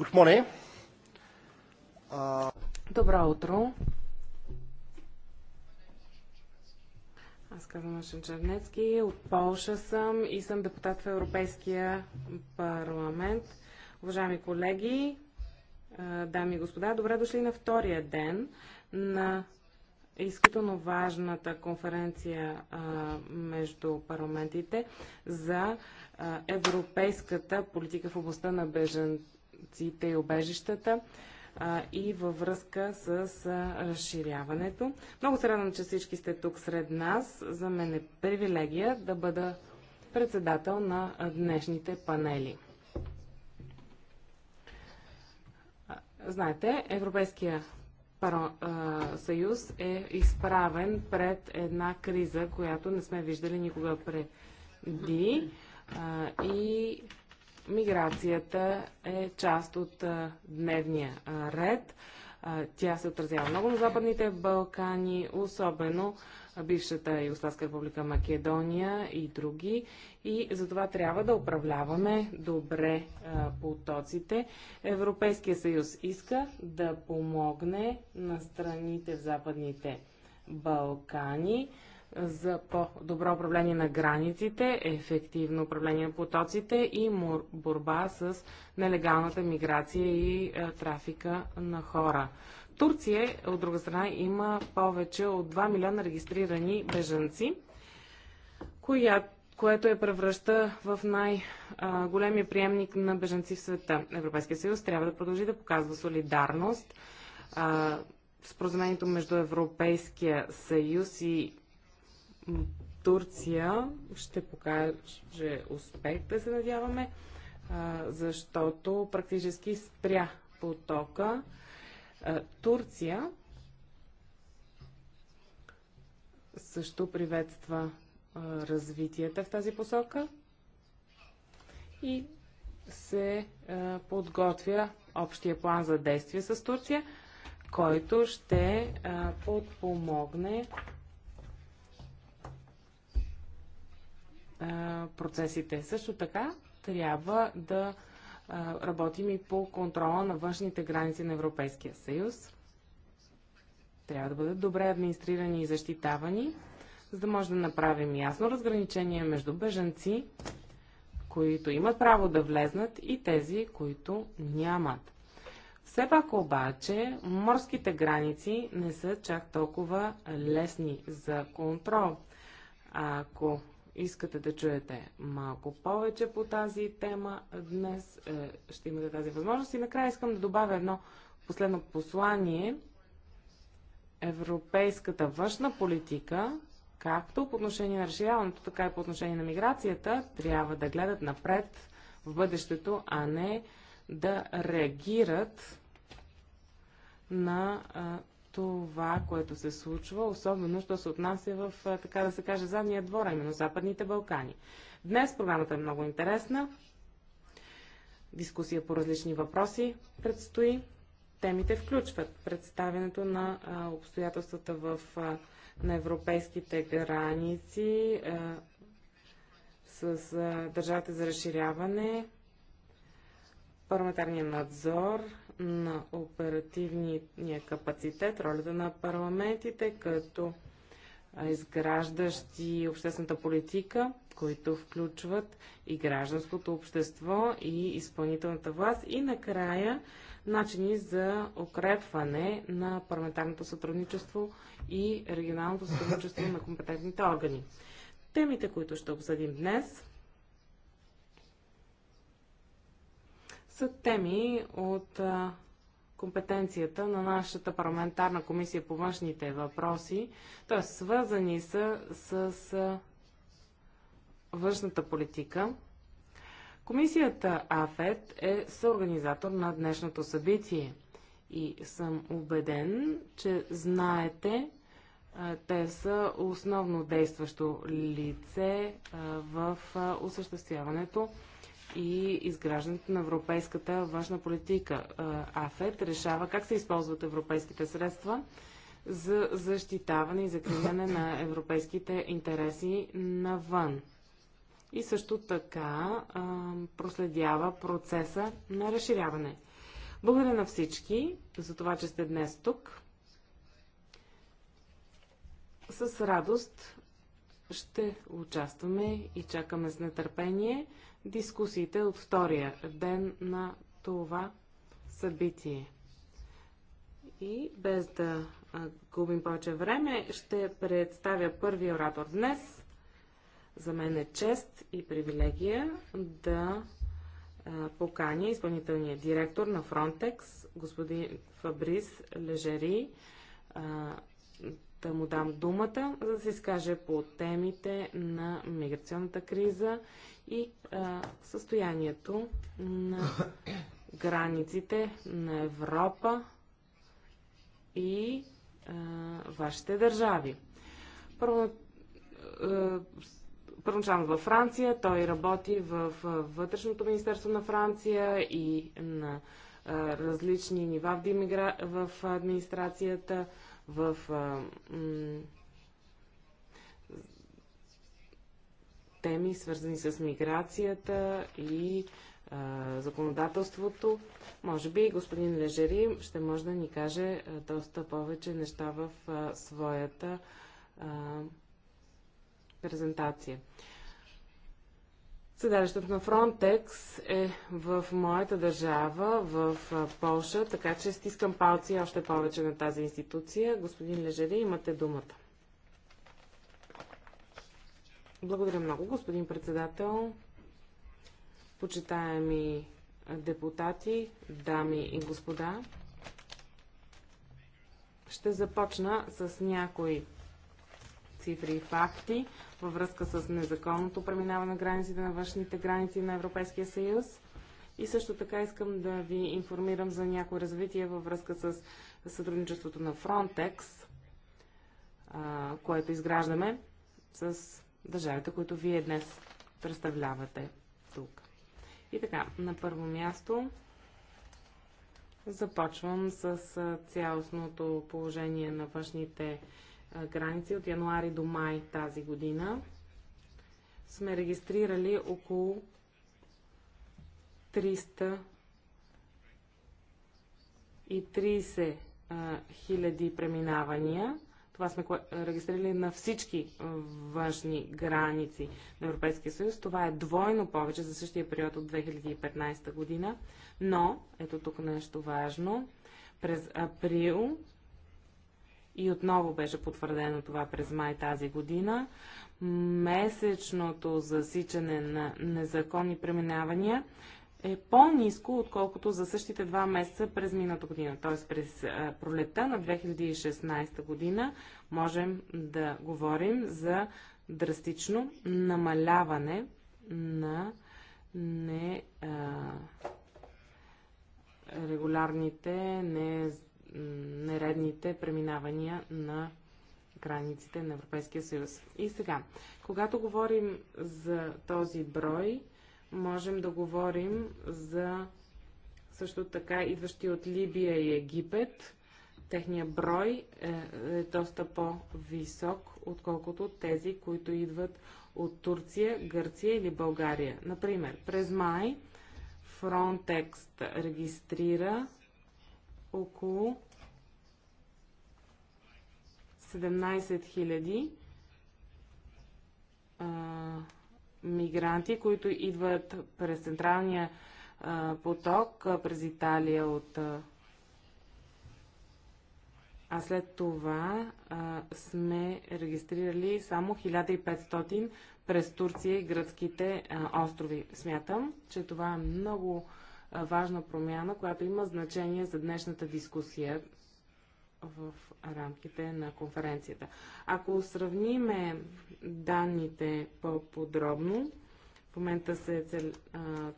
Good morning. Добро утро. Аз казвам Машин Чернецки, от Полша съм и съм депутат в Европейския парламент. Уважаеми колеги, дами и господа, добре дошли на втория ден на изключително важната конференция между парламентите за европейската политика в областта на бежен, бежанците и обежищата и във връзка с разширяването. Много се радвам, че всички сте тук сред нас. За мен е привилегия да бъда председател на днешните панели. Знаете, Европейския съюз е изправен пред една криза, която не сме виждали никога преди. И Миграцията е част от дневния ред. Тя се отразява много на Западните Балкани, особено бившата Югославска република Македония и други. И затова трябва да управляваме добре а, потоците. Европейския съюз иска да помогне на страните в Западните Балкани за по-добро управление на границите, ефективно управление на потоците и борба с нелегалната миграция и е, трафика на хора. Турция, от друга страна, има повече от 2 милиона регистрирани бежанци, която което я превръща в най-големия приемник на беженци в света. Европейския съюз трябва да продължи да показва солидарност. Споразумението между Европейския съюз и Турция ще покаже успех, да се надяваме, защото практически спря потока. Турция също приветства развитията в тази посока и се подготвя общия план за действие с Турция, който ще подпомогне процесите. Също така трябва да работим и по контрола на външните граници на Европейския съюз. Трябва да бъдат добре администрирани и защитавани, за да може да направим ясно разграничение между бежанци, които имат право да влезнат и тези, които нямат. Все пак обаче морските граници не са чак толкова лесни за контрол. Ако искате да чуете малко повече по тази тема, днес е, ще имате тази възможност. И накрая искам да добавя едно последно послание. Европейската външна политика, както по отношение на разширяването, така и по отношение на миграцията, трябва да гледат напред в бъдещето, а не да реагират на това, което се случва, особено, що се отнася в, така да се каже, задния двор, именно Западните Балкани. Днес програмата е много интересна. Дискусия по различни въпроси предстои. Темите включват представянето на а, обстоятелствата в, а, на европейските граници а, с а, за разширяване, парламентарния надзор, на оперативния капацитет, ролята на парламентите като изграждащи обществената политика, които включват и гражданското общество, и изпълнителната власт, и накрая начини за укрепване на парламентарното сътрудничество и регионалното сътрудничество на компетентните органи. Темите, които ще обсъдим днес, са теми от а, компетенцията на нашата парламентарна комисия по външните въпроси, т.е. свързани са с, с външната политика. Комисията АФЕТ е съорганизатор на днешното събитие и съм убеден, че знаете, те са основно действащо лице в осъществяването и изграждането на европейската външна политика. АФЕД решава как се използват европейските средства за защитаване и закриване на европейските интереси навън. И също така а, проследява процеса на разширяване. Благодаря на всички за това, че сте днес тук. С радост ще участваме и чакаме с нетърпение дискусиите от втория ден на това събитие. И без да губим повече време, ще представя първи оратор днес. За мен е чест и привилегия да поканя изпълнителния директор на Фронтекс, господин Фабрис Лежери, да му дам думата, за да се изкаже по темите на миграционната криза и а, състоянието на границите на Европа и а, вашите държави. Първо, а, първоначално във Франция, той работи в Вътрешното министерство на Франция и на а, различни нива в, в администрацията, в а, теми, свързани с миграцията и а, законодателството. Може би господин Лежери ще може да ни каже а, доста повече неща в а, своята презентация. Съдалището на Frontex е в моята държава, в Полша, така че стискам палци още повече на тази институция. Господин Лежери, имате думата. Благодаря много, господин председател. Почитаеми депутати, дами и господа, ще започна с някои цифри и факти във връзка с незаконното преминаване на границите на външните граници на Европейския съюз. И също така искам да ви информирам за някои развитие във връзка с сътрудничеството на Frontex, което изграждаме с държавите, които вие днес представлявате тук. И така, на първо място започвам с цялостното положение на външните граници от януари до май тази година. Сме регистрирали около 300 и 30 хиляди преминавания това сме регистрирали на всички външни граници на Европейския съюз. Това е двойно повече за същия период от 2015 година. Но, ето тук нещо важно, през април и отново беше потвърдено това през май тази година, месечното засичане на незаконни преминавания е по-низко, отколкото за същите два месеца през миналата година. Т.е. през пролета на 2016 година можем да говорим за драстично намаляване на не а, регулярните, не, нередните преминавания на границите на Европейския съюз. И сега, когато говорим за този брой, можем да говорим за също така идващи от Либия и Египет. Техния брой е, е доста по-висок, отколкото тези, които идват от Турция, Гърция или България. Например, през май Frontex регистрира около 17 000 мигранти, които идват през централния поток, през Италия от. А, след това а, сме регистрирали само 1500 през Турция и гръцките а, острови. Смятам, че това е много важна промяна, която има значение за днешната дискусия в рамките на конференцията. Ако сравниме данните по-подробно, в момента се цел,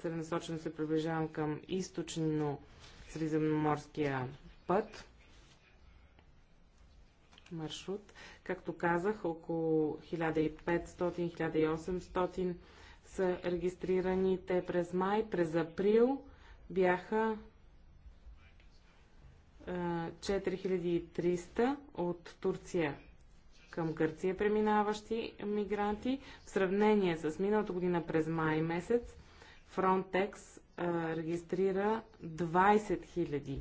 целенасочено се приближавам към източно средиземноморския път, маршрут. Както казах, около 1500-1800 са регистрираните през май. През април бяха 4300 е, от Турция към Гърция преминаващи мигранти. В сравнение с миналата година през май месец, Frontex а, е, регистрира 20 000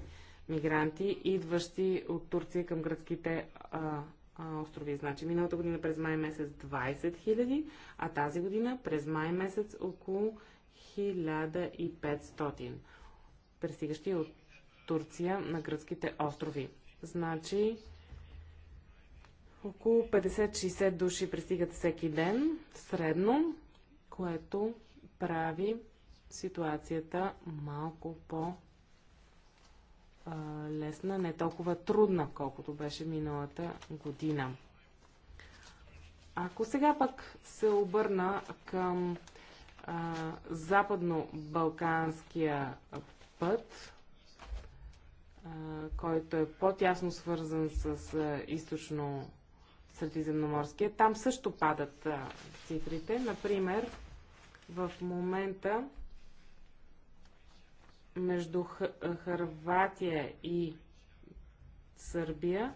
мигранти, идващи от Турция към гръцките а, е, а, острови. Значи миналата година през май месец 20 000, а тази година през май месец около 1500 пристигащи от Турция на гръцките острови. Значи, около 50-60 души пристигат всеки ден, средно, което прави ситуацията малко по- лесна, не толкова трудна, колкото беше миналата година. Ако сега пък се обърна към западно-балканския път, който е по-тясно свързан с източно Средиземноморския. Там също падат цифрите. Например, в момента между Харватия и Сърбия.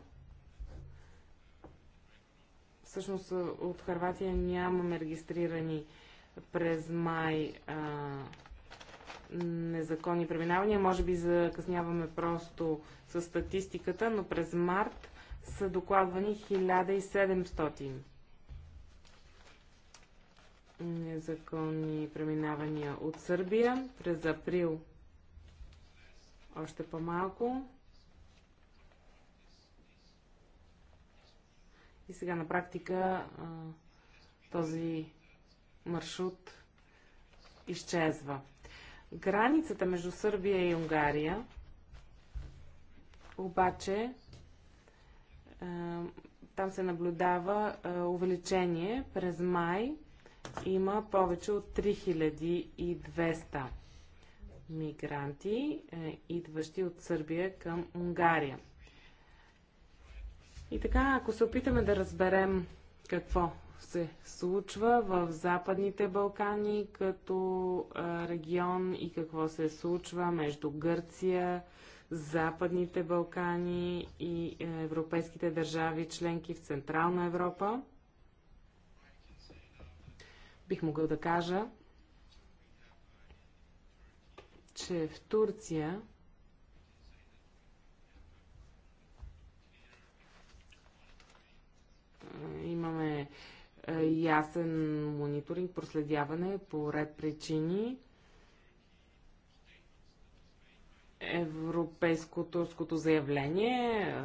Всъщност от Харватия нямаме регистрирани през май а, незаконни преминавания. Може би закъсняваме просто с статистиката, но през март са докладвани 1700 незаконни преминавания от Сърбия. През април още по-малко. И сега на практика този маршрут изчезва. Границата между Сърбия и Унгария обаче е, там се наблюдава е, увеличение. През май има повече от 3200 мигранти, е, идващи от Сърбия към Унгария. И така, ако се опитаме да разберем какво се случва в Западните Балкани като регион и какво се случва между Гърция, Западните Балкани и е, европейските държави членки в Централна Европа. Бих могъл да кажа, че в Турция имаме ясен мониторинг, проследяване по ред причини. Европейско-турското заявление,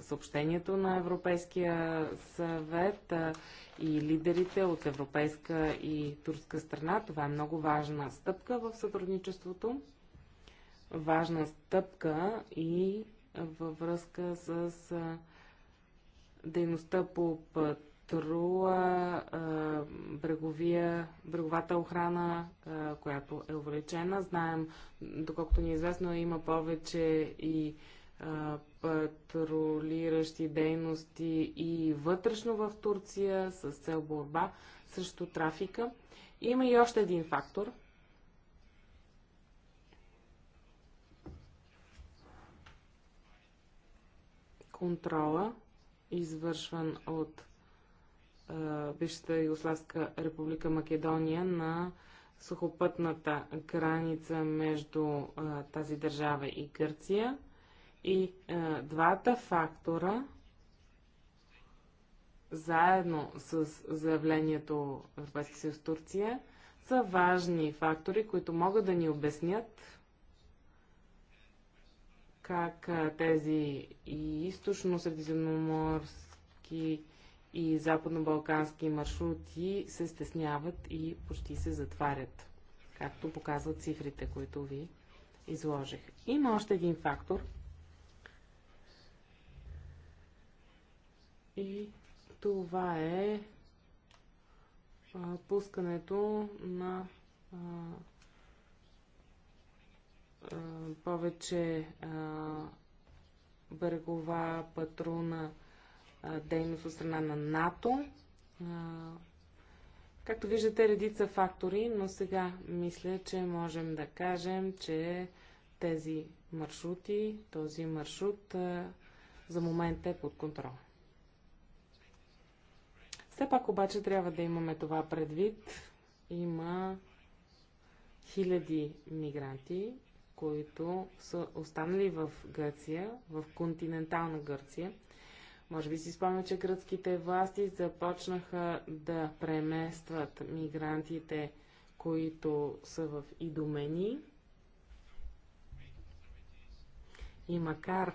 съобщението на Европейския съвет и лидерите от европейска и турска страна. Това е много важна стъпка в сътрудничеството. Важна стъпка и във връзка с дейността по път патрула, бреговия, бреговата охрана, която е увеличена. Знаем, доколкото ни е известно, има повече и патрулиращи дейности и вътрешно в Турция с цел борба срещу трафика. Има и още един фактор. Контрола, извършван от бившата Югославска република Македония на сухопътната граница между а, тази държава и Гърция. И а, двата фактора, заедно с заявлението Европейския съюз Турция, са важни фактори, които могат да ни обяснят как а, тези и източно-средиземноморски и западно-балкански маршрути се стесняват и почти се затварят, както показват цифрите, които ви изложих. Има още един фактор. И това е пускането на повече а, повече брегова патруна дейност от страна на НАТО. Както виждате, редица фактори, но сега мисля, че можем да кажем, че тези маршрути, този маршрут за момент е под контрол. Все пак обаче трябва да имаме това предвид. Има хиляди мигранти, които са останали в Гърция, в континентална Гърция, може би си спомня, че гръцките власти започнаха да преместват мигрантите, които са в Идомени. И макар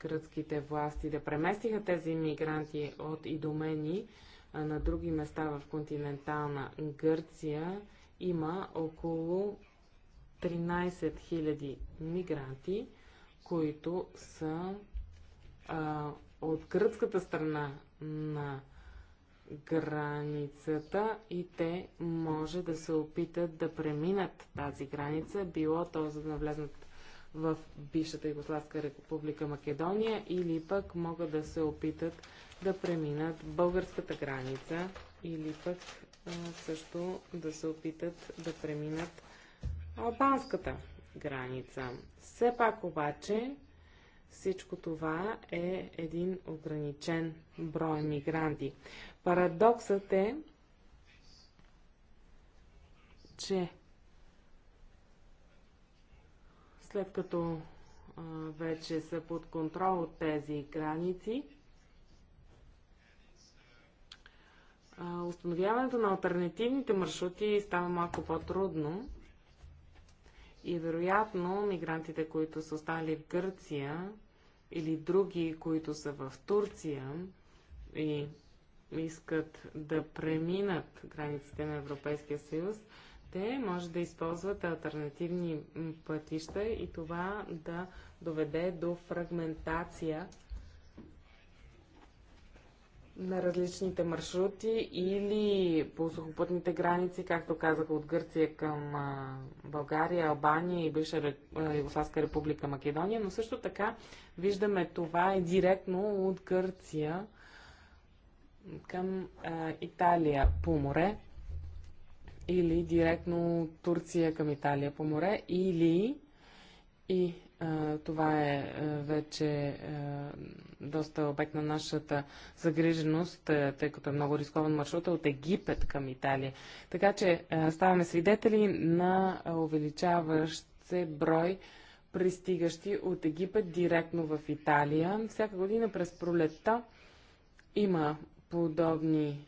гръцките власти да преместиха тези мигранти от Идомени на други места в континентална Гърция, има около 13 000 мигранти, които са а, от гръцката страна на границата и те може да се опитат да преминат тази граница, било то за да навлезнат в бившата Югославска република Македония или пък могат да се опитат да преминат българската граница или пък а, също да се опитат да преминат албанската граница. Все пак обаче всичко това е един ограничен брой мигранти. Парадоксът е, че след като а, вече са под контрол от тези граници, а, установяването на альтернативните маршрути става малко по-трудно. И вероятно мигрантите, които са останали в Гърция, или други, които са в Турция и искат да преминат границите на Европейския съюз, те може да използват альтернативни пътища и това да доведе до фрагментация на различните маршрути или по сухопътните граници, както казах, от Гърция към България, Албания и бивша Югославска република Македония, но също така виждаме това е директно от Гърция към а, Италия по море или директно Турция към Италия по море или и това е, е вече е, доста обект на нашата загриженост, е, тъй като е много рискован маршрут от Египет към Италия. Така че ставаме свидетели на увеличаващ се брой пристигащи от Египет директно в Италия. Всяка година през пролетта има подобни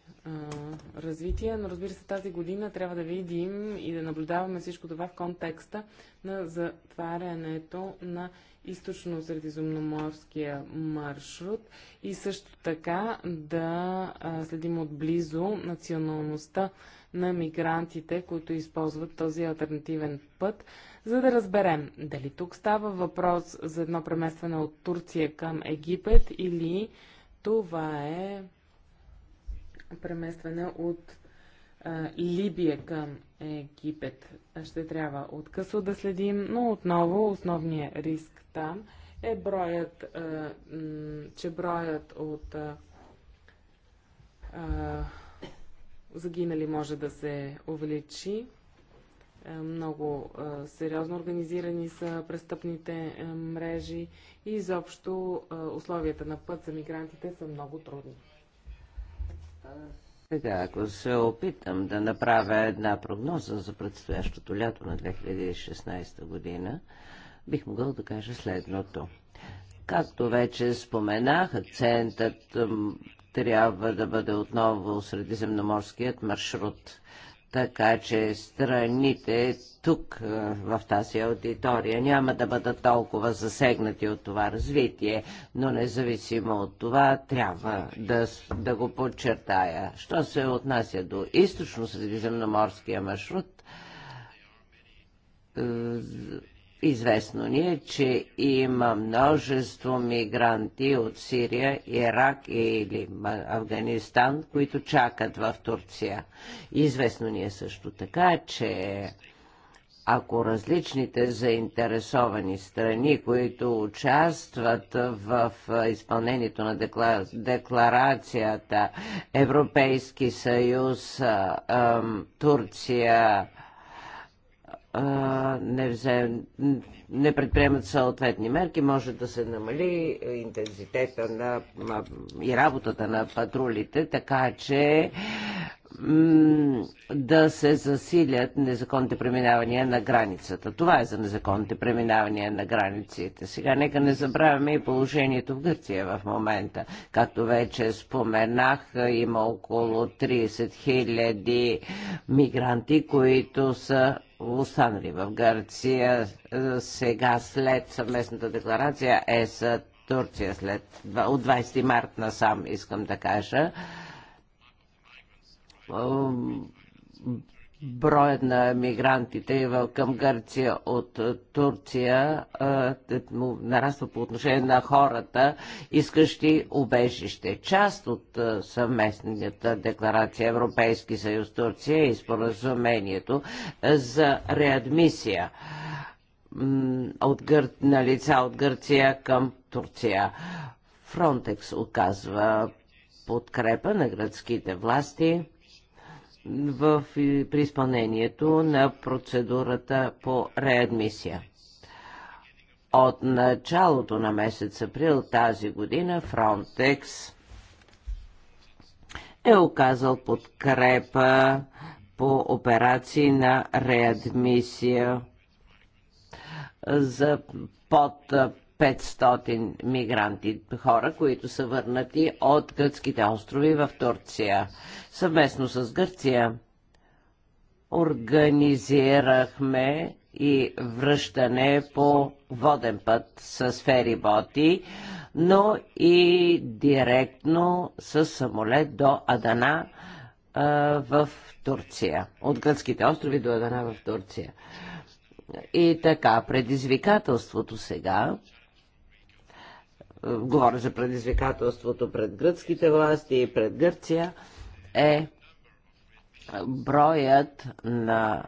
развитие, но разбира се тази година трябва да видим и да наблюдаваме всичко това в контекста на затварянето на източно-средиземноморския маршрут и също така да следим отблизо националността на мигрантите, които използват този альтернативен път, за да разберем дали тук става въпрос за едно преместване от Турция към Египет или това е преместване от а, Либия към Египет. Ще трябва откъсно да следим, но отново основният риск там е броят, а, че броят от а, загинали може да се увеличи. Е, много сериозно организирани са престъпните е, мрежи и изобщо условията на път за мигрантите са много трудни. Сега, ако се опитам да направя една прогноза за предстоящото лято на 2016 година, бих могъл да кажа следното. Както вече споменах, акцентът трябва да бъде отново средиземноморският маршрут. Така че страните тук е, в тази аудитория няма да бъдат толкова засегнати от това развитие, но независимо от това трябва да, да го подчертая. Що се отнася до източно-средиземноморския маршрут, е, Известно ни е, че има множество мигранти от Сирия, Ирак или Афганистан, които чакат в Турция. Известно ни е също така, че ако различните заинтересовани страни, които участват в изпълнението на декларацията Европейски съюз, Турция, не, не предприемат съответни мерки, може да се намали интензитета на, и работата на патрулите, така че да се засилят незаконните преминавания на границата. Това е за незаконните преминавания на границите. Сега нека не забравяме и положението в Гърция в момента. Както вече споменах, има около 30 000 мигранти, които са останали в Гърция. Е, сега след съвместната декларация Е с Турция след, от 20 март насам, искам да кажа, броят на мигрантите към Гърция от Турция нараства по отношение на хората, искащи убежище. Част от съвместната декларация Европейски съюз Турция и споразумението за реадмисия от Гър... на лица от Гърция към Турция. Фронтекс оказва подкрепа на гръцките власти в, при изпълнението на процедурата по реадмисия. От началото на месец април тази година Frontex е оказал подкрепа по операции на реадмисия за под 500 мигранти, хора, които са върнати от гръцките острови в Турция. Съвместно с Гърция организирахме и връщане по воден път с фериботи, но и директно с самолет до Адана в Турция. От гръцките острови до Адана в Турция. И така, предизвикателството сега говоря за предизвикателството пред гръцките власти и пред Гърция, е броят на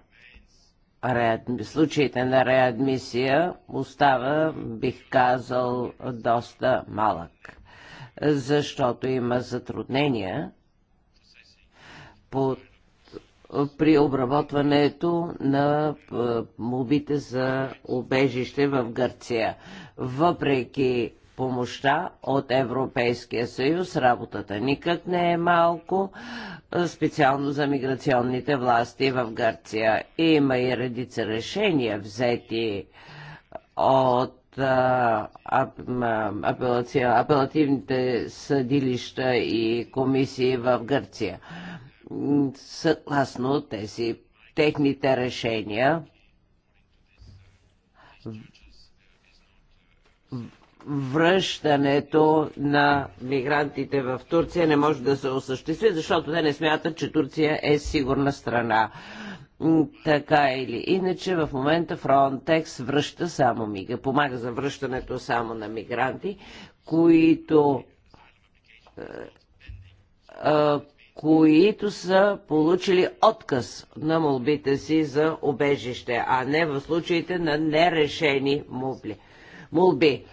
реадми... случаите на реадмисия остава, бих казал, доста малък, защото има затруднения по при обработването на мобите за убежище в Гърция. Въпреки помощта от Европейския съюз. Работата никак не е малко, специално за миграционните власти в Гърция. Има и редица решения взети от апелативните съдилища и комисии в Гърция. Съгласно тези техните решения, връщането на мигрантите в Турция не може да се осъществи, защото те не смятат, че Турция е сигурна страна. Така или иначе, в момента Frontex връща само мига, помага за връщането само на мигранти, които е, е, които са получили отказ на молбите си за обежище, а не в случаите на нерешени молби. молби.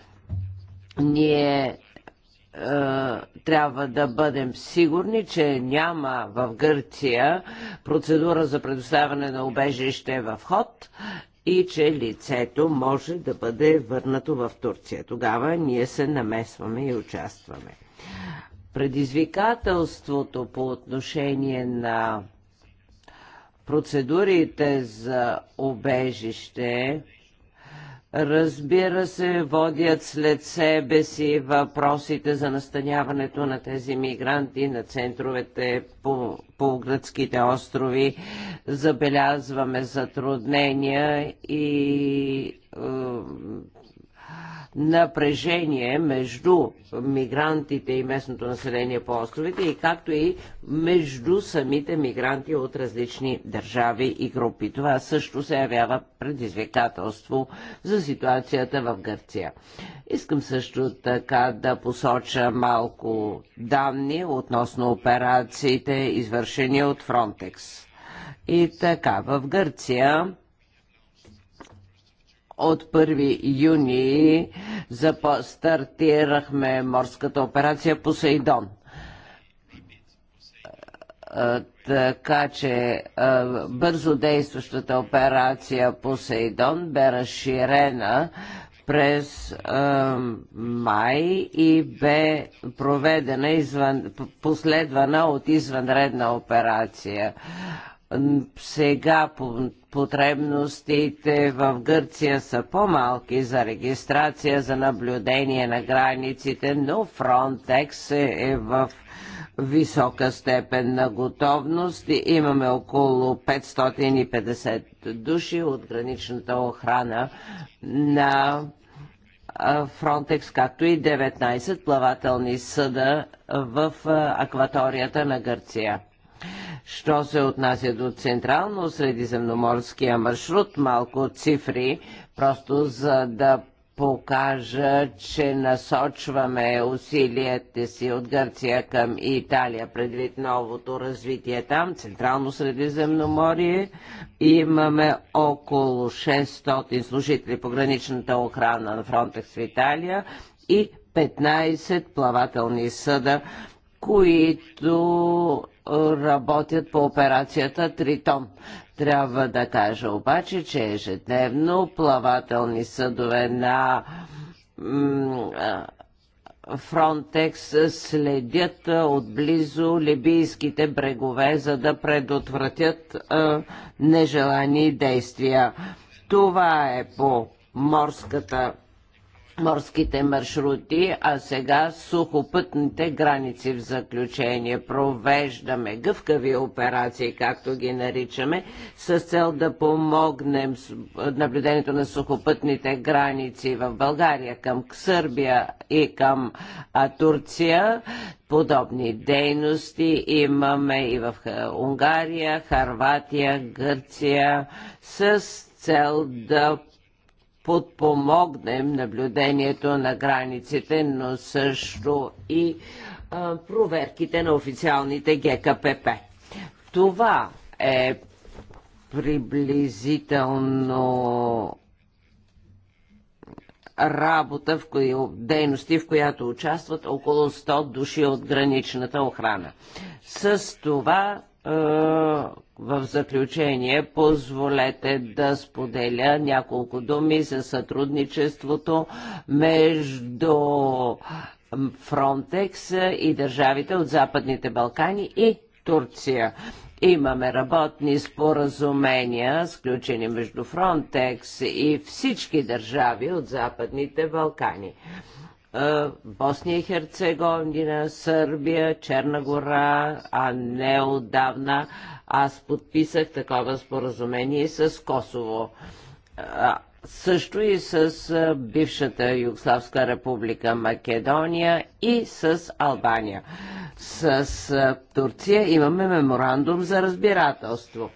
Ние е, трябва да бъдем сигурни, че няма в Гърция процедура за предоставяне на убежище в ход и че лицето може да бъде върнато в Турция. Тогава ние се намесваме и участваме. Предизвикателството по отношение на процедурите за обежище Разбира се, водят след себе си въпросите за настаняването на тези мигранти на центровете по, по гръцките острови. Забелязваме затруднения и е, напрежение между мигрантите и местното население по островите и както и между самите мигранти от различни държави и групи. Това също се явява предизвикателство за ситуацията в Гърция. Искам също така да посоча малко данни относно операциите, извършени от Фронтекс. И така, в Гърция от 1 юни стартирахме морската операция Посейдон така че бързо действащата операция Посейдон бе разширена през а, май и бе проведена извън, последвана от извънредна операция. Сега потребностите в Гърция са по-малки за регистрация, за наблюдение на границите, но Frontex е, е в висока степен на готовност. Имаме около 550 души от граничната охрана на Фронтекс, както и 19 плавателни съда в акваторията на Гърция. Що се отнася до Централно-Средиземноморския маршрут, малко цифри, просто за да покажа, че насочваме усилията си от Гърция към Италия предвид новото развитие там, Централно Средиземноморие. Имаме около 600 служители по граничната охрана на Фронтекс в Италия и 15 плавателни съда, които работят по операцията Тритон. Трябва да кажа обаче, че ежедневно плавателни съдове на Фронтекс следят отблизо либийските брегове, за да предотвратят нежелани действия. Това е по морската морските маршрути, а сега сухопътните граници в заключение. Провеждаме гъвкави операции, както ги наричаме, с цел да помогнем наблюдението на сухопътните граници в България към Сърбия и към Турция. Подобни дейности имаме и в Унгария, Харватия, Гърция с цел да подпомогнем наблюдението на границите, но също и а, проверките на официалните ГКПП. Това е приблизително работа, в кои, дейности, в която участват около 100 души от граничната охрана. С това в заключение, позволете да споделя няколко думи за сътрудничеството между Фронтекс и държавите от Западните Балкани и Турция. Имаме работни споразумения, сключени между Фронтекс и всички държави от Западните Балкани. Босния и Херцеговина, Сърбия, Черна гора, а не отдавна аз подписах такова споразумение с Косово. също и с бившата Югославска република Македония и с Албания. С Турция имаме меморандум за разбирателство.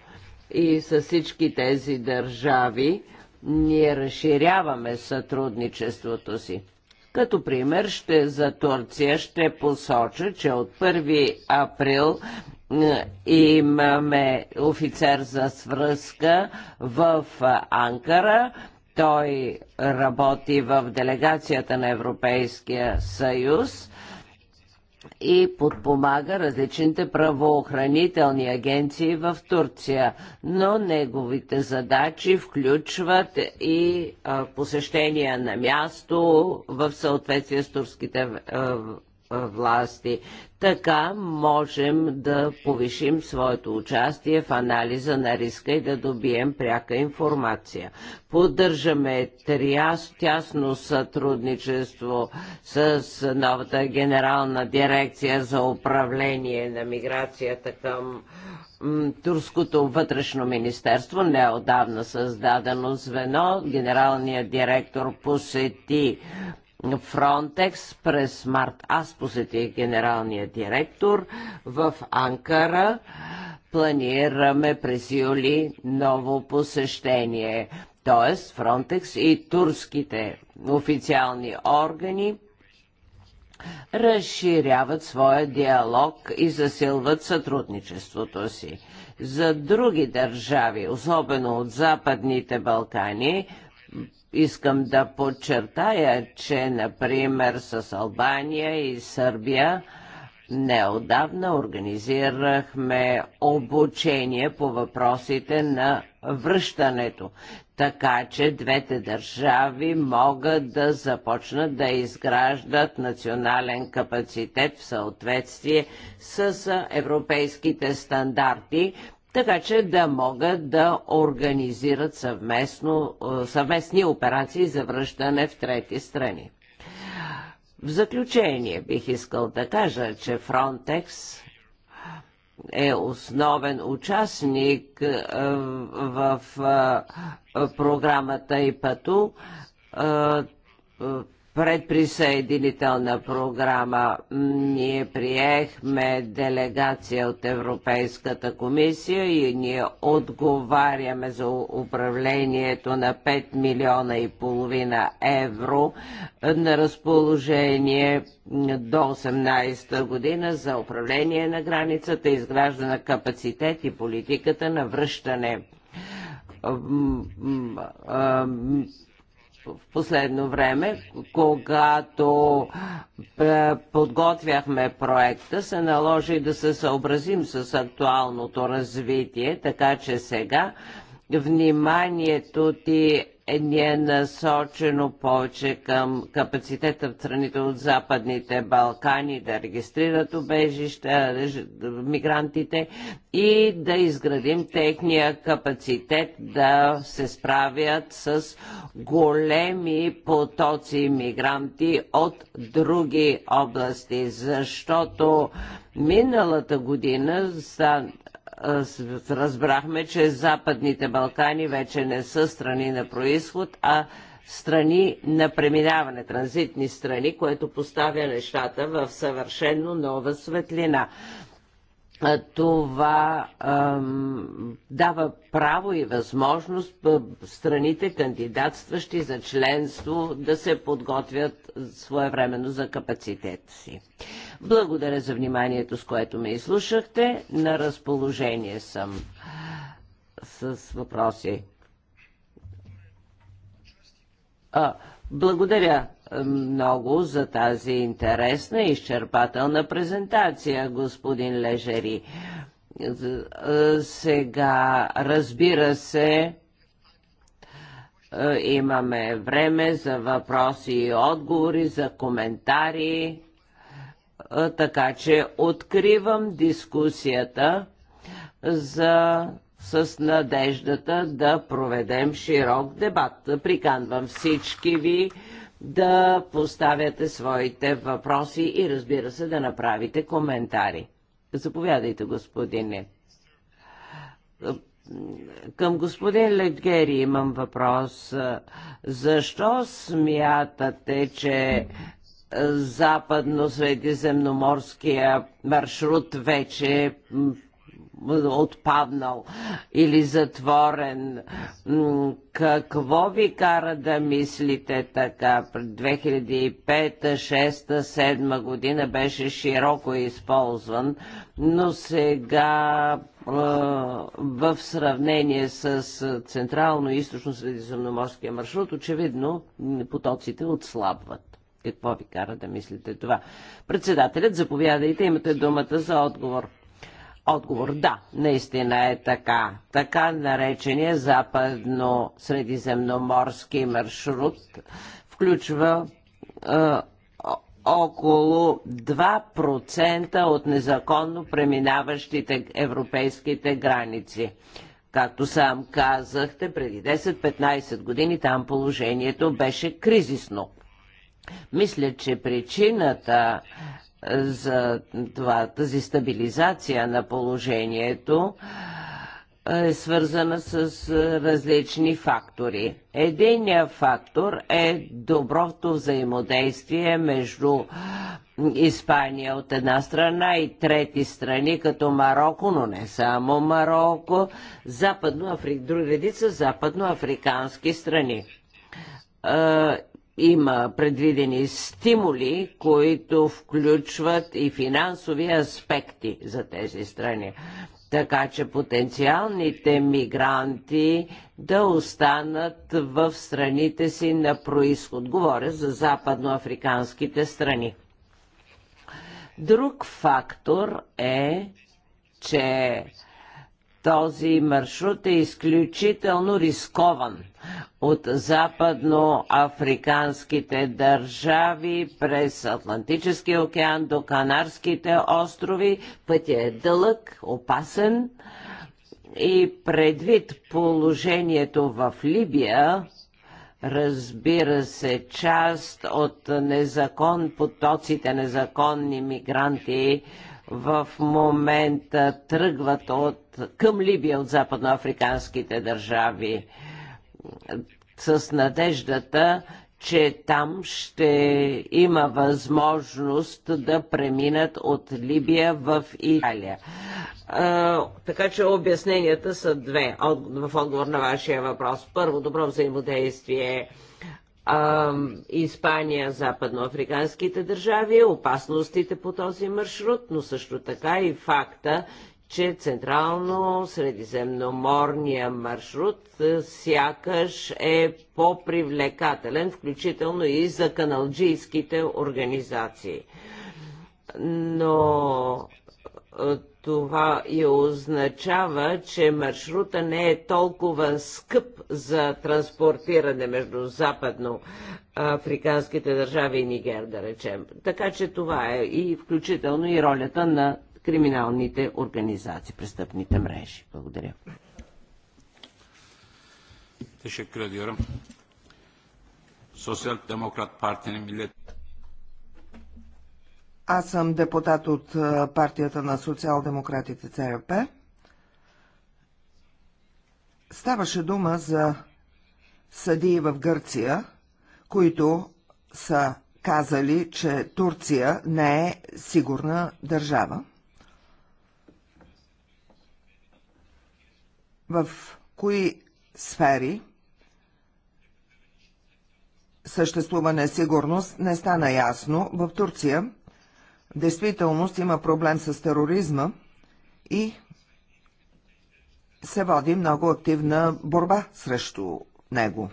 И с всички тези държави ние разширяваме сътрудничеството си. Като пример ще за Турция ще посоча, че от 1 април имаме офицер за свръзка в Анкара. Той работи в делегацията на Европейския съюз и подпомага различните правоохранителни агенции в Турция, но неговите задачи включват и посещения на място в съответствие с турските власти. Така можем да повишим своето участие в анализа на риска и да добием пряка информация. Поддържаме тясно сътрудничество с новата генерална дирекция за управление на миграцията към Турското вътрешно министерство, неодавна създадено звено. Генералният директор посети Фронтекс през март. Аз посетих генералния директор в Анкара. Планираме през юли ново посещение. Тоест Фронтекс и турските официални органи разширяват своя диалог и засилват сътрудничеството си. За други държави, особено от Западните Балкани, Искам да подчертая, че, например, с Албания и Сърбия неодавна организирахме обучение по въпросите на връщането, така че двете държави могат да започнат да изграждат национален капацитет в съответствие с европейските стандарти, така че да могат да организират съвместно, е, съвместни операции за връщане в трети страни. В заключение бих искал да кажа, че Фронтекс е основен участник е, в е, програмата ИПАТУ предприсъединителна програма. Ние приехме делегация от Европейската комисия и ние отговаряме за управлението на 5 милиона и половина евро на разположение до 18 та година за управление на границата, изграждане капацитет и политиката на връщане в последно време, когато е, подготвяхме проекта, се наложи да се съобразим с актуалното развитие, така че сега вниманието ти е, ни е насочено повече към капацитета в страните от Западните Балкани да регистрират убежища, мигрантите и да изградим техния капацитет да се справят с големи потоци мигранти от други области, защото миналата година разбрахме, че Западните Балкани вече не са страни на происход, а страни на преминаване, транзитни страни, което поставя нещата в съвършенно нова светлина това ам, дава право и възможност страните, кандидатстващи за членство, да се подготвят своевременно за капацитета си. Благодаря за вниманието, с което ме изслушахте. На разположение съм с въпроси. А, благодаря е, много за тази интересна и изчерпателна презентация, господин Лежери. Е, е, сега, разбира се, имаме време за въпроси и отговори, за коментари, така че откривам дискусията за с надеждата да проведем широк дебат. Приканвам всички ви да поставяте своите въпроси и разбира се да направите коментари. Заповядайте, господине. Към господин Ледгери имам въпрос. Защо смятате, че западно-средиземноморския маршрут вече отпаднал или затворен. Какво ви кара да мислите така? 2005, 2006, 2007 година беше широко използван, но сега в сравнение с Централно-Източно-Средиземноморския маршрут, очевидно потоците отслабват. Какво ви кара да мислите това? Председателят, заповядайте, имате думата за отговор. Отговор да, наистина е така. Така наречения западно-средиземноморски маршрут включва е, около 2% от незаконно преминаващите европейските граници. Както сам казахте, преди 10-15 години там положението беше кризисно. Мисля, че причината за това, тази стабилизация на положението е свързана с е, различни фактори. Единият фактор е доброто взаимодействие между Испания от една страна и трети страни, като Марокко, но не само Марокко, западно, редица западноафрикански страни е, има предвидени стимули, които включват и финансови аспекти за тези страни. Така че потенциалните мигранти да останат в страните си на происход. Говоря за западноафриканските страни. Друг фактор е, че този маршрут е изключително рискован – от западноафриканските държави през Атлантическия океан до Канарските острови. Пътя е дълъг, опасен и предвид положението в Либия, разбира се, част от незакон, потоците незаконни мигранти в момента тръгват от, към Либия от западноафриканските държави с надеждата, че там ще има възможност да преминат от Либия в Италия. А, така че обясненията са две в отговор на вашия въпрос. Първо, добро взаимодействие а, Испания, западноафриканските държави, опасностите по този маршрут, но също така и факта, че централно-средиземноморния маршрут е, сякаш е по-привлекателен, включително и за каналджийските организации. Но е, това и означава, че маршрута не е толкова скъп за транспортиране между западно е, африканските държави и Нигер, да речем. Така че това е и включително и ролята на криминалните организации, престъпните мрежи. Благодаря. ediyorum. Аз съм депутат от партията на социал-демократите ЦРП. Ставаше дума за съдии в Гърция, които са казали, че Турция не е сигурна държава. в кои сфери съществува несигурност, не стана ясно. В Турция действителност има проблем с тероризма и се води много активна борба срещу него.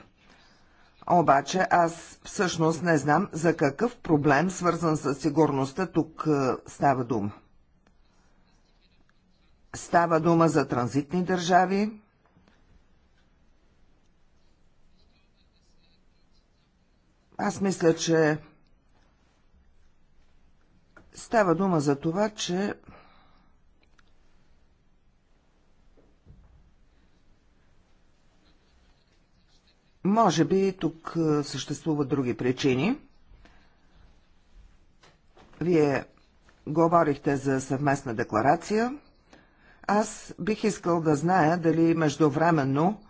Обаче аз всъщност не знам за какъв проблем, свързан с сигурността, тук е, става дума. Става дума за транзитни държави. Аз мисля, че става дума за това, че Може би тук съществуват други причини. Вие говорихте за съвместна декларация. Аз бих искал да зная дали междувременно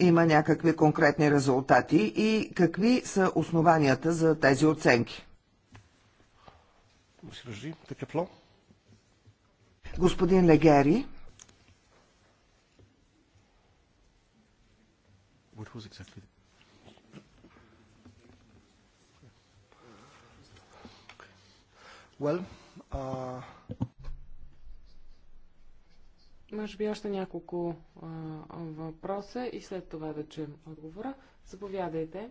има някакви конкретни резултати и какви са основанията за тези оценки. Господин Легери. Well, uh... Може би още няколко а, въпроса и след това да чуем отговора. Заповядайте.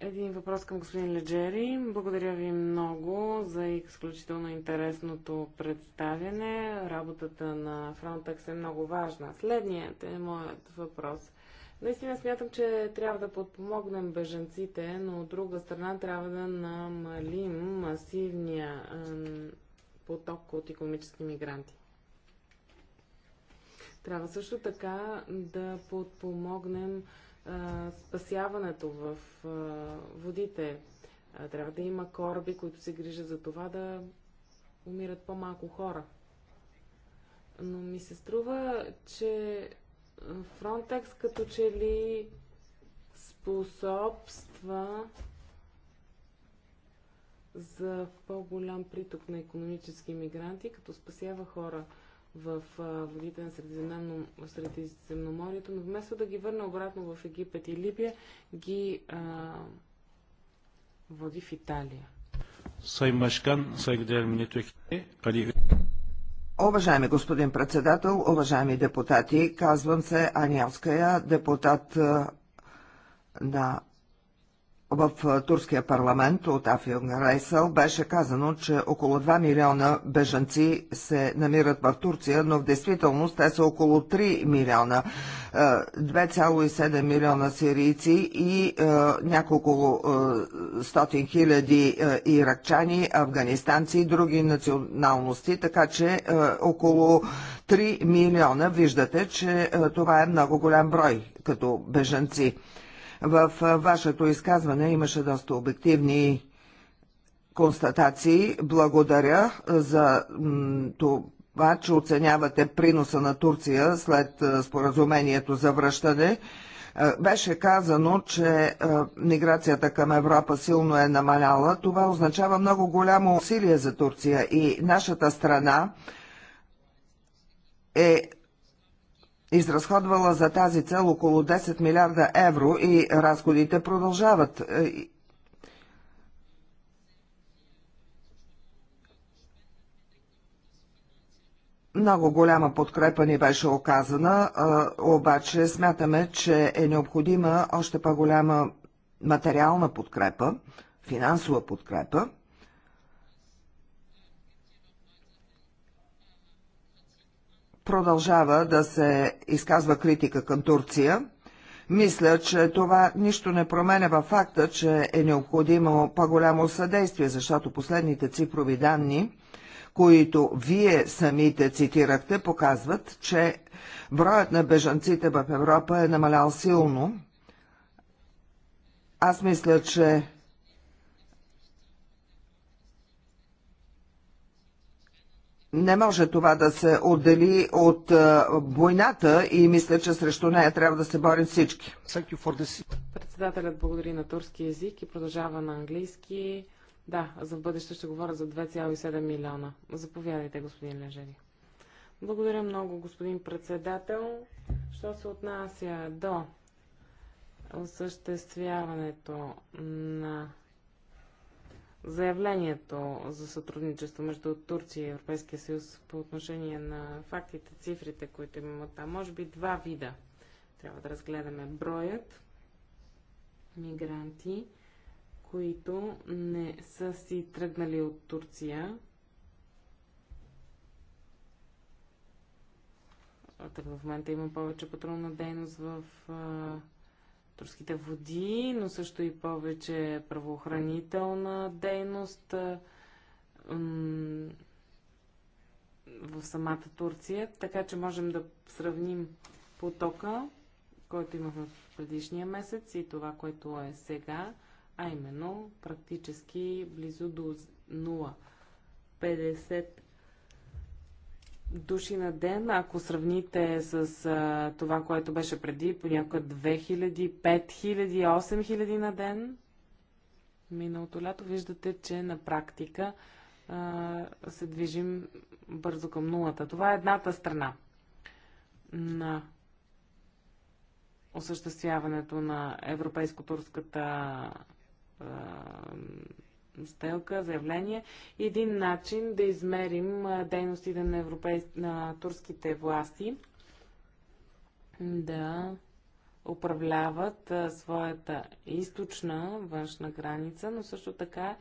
Един въпрос към господин Леджери. Благодаря ви много за изключително интересното представяне. Работата на Frontex е много важна. Следният е моят въпрос. Наистина смятам, че трябва да подпомогнем беженците, но от друга страна трябва да намалим масивния поток от економически мигранти. Трябва също така да подпомогнем а, спасяването в а, водите. А, трябва да има кораби, които се грижат за това да умират по-малко хора. Но ми се струва, че Фронтекс като че ли способства за по-голям приток на економически мигранти, като спасява хора в водите на Средиземноморието, но вместо да ги върне обратно в Египет и Либия, ги а, води в Италия. Sayın Başkan, saygıdeğer milletvekili, Уважаеми господин председател, уважаеми депутати, казвам се Анялская, депутат на в турския парламент от Афил Райсъл беше казано, че около 2 милиона бежанци се намират в Турция, но в действителност те са около 3 милиона. 2,7 милиона сирийци и няколко стотин хиляди иракчани, афганистанци и други националности, така че около 3 милиона. Виждате, че това е много голям брой като бежанци. В вашето изказване имаше доста обективни констатации. Благодаря за това, че оценявате приноса на Турция след споразумението за връщане. Беше казано, че миграцията към Европа силно е намаляла. Това означава много голямо усилие за Турция и нашата страна е изразходвала за тази цел около 10 милиарда евро и разходите продължават. Е, Много голяма подкрепа ни беше оказана, е, обаче смятаме, че е необходима още по-голяма материална подкрепа, финансова подкрепа. продължава да се изказва критика към Турция. Мисля, че това нищо не променя във факта, че е необходимо по-голямо съдействие, защото последните цифрови данни, които вие самите цитирахте, показват, че броят на бежанците в Европа е намалял силно. Аз мисля, че не може това да се отдели от е, войната и мисля, че срещу нея трябва да се борим всички. Председателят благодари на турски язик и продължава на английски. Да, за бъдеще ще говоря за 2,7 милиона. Заповядайте, господин Лежери. Благодаря много, господин председател. Що се отнася до осъществяването на заявлението за сътрудничество между Турция и Европейския съюз по отношение на фактите, цифрите, които имаме там. Може би два вида трябва да разгледаме. Броят мигранти, които не са си тръгнали от Турция, в момента има повече патрулна дейност в турските води, но също и повече правоохранителна дейност в самата Турция, така че можем да сравним потока, който имахме в предишния месец и това, което е сега, а именно практически близо до 0. 50 души на ден, ако сравните с а, това, което беше преди, понякога 2000, 5000, 8000 на ден, миналото лято, виждате, че на практика а, се движим бързо към нулата. Това е едната страна на осъществяването на европейско-турската сделка, заявление и един начин да измерим дейностите на, европей... на турските власти да управляват своята източна външна граница, но също така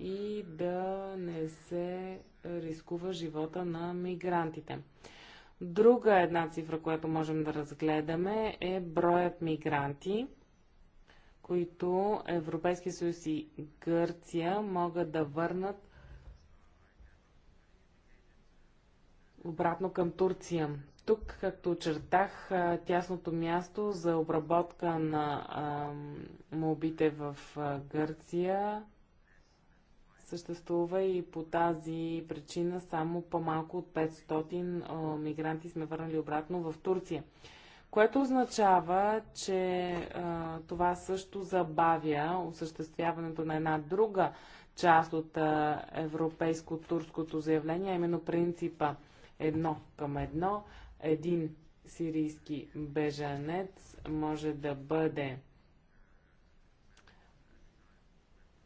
и да не се рискува живота на мигрантите. Друга една цифра, която можем да разгледаме е броят мигранти – които Европейския съюз и Гърция могат да върнат обратно към Турция. Тук, както очертах, тясното място за обработка на молбите в Гърция съществува и по тази причина само по-малко от 500 мигранти сме върнали обратно в Турция което означава, че а, това също забавя осъществяването на една друга част от европейско-турското заявление, а именно принципа едно към едно. Един сирийски бежанец може да бъде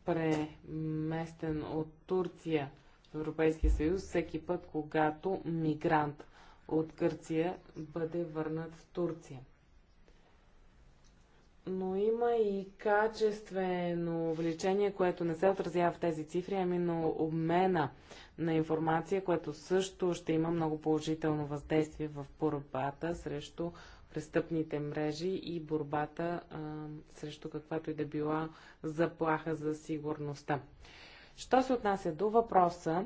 преместен от Турция в Европейския съюз всеки път, когато мигрант от Гърция бъде върнат в Турция. Но има и качествено увеличение, което не се отразява в тези цифри, а именно обмена на информация, което също ще има много положително въздействие в борбата срещу престъпните мрежи и борбата а, срещу каквато и да била заплаха за сигурността. Що се отнася до въпроса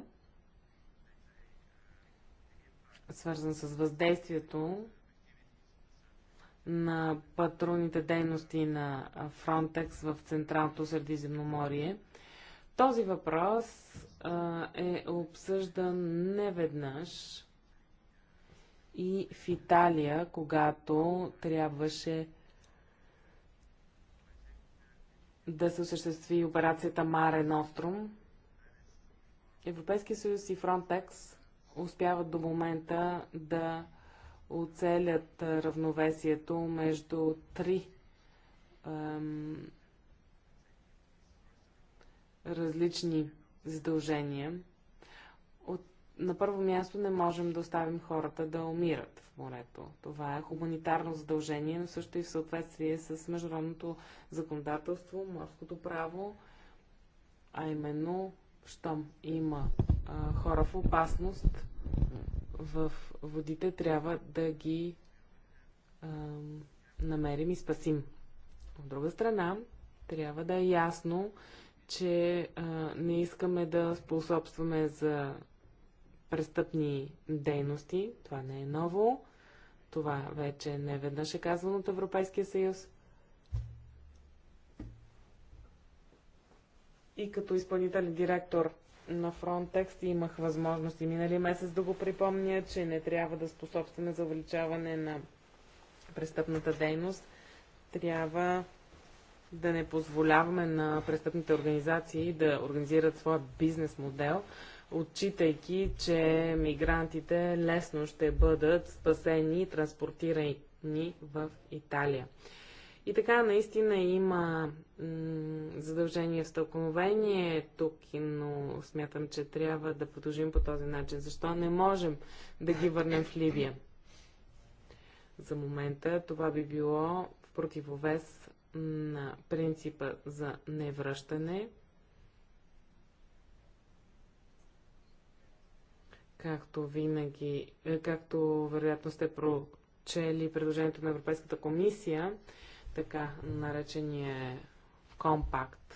свързан с въздействието на патрулните дейности на Frontex в Централното Средиземноморие. Този въпрос а, е обсъждан неведнъж и в Италия, когато трябваше да се осъществи операцията Маре Ностром. Европейския съюз и Фронтекс успяват до момента да оцелят равновесието между три ем, различни задължения. От, на първо място не можем да оставим хората да умират в морето. Това е хуманитарно задължение, но също и в съответствие с международното законодателство, морското право, а именно, щом има хора в опасност в водите, трябва да ги а, намерим и спасим. От друга страна, трябва да е ясно, че а, не искаме да способстваме за престъпни дейности. Това не е ново. Това вече е не веднъж е казвано от Европейския съюз. И като изпълнителен директор на Frontex и имах възможност и минали месец да го припомня, че не трябва да способстваме за увеличаване на престъпната дейност. Трябва да не позволяваме на престъпните организации да организират своя бизнес модел, отчитайки, че мигрантите лесно ще бъдат спасени и транспортирани в Италия. И така наистина има задължение в стълкновение тук, но смятам, че трябва да продължим по този начин. Защо не можем да ги върнем в Ливия? За момента това би било в противовес на принципа за невръщане, както винаги, е, както вероятно сте прочели предложението на Европейската комисия, така наречения компакт,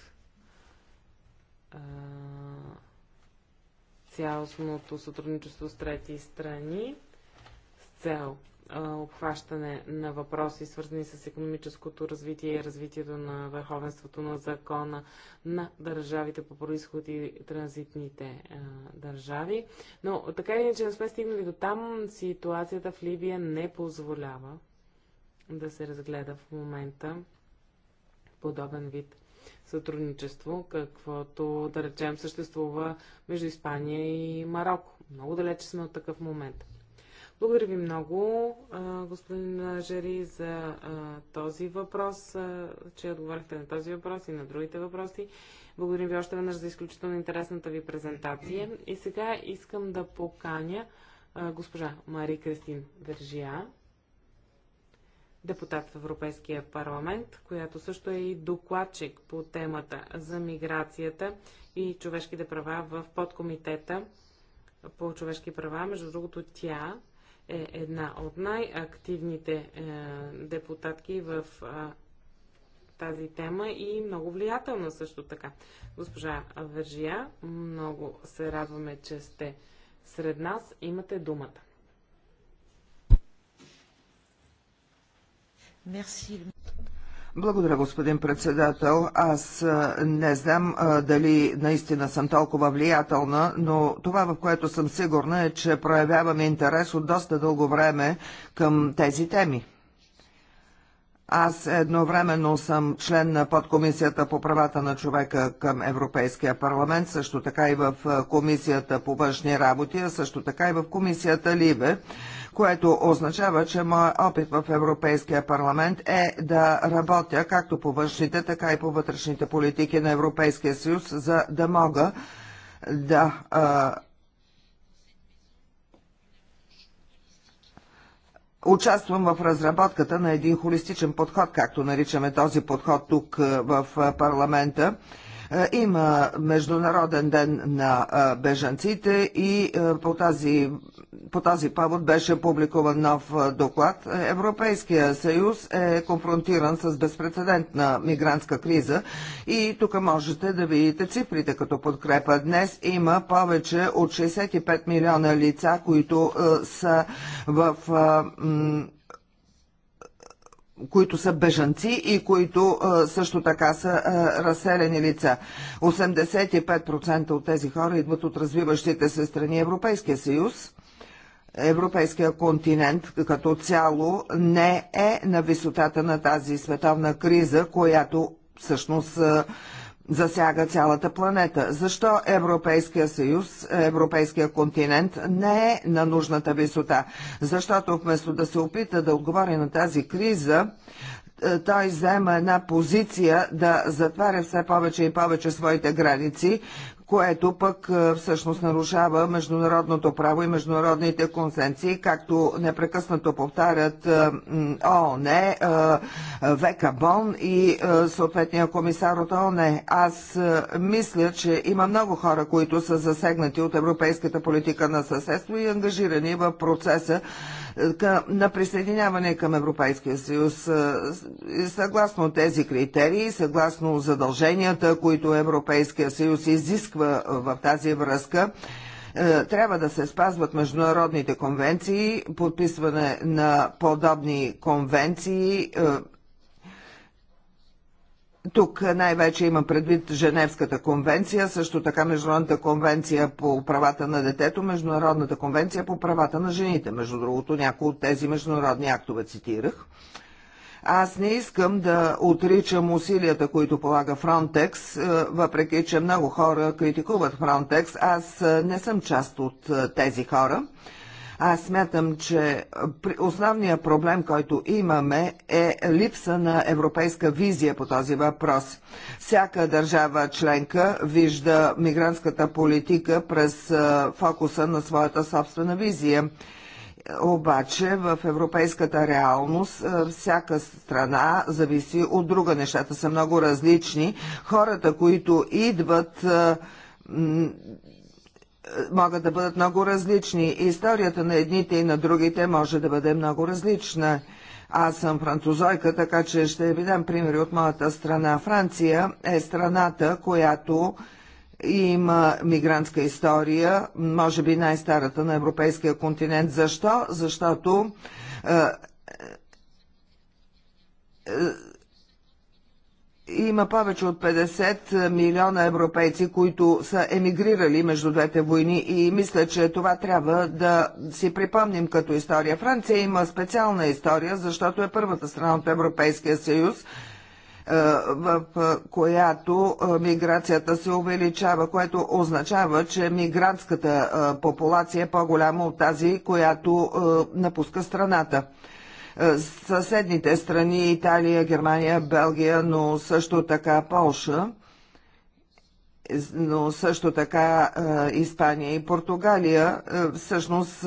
цялостното сътрудничество с трети страни с цел обхващане на въпроси, свързани с економическото развитие и развитието на върховенството на закона на държавите по происход и транзитните а, държави. Но така или иначе не сме стигнали до там. Ситуацията в Либия не позволява да се разгледа в момента подобен вид сътрудничество, каквото, да речем, съществува между Испания и Марокко. Много далече сме от такъв момент. Благодаря ви много, господин Жери, за този въпрос, че отговорихте на този въпрос и на другите въпроси. Благодарим ви още веднъж за изключително интересната ви презентация. И сега искам да поканя госпожа Мари Кристин Вержия депутат в Европейския парламент, която също е и докладчик по темата за миграцията и човешките права в подкомитета по човешки права. Между другото, тя е една от най-активните е, депутатки в е, тази тема и много влиятелна също така. Госпожа Вържия, много се радваме, че сте сред нас. Имате думата. Благодаря, господин председател. Аз не знам дали наистина съм толкова влиятелна, но това, в което съм сигурна е, че проявяваме интерес от доста дълго време към тези теми. Аз едновременно съм член на подкомисията по правата на човека към Европейския парламент, също така и в комисията по външни работи, а също така и в комисията Либе, което означава, че моят опит в Европейския парламент е да работя както по външните, така и по вътрешните политики на Европейския съюз, за да мога да а, Участвам в разработката на един холистичен подход, както наричаме този подход тук е, в е, парламента. Е, има Международен ден на е, бежанците и е, по тази, по тази повод беше публикуван нов доклад. Европейския съюз е конфронтиран с безпредседентна мигрантска криза и тук можете да видите цифрите като подкрепа. Днес има повече от 65 милиона лица, които са в които са бежанци и които също така са разселени лица. 85% от тези хора идват от развиващите се страни Европейския съюз. Европейския континент като цяло не е на висотата на тази световна криза, която всъщност засяга цялата планета. Защо Европейския съюз, Европейския континент не е на нужната висота? Защото вместо да се опита да отговори на тази криза, е, той взема една позиция да затваря все повече и повече своите граници, което пък е, всъщност нарушава международното право и международните консенции, както непрекъснато повтарят е, ООН, е, Века Бон и съответния комисар от ООН. Аз мисля, че има много хора, които са засегнати от европейската политика на съседство и ангажирани в процеса на присъединяване към Европейския съюз. Е, е, съгласно тези критерии, съгласно задълженията, които Европейския съюз изисква в тази връзка, е, трябва да се спазват международните конвенции, подписване на подобни конвенции тук най-вече има предвид Женевската конвенция, също така Международната конвенция по правата на детето, Международната конвенция по правата на жените. Между другото, някои от тези международни актове цитирах. Аз не искам да отричам усилията, които полага Frontex, е, въпреки че много хора критикуват Frontex. Аз е, не съм част от е, тези хора. Аз смятам, че основният проблем, който имаме е липса на европейска визия по този въпрос. Всяка държава членка вижда мигрантската политика през фокуса на своята собствена визия. Обаче в европейската реалност всяка страна зависи от друга. Нещата са много различни. Хората, които идват могат да бъдат много различни. Историята на едните и на другите може да бъде много различна. Аз съм французойка, така че ще ви дам примери от моята страна. Франция е страната, която има мигрантска история, може би най-старата на европейския континент. Защо? Защото е, е, има повече от 50 милиона европейци, които са емигрирали между двете войни и мисля, че това трябва да си припомним като история. Франция има специална история, защото е първата страна от Европейския съюз, е, в която е, миграцията се увеличава, което означава, че мигрантската е, популация е по-голяма от тази, която напуска страната. Е, съседните страни Италия, Германия, Белгия, но също така Полша, но също така е, Испания и Португалия. Е, всъщност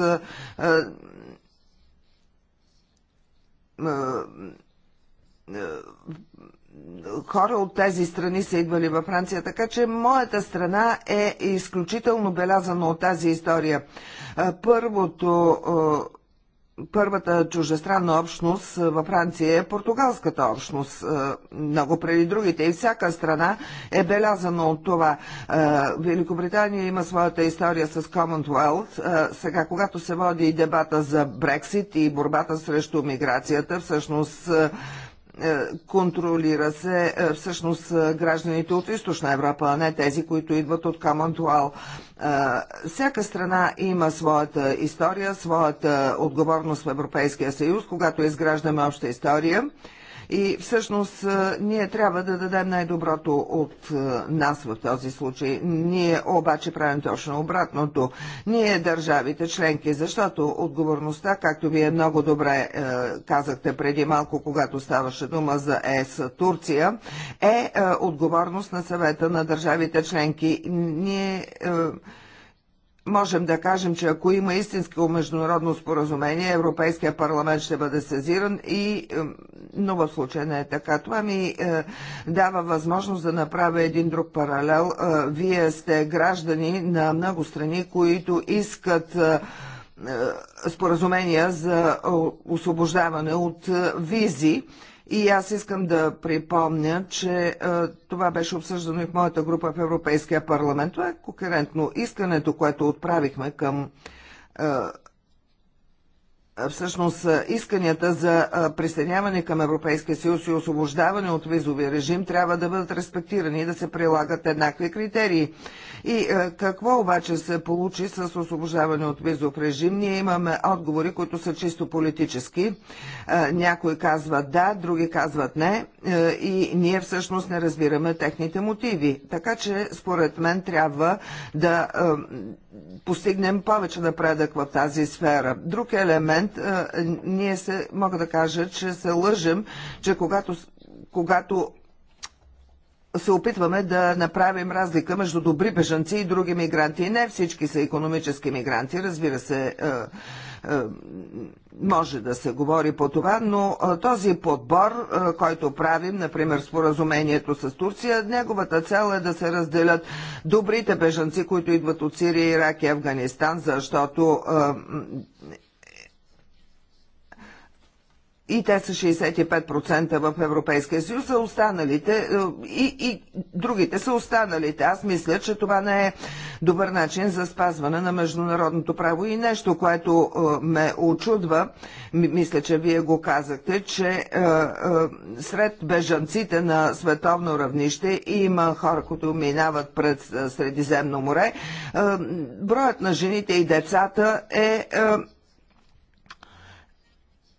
хора от тези страни са идвали във Франция, така че моята страна е изключително белязана от тази история. Първото първата чужестранна общност във Франция е португалската общност, е, много преди другите. И всяка страна е белязана от това. Е, Великобритания има своята история с Commonwealth. Е, сега, когато се води и дебата за Брексит и борбата срещу миграцията, всъщност е, контролира се е, всъщност е, гражданите от източна Европа, а не тези, които идват от Камантуал. Всяка страна има своята история, своята отговорност в Европейския съюз, когато изграждаме обща история. И всъщност ние трябва да дадем най-доброто от нас в този случай. Ние обаче правим точно обратното. Ние държавите членки, защото отговорността, както вие много добре е, казахте преди малко, когато ставаше дума за ЕС Турция, е, е отговорност на съвета на държавите членки. Ние е, можем да кажем, че ако има истинско международно споразумение, Европейския парламент ще бъде сезиран, и, но в случая не е така. Това ми е, дава възможност да направя един друг паралел. Е, вие сте граждани на много страни, които искат е, е споразумения за е, освобождаване от е, визи. И аз искам да припомня, че а, е, това беше обсъждано и в моята група в Европейския парламент. Това е кохерентно искането, което отправихме към а, е, всъщност исканията за присъединяване към Европейския съюз и освобождаване от визови режим трябва да бъдат респектирани и да се прилагат еднакви критерии. И какво обаче се получи с освобождаване от визов режим? Ние имаме отговори, които са чисто политически. Някои казват да, други казват не и ние всъщност не разбираме техните мотиви. Така че, според мен, трябва да постигнем повече напредък в тази сфера. Друг елемент, е, ние се, мога да кажа, че се лъжим, че когато, когато се опитваме да направим разлика между добри бежанци и други мигранти. Не всички са економически мигранти, разбира се. Е, е, може да се говори по това, но е, този подбор, е, който правим, например споразумението с Турция, неговата цел е да се разделят добрите бежанци, които идват от Сирия, Ирак и Афганистан, защото и те са 65% в Европейския съюз, а останалите е, и, и другите са останалите. Аз мисля, че това не е добър начин за спазване на международното право и нещо, което е, ме очудва, мисля, че вие го казахте, че е, сред бежанците на световно равнище има хора, които минават пред Средиземно море. Броят на жените и децата е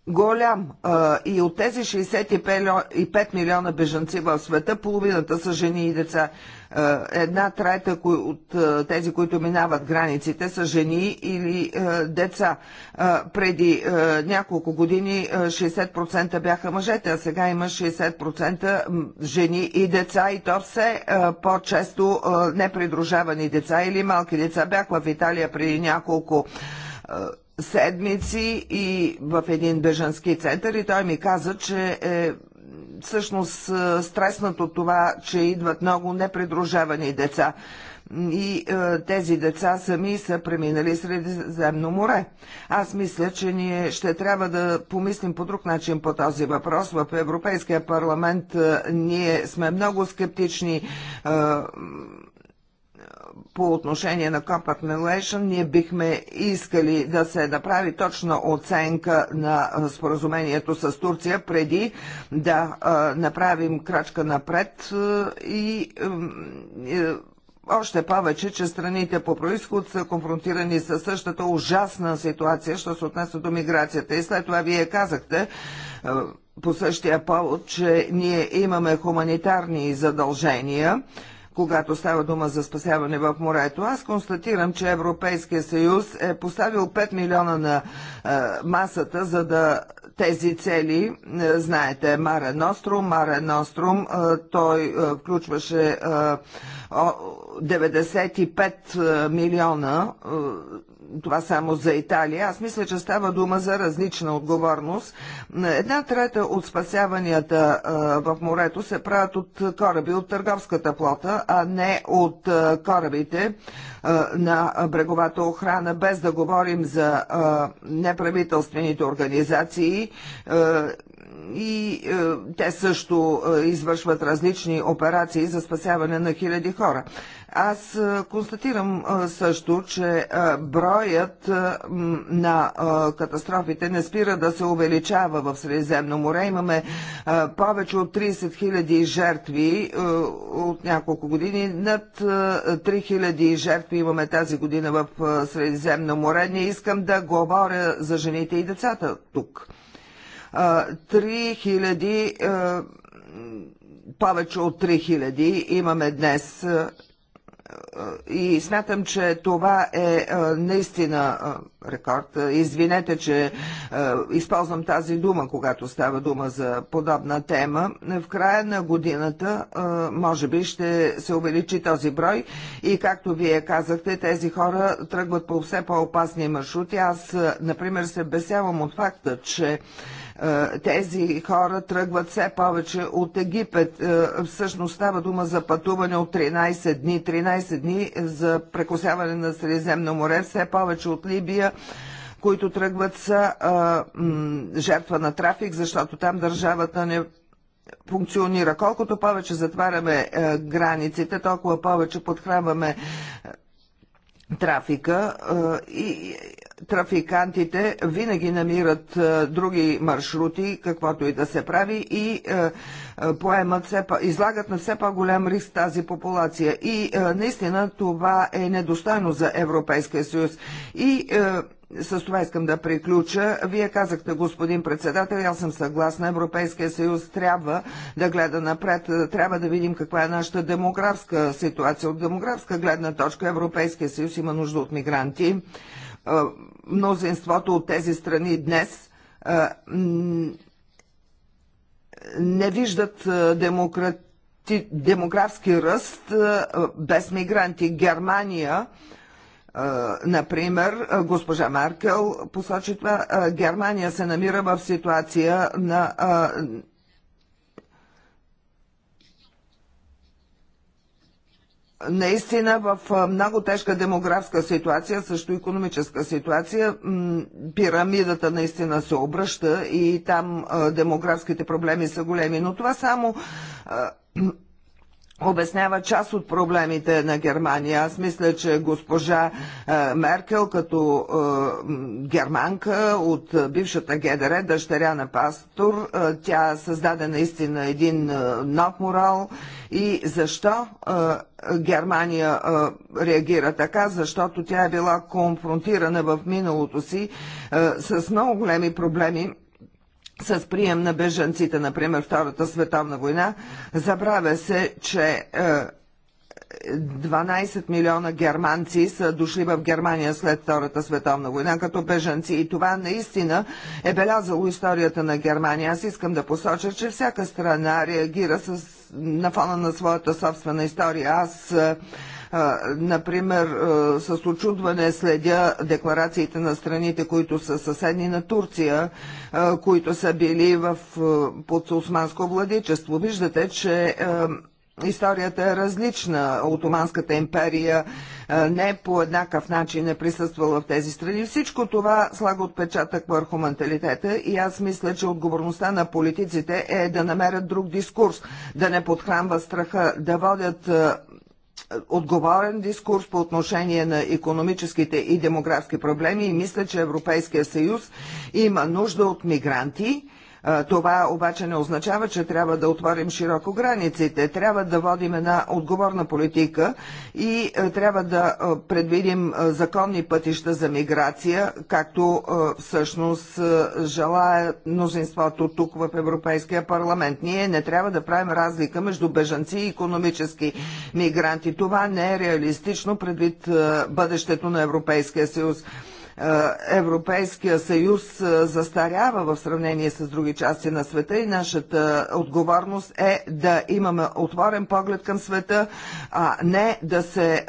голям а, и от тези 65 милиона бежанци в света, половината са жени и деца. А, една трета кои, от а, тези, които минават границите, са жени или а, деца. А, преди а, няколко години а, 60% бяха мъжете, а сега има 60% жени и деца и то все по-често непридружавани деца или малки деца. Бях в Италия преди няколко седмици и в един бежански център и той ми каза, че е всъщност е, стреснат от това, че идват много непредружавани деца. И е, тези деца сами са преминали Средиземно море. Аз мисля, че ние ще трябва да помислим по друг начин по този въпрос. В Европейския парламент е, ние сме много скептични. Е, по отношение на Compact Relation, ние бихме искали да се направи точна оценка на споразумението с Турция преди да направим крачка напред и е, още повече, че страните по происход са конфронтирани с същата ужасна ситуация, що се отнесе до миграцията. И след това вие казахте, е, по същия повод, че ние имаме хуманитарни задължения когато става дума за спасяване в морето. Аз констатирам, че Европейския съюз е поставил 5 милиона на а, е, масата, за да тези цели, а, е, знаете, Маре Ностром, Маре Ностром, той а, е, включваше а, 95 милиона това само за Италия. Аз мисля, че става дума за различна отговорност. Една трета от спасяванията в морето се правят от кораби от търговската плота, а не от корабите на бреговата охрана, без да говорим за неправителствените организации и е, те също е, извършват различни операции за спасяване на хиляди хора. Аз е, констатирам е, също, че е, броят е, на е, катастрофите не спира да се увеличава в Средиземно море. Имаме е, повече от 30 хиляди жертви е, от няколко години. Над е, 3 хиляди жертви имаме тази година в е, Средиземно море. Не искам да говоря за жените и децата тук. 3000 повече от 3000 имаме днес и смятам, че това е наистина рекорд. Извинете, че използвам тази дума, когато става дума за подобна тема. В края на годината, може би, ще се увеличи този брой и, както вие казахте, тези хора тръгват по все по-опасни маршрути. Аз, например, се бесявам от факта, че е, тези хора тръгват все повече от Египет. Е, всъщност става дума за пътуване от 13 дни. 13 дни за прекосяване на Средиземно море, все повече от Либия които тръгват са а, е, жертва на трафик, защото там държавата не функционира. Колкото повече затваряме а, границите, толкова повече подхранваме трафика а, и трафикантите винаги намират е, други маршрути, каквото и да се прави, и е, е, поемат все па, излагат на все по-голям риск тази популация. И наистина това е недостойно за Европейския съюз. И с това искам да приключа. Вие казахте, господин председател, аз съм съгласна. Европейския съюз трябва да гледа напред. Трябва да видим каква е нашата демографска ситуация. От демографска гледна точка Европейския съюз има нужда от мигранти мнозинството от тези страни днес не виждат демократи, демографски ръст без мигранти. Германия, например, госпожа Маркел посочи това, Германия се намира в ситуация на наистина в много тежка демографска ситуация, също економическа ситуация, пирамидата наистина се обръща и там демографските проблеми са големи. Но това само обяснява част от проблемите на Германия. Аз мисля, че госпожа е, Меркел, като е, германка от бившата ГДР, дъщеря на пастор, е, тя създаде наистина един нов морал. И защо Германия реагира така? Защото тя е била конфронтирана в миналото си с много големи проблеми с прием на бежанците, например, Втората световна война, забравя се, че 12 е, милиона германци са дошли в Германия след Втората световна война като бежанци и това наистина е белязало историята на Германия. Аз искам да посоча, че всяка страна реагира с, на фона на своята собствена история. Аз е, Например, с очудване следя декларациите на страните, които са съседни на Турция, които са били в под османско владичество. Виждате, че Историята е различна. Отоманската империя не по еднакъв начин е присъствала в тези страни. Всичко това слага отпечатък върху менталитета и аз мисля, че отговорността на политиците е да намерят друг дискурс, да не подхранват страха, да водят отговорен дискурс по отношение на економическите и демографски проблеми и мисля, че Европейския съюз има нужда от мигранти, това обаче не означава, че трябва да отворим широко границите. Трябва да водим една отговорна политика и трябва да предвидим законни пътища за миграция, както всъщност желая мнозинството тук в Европейския парламент. Ние не трябва да правим разлика между бежанци и економически мигранти. Това не е реалистично предвид бъдещето на Европейския съюз. Е, Европейския съюз е, застарява в сравнение с други части на света и нашата отговорност е да имаме отворен поглед към света, а не да се е,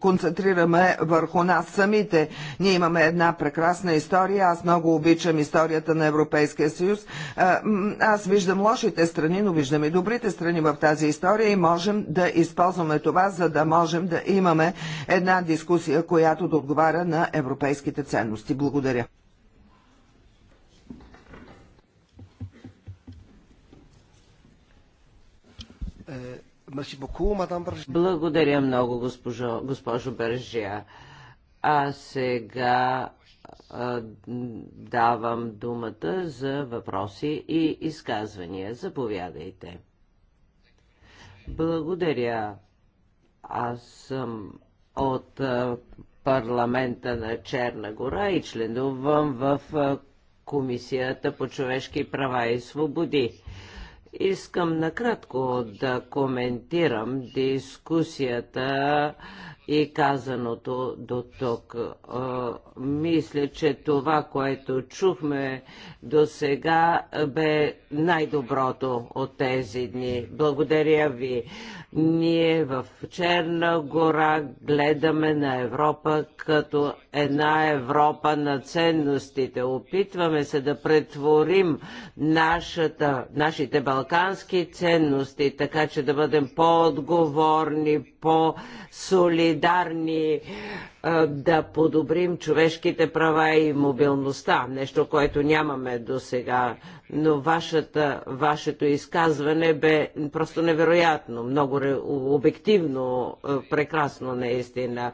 концентрираме върху нас самите. Ние имаме една прекрасна история. Аз много обичам историята на Европейския съюз. Аз виждам лошите страни, но виждам и добрите страни в тази история и можем да използваме това, за да можем да имаме една дискусия, която да отговаря на европейските ценности. Благодаря. Значи, Благодаря много, госпожо, госпожо Бержия. А сега а, давам думата за въпроси и изказвания. Заповядайте. Благодаря. Аз съм от парламента на Черна гора и членувам в Комисията по човешки права и свободи. Искам накратко да коментирам дискусията и казаното до тук мисля, че това, което чухме до сега, бе най-доброто от тези дни. Благодаря ви. Ние в Черна гора гледаме на Европа като една Европа на ценностите. Опитваме се да претворим нашата, нашите балкански ценности, така че да бъдем по-отговорни, по-солидарни, да подобрим човешките права и мобилността, нещо, което нямаме до сега. Но вашата, вашето изказване бе просто невероятно, много обективно, прекрасно наистина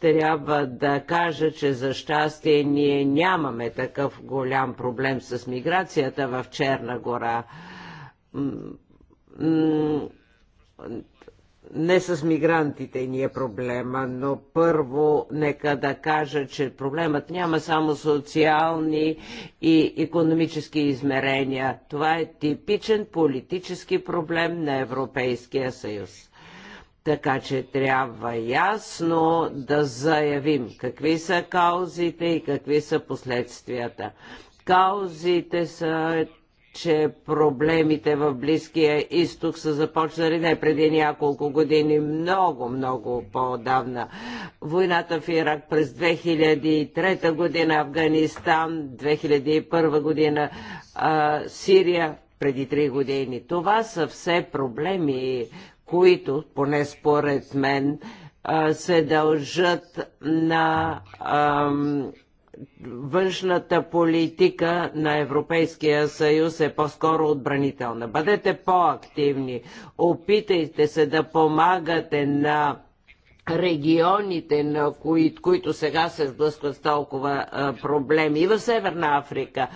трябва да кажа, че за щастие ние нямаме такъв голям проблем с миграцията в Черна гора не с мигрантите ни е проблема, но първо нека да кажа, че проблемът няма само социални и економически измерения. Това е типичен политически проблем на Европейския съюз. Така че трябва ясно да заявим какви са каузите и какви са последствията. Каузите са че проблемите в Близкия изток са започнали не преди няколко години, много, много по-давна. Войната в Ирак през 2003 година, Афганистан 2001 година, а, Сирия преди 3 години. Това са все проблеми, които, поне според мен, се дължат на външната политика на Европейския съюз е по-скоро отбранителна. Бъдете по-активни, опитайте се да помагате на регионите, на кои, които сега се сблъскват с толкова а, проблеми и в Северна Африка,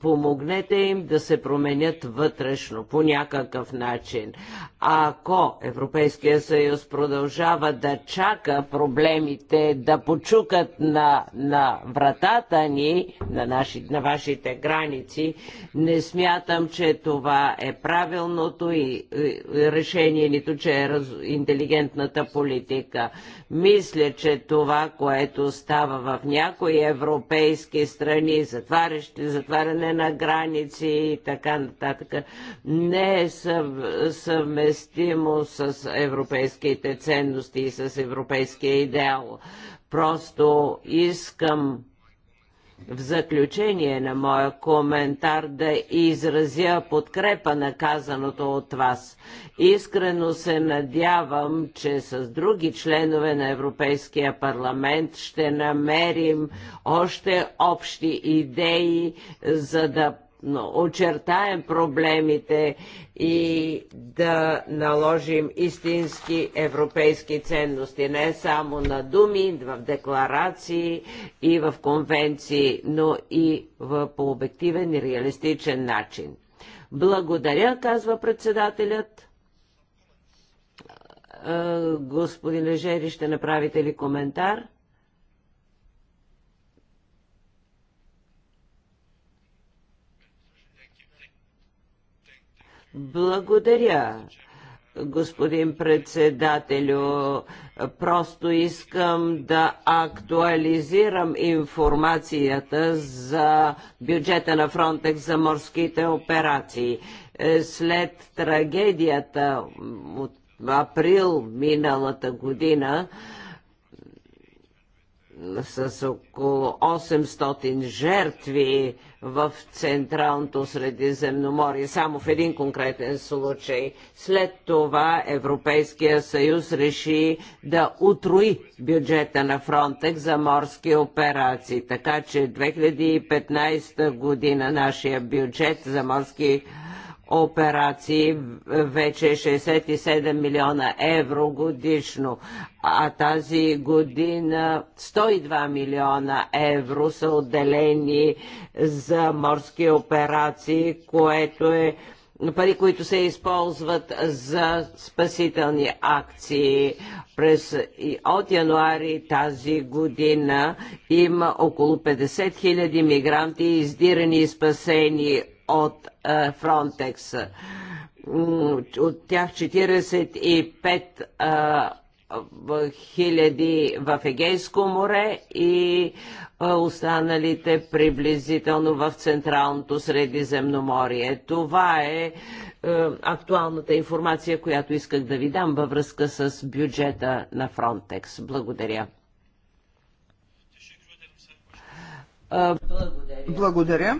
помогнете им да се променят вътрешно по някакъв начин. Ако Европейския съюз продължава да чака проблемите да почукат на, на вратата ни, на, наши, на вашите граници, не смятам, че това е правилното и, и решение, нито че е раз, интелигентната политика. Мисля, че това, което става в някои европейски страни, затварящи затваряне на граници и така нататък, не е съв, съвместимо с европейските ценности и с европейския идеал. Просто искам в заключение на моя коментар да изразя подкрепа на казаното от вас. Искрено се надявам, че с други членове на Европейския парламент ще намерим още общи идеи, за да очертаем проблемите и да наложим истински европейски ценности, не само на думи, в декларации и в конвенции, но и в, по обективен и реалистичен начин. Благодаря, казва председателят. Е, господин Лежери, ще направите ли коментар? Благодаря господин председателю. Просто искам да актуализирам информацията за бюджета на Фронтекс за морските операции. Е, след трагедията от април миналата година, с около 800 жертви в Централното Средиземноморие, само в един конкретен случай. След това Европейския съюз реши да утрои бюджета на Фронтекс за морски операции. Така че 2015 година нашия бюджет за морски операции операции вече 67 е милиона евро годишно, а тази година 102 милиона евро са отделени за морски операции, което е пари, които се използват за спасителни акции. През, от януари тази година има около 50 000 мигранти издирани и спасени от Фронтекс. От тях 45 е, хиляди в Егейско море и е, останалите приблизително в Централното Средиземноморие. Това е, е актуалната информация, която исках да ви дам във връзка с бюджета на Фронтекс. Благодаря. Благодаря. Благодаря.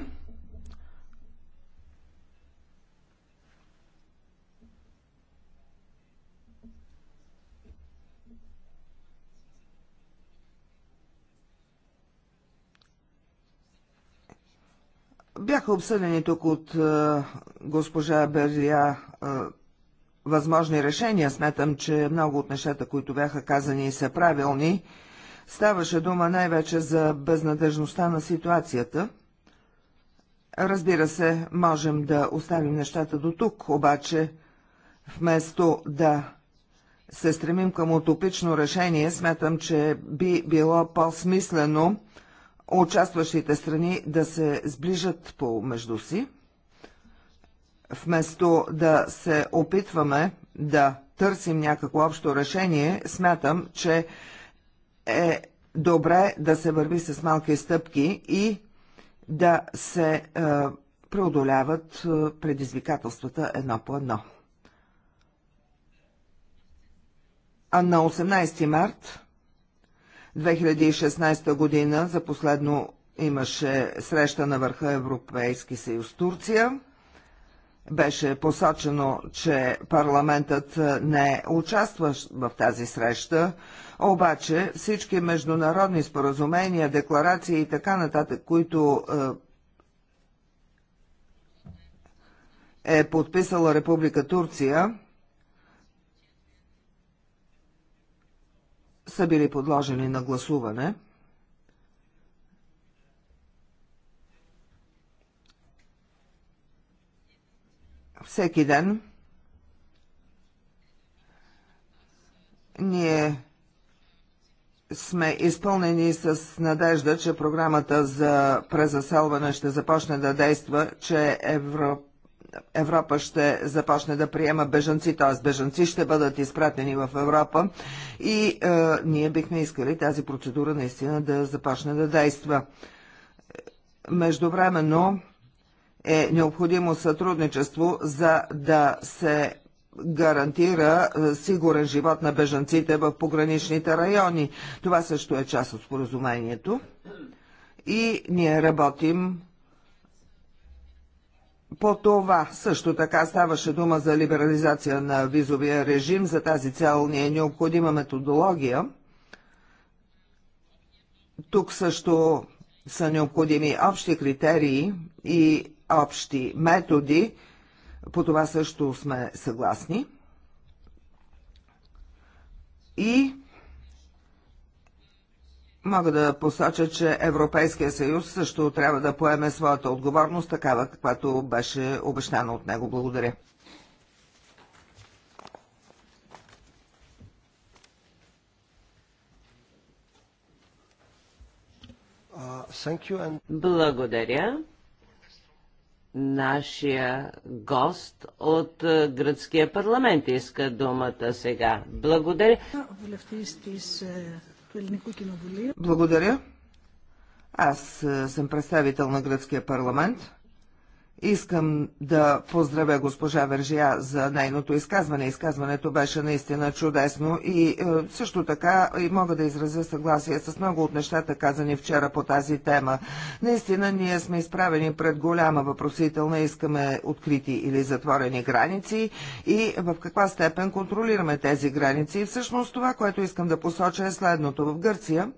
Бяха обсъдени тук от е, госпожа Берлия е, възможни решения. Сметам, че много от нещата, които бяха казани, са правилни. Ставаше дума най-вече за безнадежността на ситуацията. Разбира се, можем да оставим нещата до тук, обаче вместо да се стремим към утопично решение, смятам, че би било по-смислено участващите страни да се сближат помежду си, вместо да се опитваме да търсим някакво общо решение, смятам, че е добре да се върви с малки стъпки и да се е, преодоляват е, предизвикателствата едно по едно. А на 18 март 2016 година за последно имаше среща на върха Европейски съюз Турция. Беше посочено, че парламентът не е в тази среща, обаче всички международни споразумения, декларации и така нататък, които е, е подписала Република Турция, са били подложени на гласуване. Всеки ден ние сме изпълнени с надежда, че програмата за презаселване ще започне да действа, че Европа Европа ще започне да приема бежанци, т.е. бежанци ще бъдат изпратени в Европа и е, ние бихме искали тази процедура наистина да започне да действа. Междувременно е необходимо сътрудничество, за да се гарантира е, сигурен живот на бежанците в пограничните райони. Това също е част от споразумението. И ние работим по това също така ставаше дума за либерализация на визовия режим. За тази цел ни е необходима методология. Тук също са необходими общи критерии и общи методи. По това също сме съгласни. И Мога да посоча, че Европейския съюз също трябва да поеме своята отговорност, такава каквато беше обещана от него. Благодаря. Uh, Благодаря. Нашия гост от е, гръцкия парламент иска думата сега. Благодаря. Благодаря. Аз е, съм представител на Гръцкия парламент. Искам да поздравя госпожа Вержия за нейното изказване. Изказването беше наистина чудесно и е, също така и мога да изразя съгласие с много от нещата казани вчера по тази тема. Наистина ние сме изправени пред голяма въпросителна, искаме открити или затворени граници и в каква степен контролираме тези граници. И всъщност това, което искам да посоча е следното. В Гърция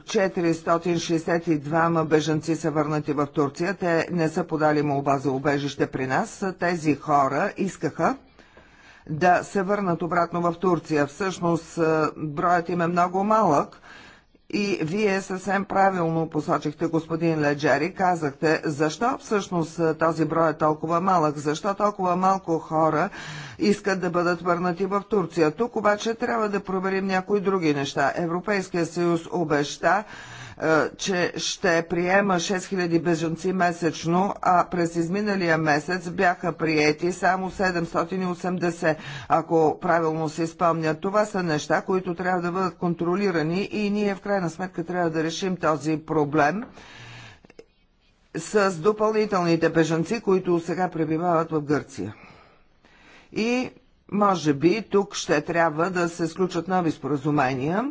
462 бежанци са върнати в Турция. Те не са подали молба за убежище при нас. Тези хора искаха да се върнат обратно в Турция. Всъщност е, броят им е много малък и вие съвсем правилно посочихте, господин Леджери, казахте, защо всъщност този брой е толкова малък, защо толкова малко хора искат да бъдат върнати в Турция. Тук обаче трябва да проверим някои други неща. Европейския съюз обеща е, че ще приема 6000 бежанци месечно, а през изминалия месец бяха приети само 780. Ако правилно се изпълнят, това са неща, които трябва да бъдат контролирани и ние в крайна сметка трябва да решим този проблем с допълнителните бежанци, които сега пребивават в Гърция. И може би тук ще трябва да се сключат нови споразумения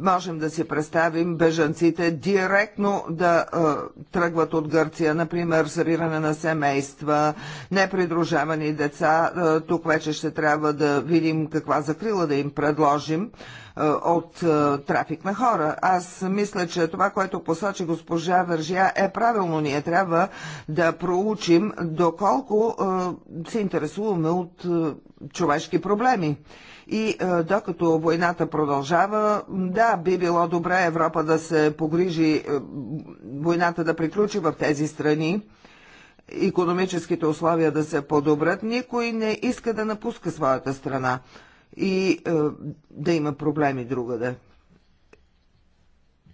можем да си представим бежанците директно да а, е, тръгват от Гърция, например събиране на семейства, непридружавани деца. А, е, тук вече ще трябва да видим каква закрила да им предложим а, е, от а, е, трафик на хора. Аз мисля, че това, което посочи госпожа Вържия е правилно. Ние трябва да проучим доколко а, е, се интересуваме от а, е, човешки проблеми. И е, докато войната продължава, да, би било добре Европа да се погрижи е, войната да приключи в тези страни, економическите условия да се подобрят. Никой не иска да напуска своята страна и е, да има проблеми другаде.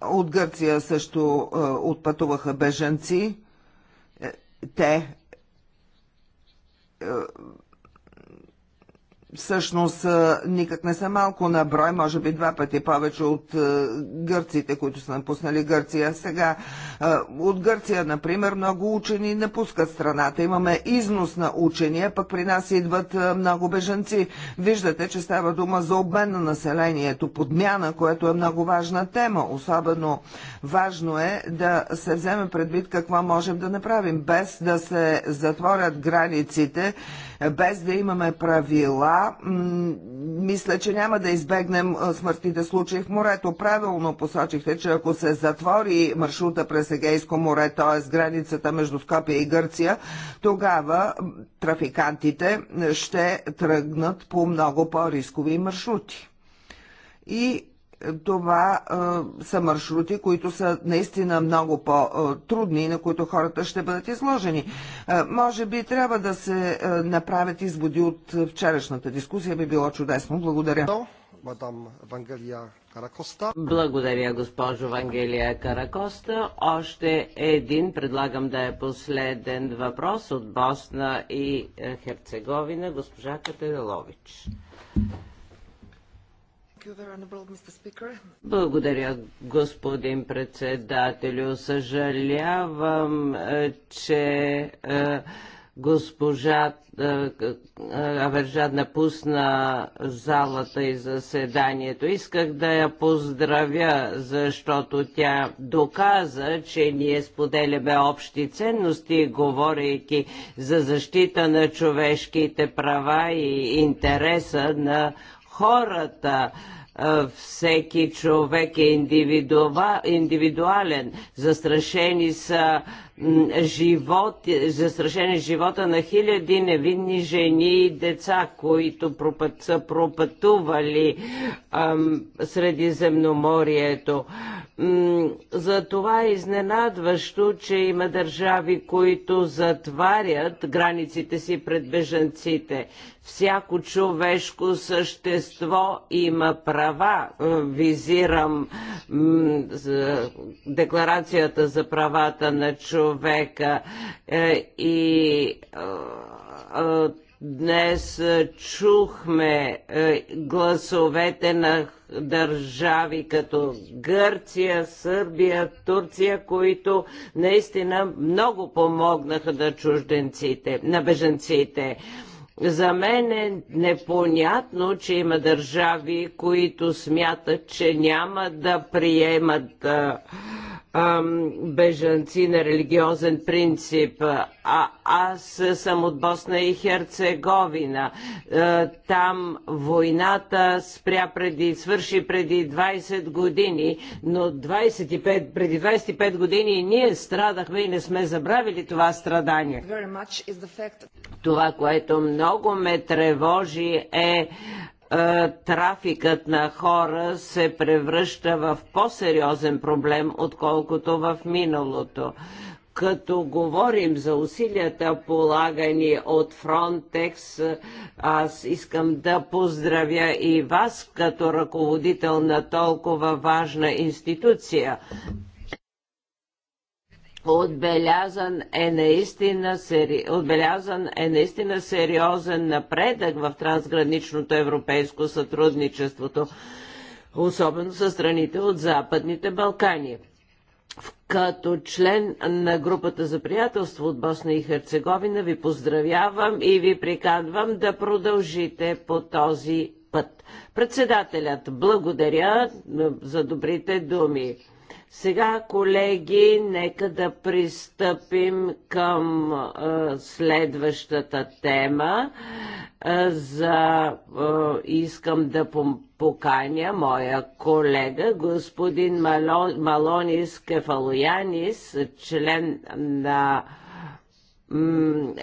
От Гърция също отпътуваха бежанци. Те всъщност никак не са малко на брой, може би два пъти повече от гърците, които са напуснали Гърция. Сега от Гърция, например, много учени напускат страната. Имаме износ на учения, пък при нас идват много бежанци. Виждате, че става дума за обмен на населението, подмяна, което е много важна тема. Особено важно е да се вземе предвид какво можем да направим, без да се затворят границите без да имаме правила, мисля, че няма да избегнем смъртните случаи в морето. Правилно посочихте, че ако се затвори маршрута през Егейско море, т.е. границата между Скопия и Гърция, тогава трафикантите ще тръгнат по много по-рискови маршрути. И това а, са маршрути, които са наистина много по-трудни и на които хората ще бъдат изложени. А, може би трябва да се а, направят изводи от вчерашната дискусия. Би било чудесно. Благодаря. Благодаря, госпожо Вангелия Каракоста. Още един, предлагам да е последен въпрос от Босна и Херцеговина, госпожа Катерилович. Благодаря, господин председателю. Съжалявам, е, че е, госпожа е, Авержад напусна залата и заседанието. Исках да я поздравя, защото тя доказа, че ние споделяме общи ценности, говорейки за защита на човешките права и интереса на хората. Всеки човек е индивидуален. Застрашени са живот, застрашен живота на хиляди невинни жени и деца, които пропът, са пропътували ам, Средиземноморието. Затова е изненадващо, че има държави, които затварят границите си пред бежанците. Всяко човешко същество има права. Е, визирам декларацията за правата на човека човека. Е, и е, е, днес чухме гласовете на държави като Гърция, Сърбия, Турция, които наистина много помогнаха на чужденците, на беженците. За мен е непонятно, че има държави, които смятат, че няма да приемат а, а, бежанци на религиозен принцип. А, аз съм от Босна и Херцеговина. А, там войната спря преди, свърши преди 20 години, но 25, преди 25 години ние страдахме и не сме забравили това страдание. Това, което много много ме тревожи е, е трафикът на хора се превръща в по-сериозен проблем, отколкото в миналото. Като говорим за усилията полагани от Frontex, аз искам да поздравя и вас като ръководител на толкова важна институция. Отбелязан е, наистина сери... Отбелязан е наистина сериозен напредък в трансграничното европейско сътрудничеството, особено със страните от Западните Балкани. Като член на групата за приятелство от Босна и Херцеговина ви поздравявам и ви приканвам да продължите по този път. Председателят, благодаря за добрите думи. Сега, колеги, нека да пристъпим към е, следващата тема. Е, за, е, искам да поканя моя колега, господин Малон, Малонис Кефалоянис, член на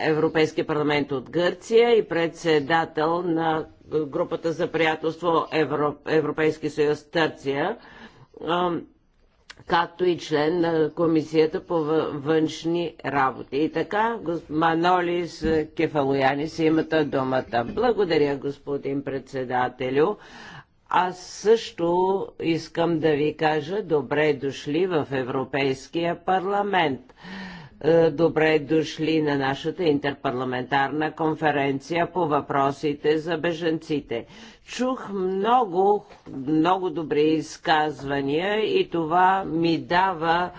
Европейския парламент от Гърция и председател на групата за приятелство Европ, Европейски съюз Търция както и член на Комисията по външни работи. И така, Манолис Кефалоянис имата думата. Благодаря, господин председателю. Аз също искам да ви кажа добре дошли в Европейския парламент. Е, добре дошли на нашата интерпарламентарна конференция по въпросите за беженците. Чух много, много добри изказвания и това ми дава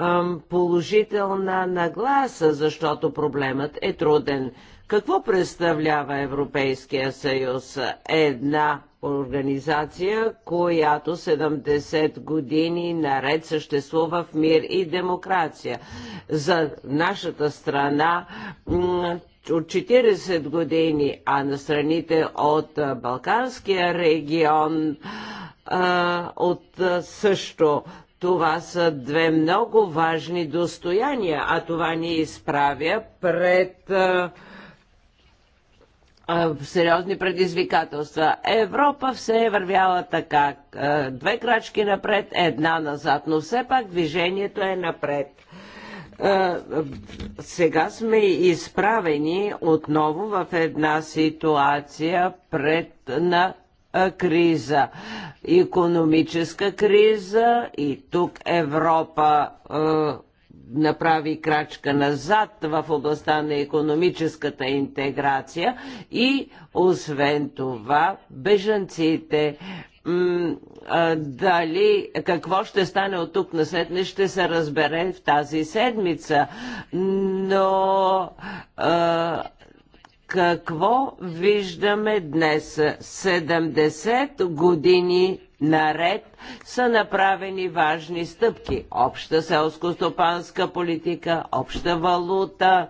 ем, положителна нагласа, защото проблемът е труден. Какво представлява Европейския съюз? Една организация, която 70 години наред съществува в мир и демокрация. За нашата страна от 40 години, а на страните от Балканския регион от също това са две много важни достояния, а това ни изправя пред сериозни предизвикателства. Европа все е вървяла така. Две крачки напред, една назад, но все пак движението е напред. Сега сме изправени отново в една ситуация пред на криза. Економическа криза и тук Европа направи крачка назад в областта на економическата интеграция и освен това бежанците дали какво ще стане от тук на след ще се разбере в тази седмица. Но а, какво виждаме днес? 70 години наред са направени важни стъпки. Обща селско-стопанска политика, обща валута,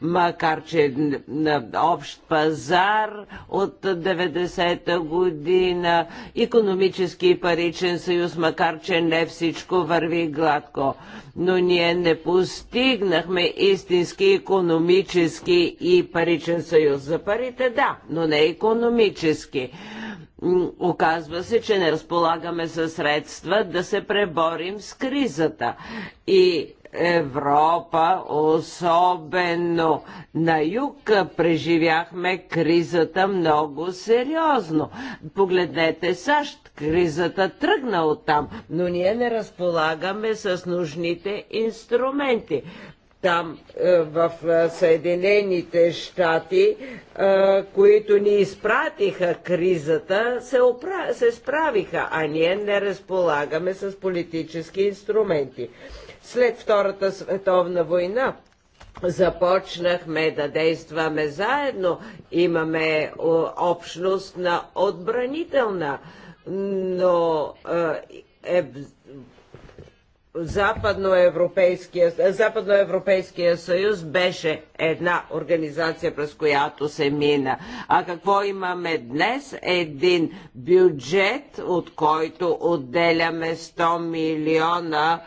макар че общ пазар от 90-та година, економически и паричен съюз, макар че не всичко върви гладко. Но ние не постигнахме истински економически и паричен съюз. За парите да, но не економически. Оказва се, че не разполагаме със средства да се преборим с кризата. И Европа, особено на юг, преживяхме кризата много сериозно. Погледнете САЩ, кризата тръгна оттам, но ние не разполагаме с нужните инструменти там е, в е, Съединените щати, е, които ни изпратиха кризата, се, опра... се справиха, а ние не разполагаме с политически инструменти. След Втората световна война започнахме да действаме заедно. Имаме общност на отбранителна, но е, Западноевропейския, Западноевропейския съюз беше една организация, през която се мина. А какво имаме днес? Един бюджет, от който отделяме 100 милиона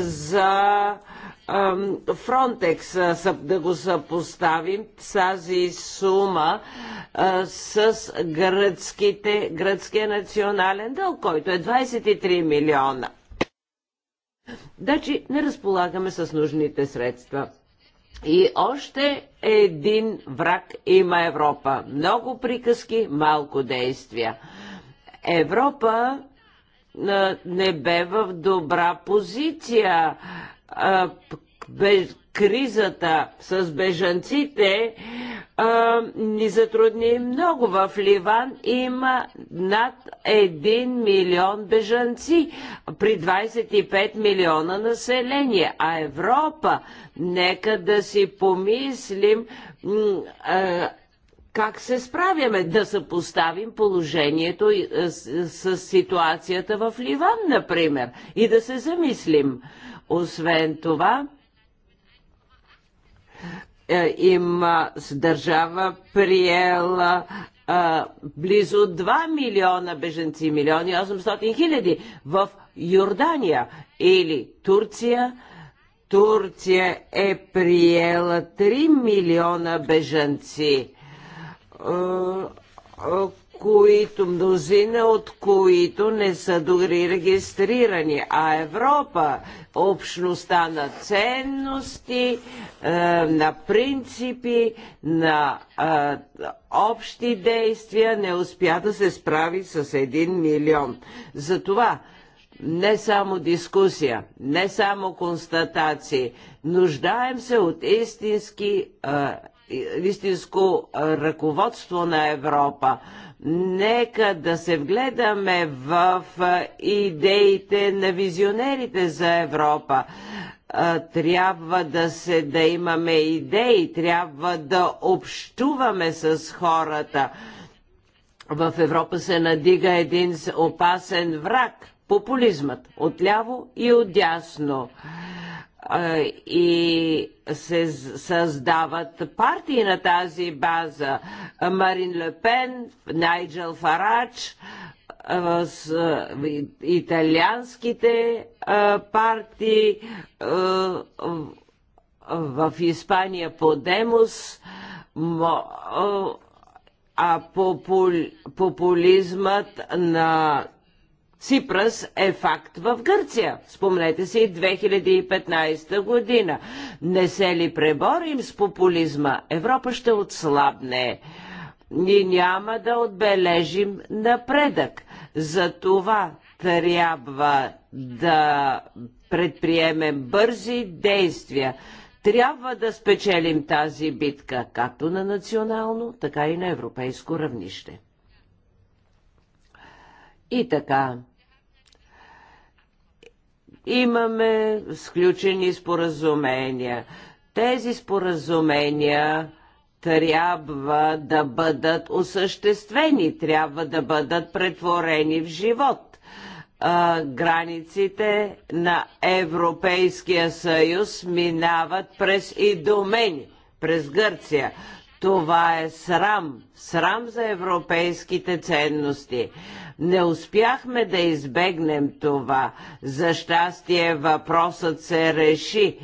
за Фронтекс, да го съпоставим тази сума с гръцките, гръцкия национален дълг, който е 23 милиона Значи не разполагаме с нужните средства. И още един враг има Европа. Много приказки, малко действия. Европа не бе в добра позиция без кризата с бежанците а, ни затрудни много. В Ливан има над 1 милион бежанци при 25 милиона население. А Европа, нека да си помислим а, как се справяме, да съпоставим положението с, с ситуацията в Ливан, например, и да се замислим. Освен това, е, има държава приела а, близо 2 милиона беженци, милиони 800 хиляди в Йордания или Турция. Турция е приела 3 милиона беженци е, е, които мнозина от които не са дори регистрирани, а Европа, общността на ценности, е, на принципи, на е, общи действия, не успя да се справи с един милион. Затова не само дискусия, не само констатации, нуждаем се от истински, е, истинско е, ръководство на Европа Нека да се вгледаме в идеите на визионерите за Европа трябва да се да имаме идеи, трябва да общуваме с хората. В Европа се надига един опасен враг популизмът отляво и отдясно. дясно и се създават партии на тази база. Марин Лепен, Найджел Фарач, с италианските партии в Испания Подемос, а популизмът на Ципрас е факт в Гърция. Спомнете си 2015 година. Не се ли преборим с популизма, Европа ще отслабне. Ни няма да отбележим напредък. За това трябва да предприемем бързи действия. Трябва да спечелим тази битка както на национално, така и на европейско равнище. И така. Имаме сключени споразумения. Тези споразумения трябва да бъдат осъществени, трябва да бъдат претворени в живот. А, границите на Европейския съюз минават през Идомени, през Гърция. Това е срам. Срам за европейските ценности. Не успяхме да избегнем това. За щастие въпросът се реши.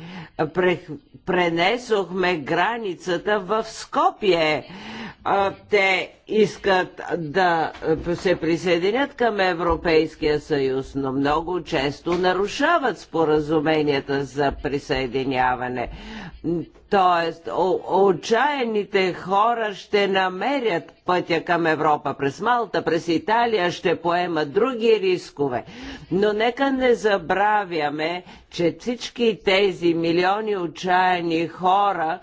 Пренесохме границата в Скопие. Те искат да се присъединят към Европейския съюз, но много често нарушават споразуменията за присъединяване т.е. отчаяните хора ще намерят пътя към Европа през Малта, през Италия, ще поемат други рискове. Но нека не забравяме, че всички тези милиони отчаяни хора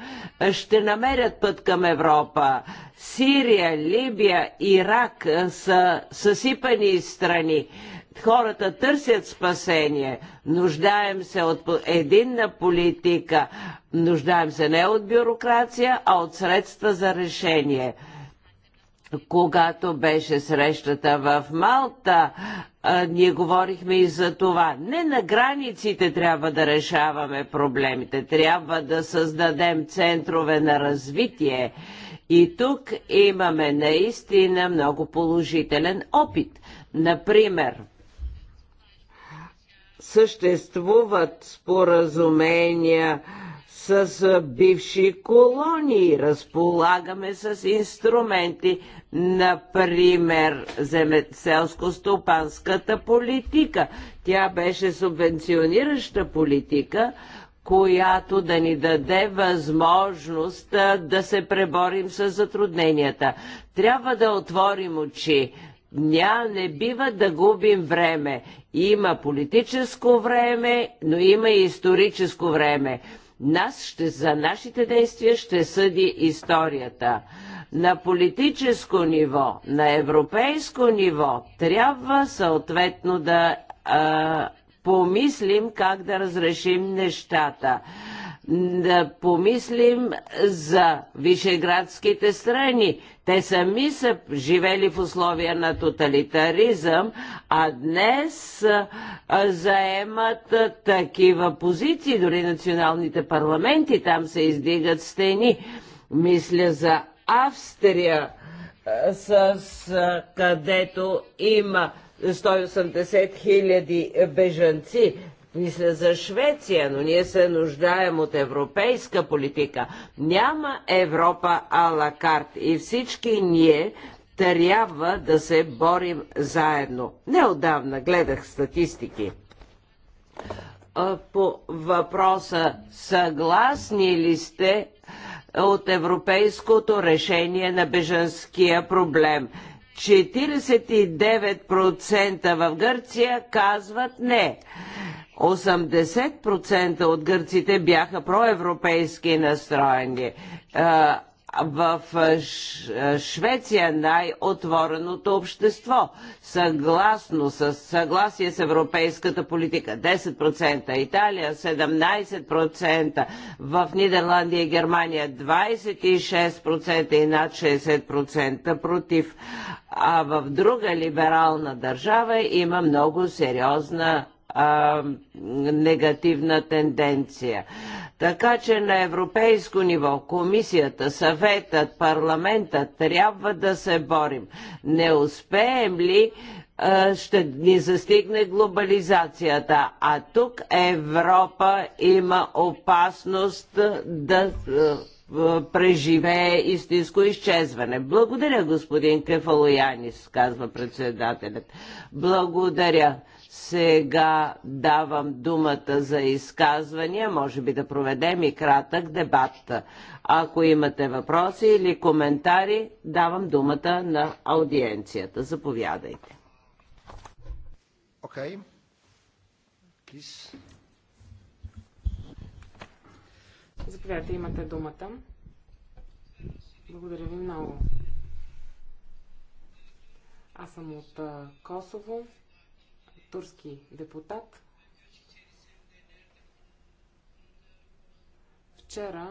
ще намерят път към Европа. Сирия, Либия, Ирак са съсипани страни Хората търсят спасение. Нуждаем се от единна политика. Нуждаем се не от бюрокрация, а от средства за решение когато беше срещата в Малта, ние говорихме и за това. Не на границите трябва да решаваме проблемите, трябва да създадем центрове на развитие. И тук имаме наистина много положителен опит. Например, съществуват споразумения с бивши колонии. Разполагаме с инструменти, например, селско-стопанската политика. Тя беше субвенционираща политика, която да ни даде възможност да се преборим с затрудненията. Трябва да отворим очи, Ня, не бива да губим време. Има политическо време, но има и историческо време. Нас ще, за нашите действия ще съди историята. На политическо ниво, на европейско ниво, трябва съответно да а, помислим как да разрешим нещата да помислим за вишеградските страни. Те сами са живели в условия на тоталитаризъм, а днес заемат такива позиции. Дори националните парламенти там се издигат стени. Мисля за Австрия, с, където има 180 хиляди бежанци мисля за Швеция, но ние се нуждаем от европейска политика. Няма Европа ала карт и всички ние трябва да се борим заедно. Неодавна гледах статистики по въпроса съгласни ли сте от европейското решение на бежанския проблем. 49% в Гърция казват не. 80% от гърците бяха проевропейски настроени. В Швеция най-отвореното общество, съгласно с съгласие с европейската политика 10%, Италия 17%, в Нидерландия и Германия 26% и над 60% против. А в друга либерална държава има много сериозна а, негативна тенденция. Така че на европейско ниво комисията, съветът, парламента трябва да се борим. Не успеем ли ще ни застигне глобализацията, а тук Европа има опасност да преживее истинско изчезване. Благодаря, господин Кефалоянис, казва председателят. Благодаря. Сега давам думата за изказвания. Може би да проведем и кратък дебат. Ако имате въпроси или коментари, давам думата на аудиенцията. Заповядайте. Okay. Заповядайте, имате думата. Благодаря ви много. Аз съм от Косово турски депутат. Вчера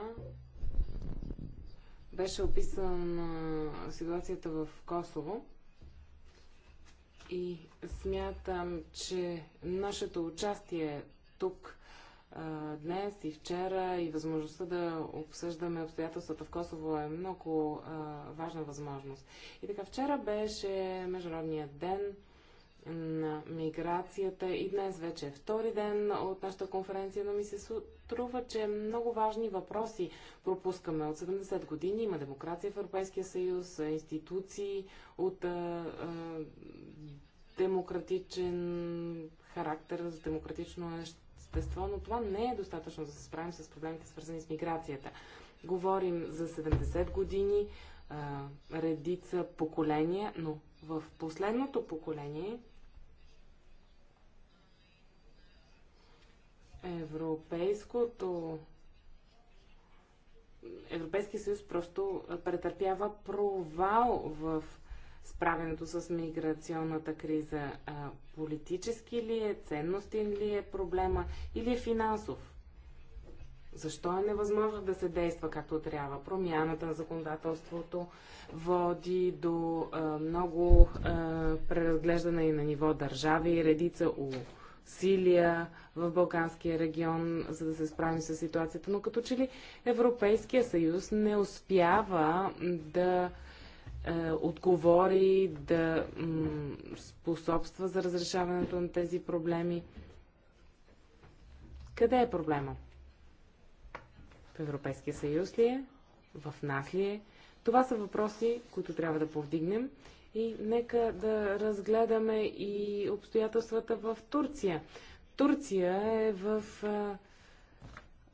беше описана ситуацията в Косово и смятам, че нашето участие тук днес и вчера и възможността да обсъждаме обстоятелствата в Косово е много важна възможност. И така, вчера беше Международният ден на миграцията и днес вече е втори ден от нашата конференция, но ми се струва, че много важни въпроси пропускаме. От 70 години има демокрация в Европейския съюз, институции от а, а, демократичен характер, с демократично естество, но това не е достатъчно да се справим с проблемите свързани с миграцията. Говорим за 70 години, а, редица поколения, но в последното поколение Европейското Европейския съюз просто претърпява провал в справенето с миграционната криза. политически ли е, ценностен ли е проблема или е финансов? Защо е невъзможно да се действа както трябва? Промяната на законодателството води до а, много а, преразглеждане и на ниво държави и редица у усилия в Балканския регион, за да се справим с ситуацията, но като че ли Европейския съюз не успява да е, отговори, да способства за разрешаването на тези проблеми. Къде е проблема? В Европейския съюз ли е? В нас ли е? Това са въпроси, които трябва да повдигнем и нека да разгледаме и обстоятелствата в Турция. Турция е в а,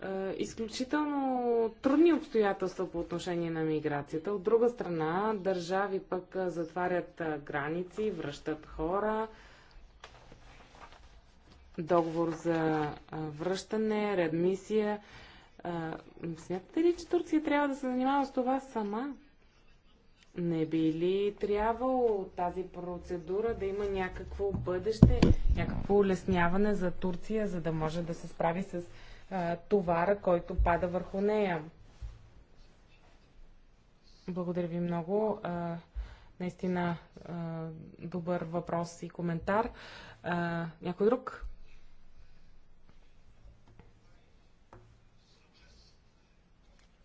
а, изключително трудни обстоятелства по отношение на миграцията. От друга страна, държави пък затварят граници, връщат хора. Договор за връщане, редмисия. Смятате ли, че Турция трябва да се занимава с това сама? не би ли трябвало тази процедура да има някакво бъдеще, някакво улесняване за Турция, за да може да се справи с а, товара, който пада върху нея? Благодаря ви много. А, наистина а, добър въпрос и коментар. А, някой друг?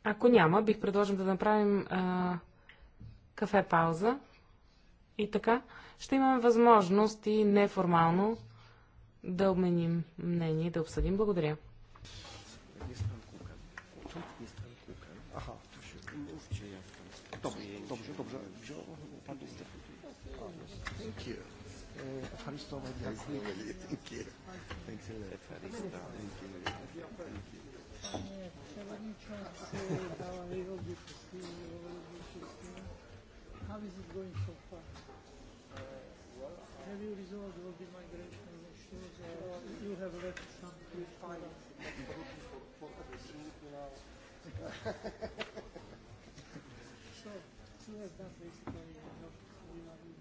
Ако няма, бих предложил да направим а, кафе пауза. И така ще имаме възможност и неформално да обменим мнение и да обсъдим. Благодаря. Dziękuję. How is it going so far? Uh, well, have you resolved all the migration issues, or you have left some refining? so, you have done basically your are this.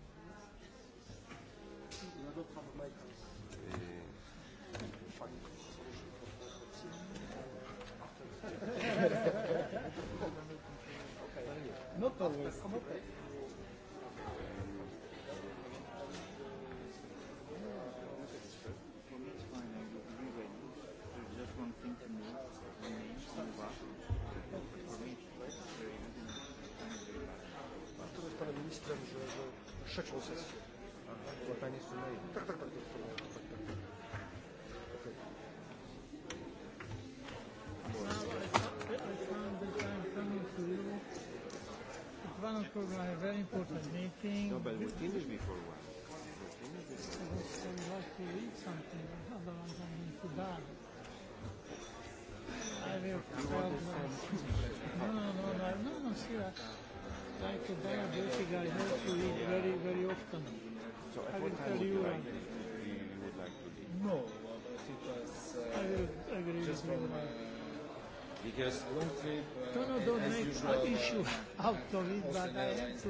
not from the powiedziałem, że, że trzecią sesję. Pani Tak, tak, tak. One o'clock a very important meeting. No, but finish before one. I would like to something, otherwise I'm going to die. I will. You want to No, no, no, no, no, no, no, no, Like you I have to eat very, very often. So at I what time would you, like, you, would like to leave? No, but uh, I agree just with from, because long trip. Uh, no, no, don't make usual, an issue out of it, but I have to.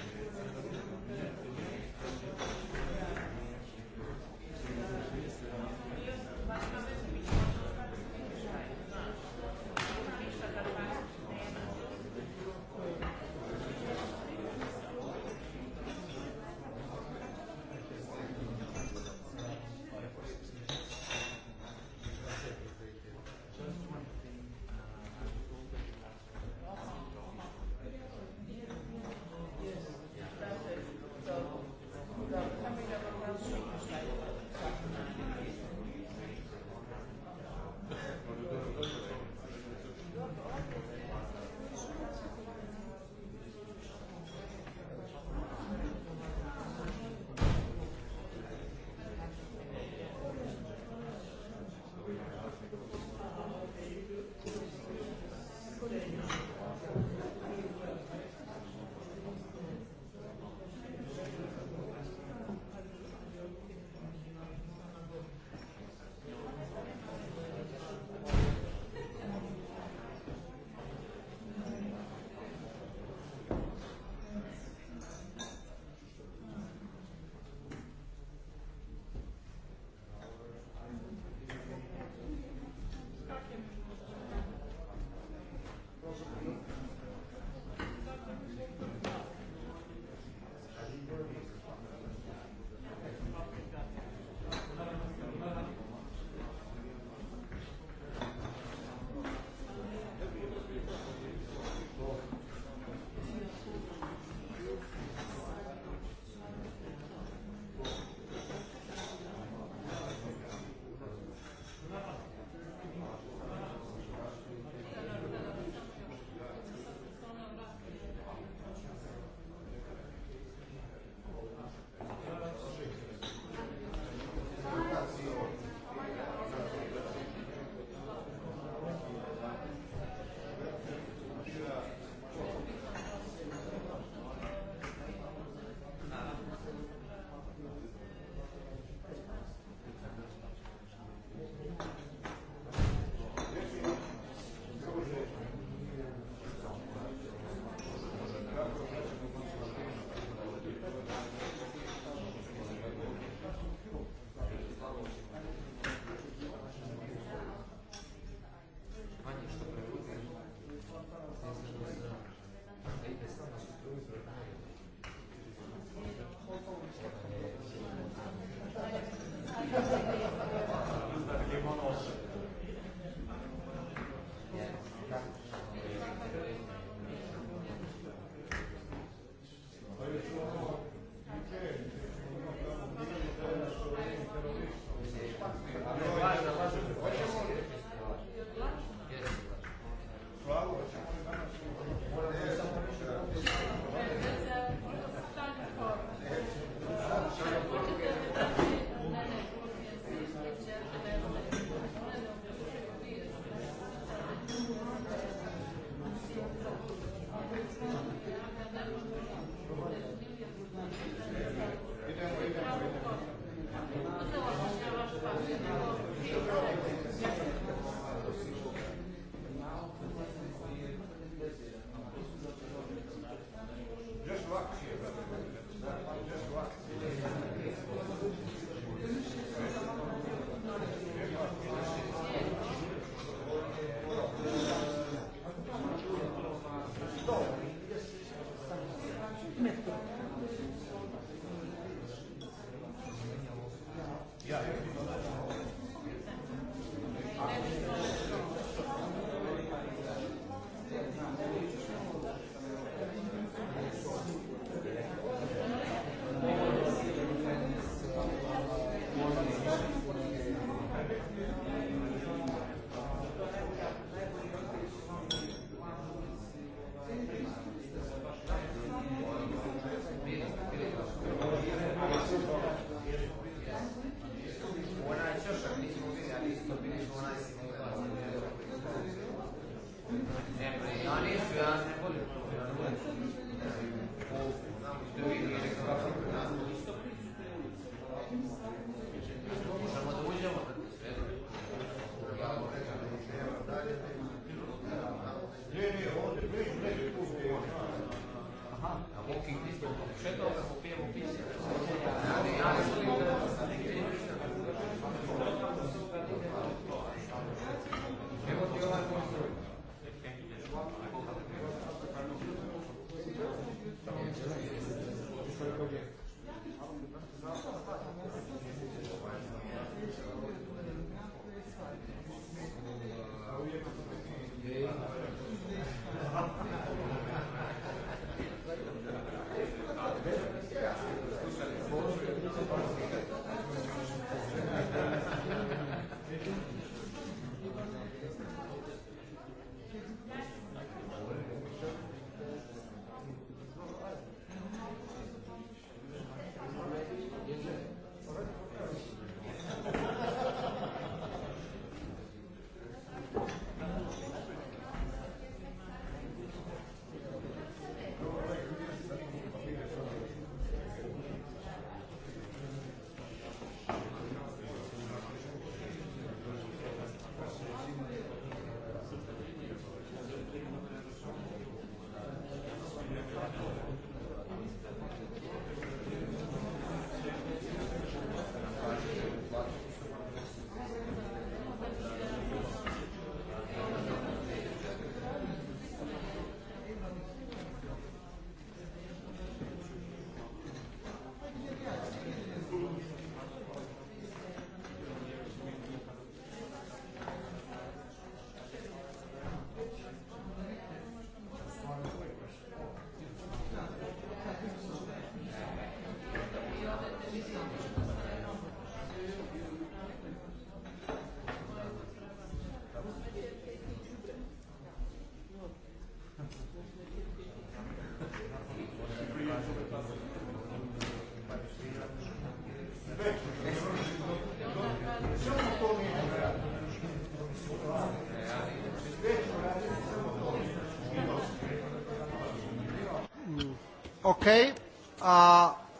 Okay.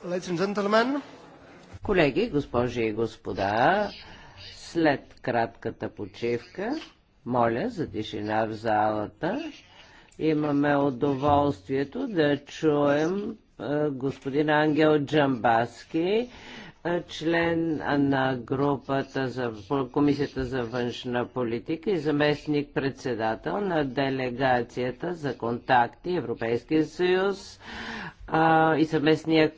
Uh, Колеги, госпожи и господа, след кратката почивка, моля за тишина в залата, имаме удоволствието да чуем господин Ангел Джамбаски, член на групата за Комисията за външна политика и заместник председател на делегацията за контакти Европейския съюз и съвместния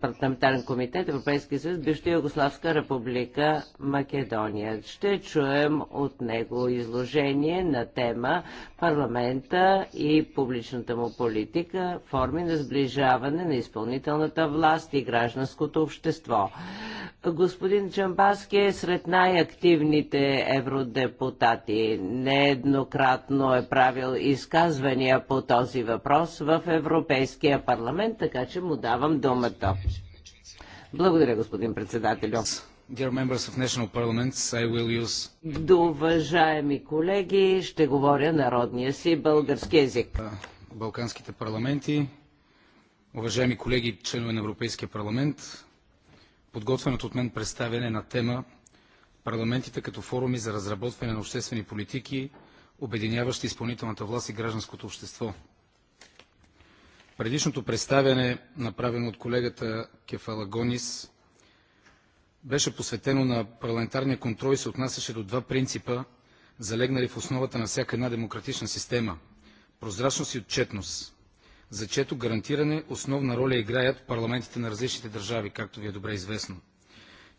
парламентарен комитет Европейския съюз, бившата Югославска република Македония. Ще чуем от него изложение на тема парламента и публичната му политика, форми на сближаване на изпълнителната власт и гражданското общество. Господин Чамбаски е сред най-активните евродепутати. Нееднократно е правил изказвания по този въпрос в Европейския парламент парламент, така че му давам думата. Благодаря, господин председателю. Use... До уважаеми колеги ще говоря народния си български език. Балканските парламенти, уважаеми колеги, членове на Европейския парламент, подготвеното от мен представяне на тема парламентите като форуми за разработване на обществени политики, обединяващи изпълнителната власт и гражданското общество – Предишното представяне, направено от колегата Кефалагонис, беше посветено на парламентарния контрол и се отнасяше до два принципа, залегнали в основата на всяка една демократична система – прозрачност и отчетност, за чето гарантиране основна роля играят парламентите на различните държави, както ви е добре известно.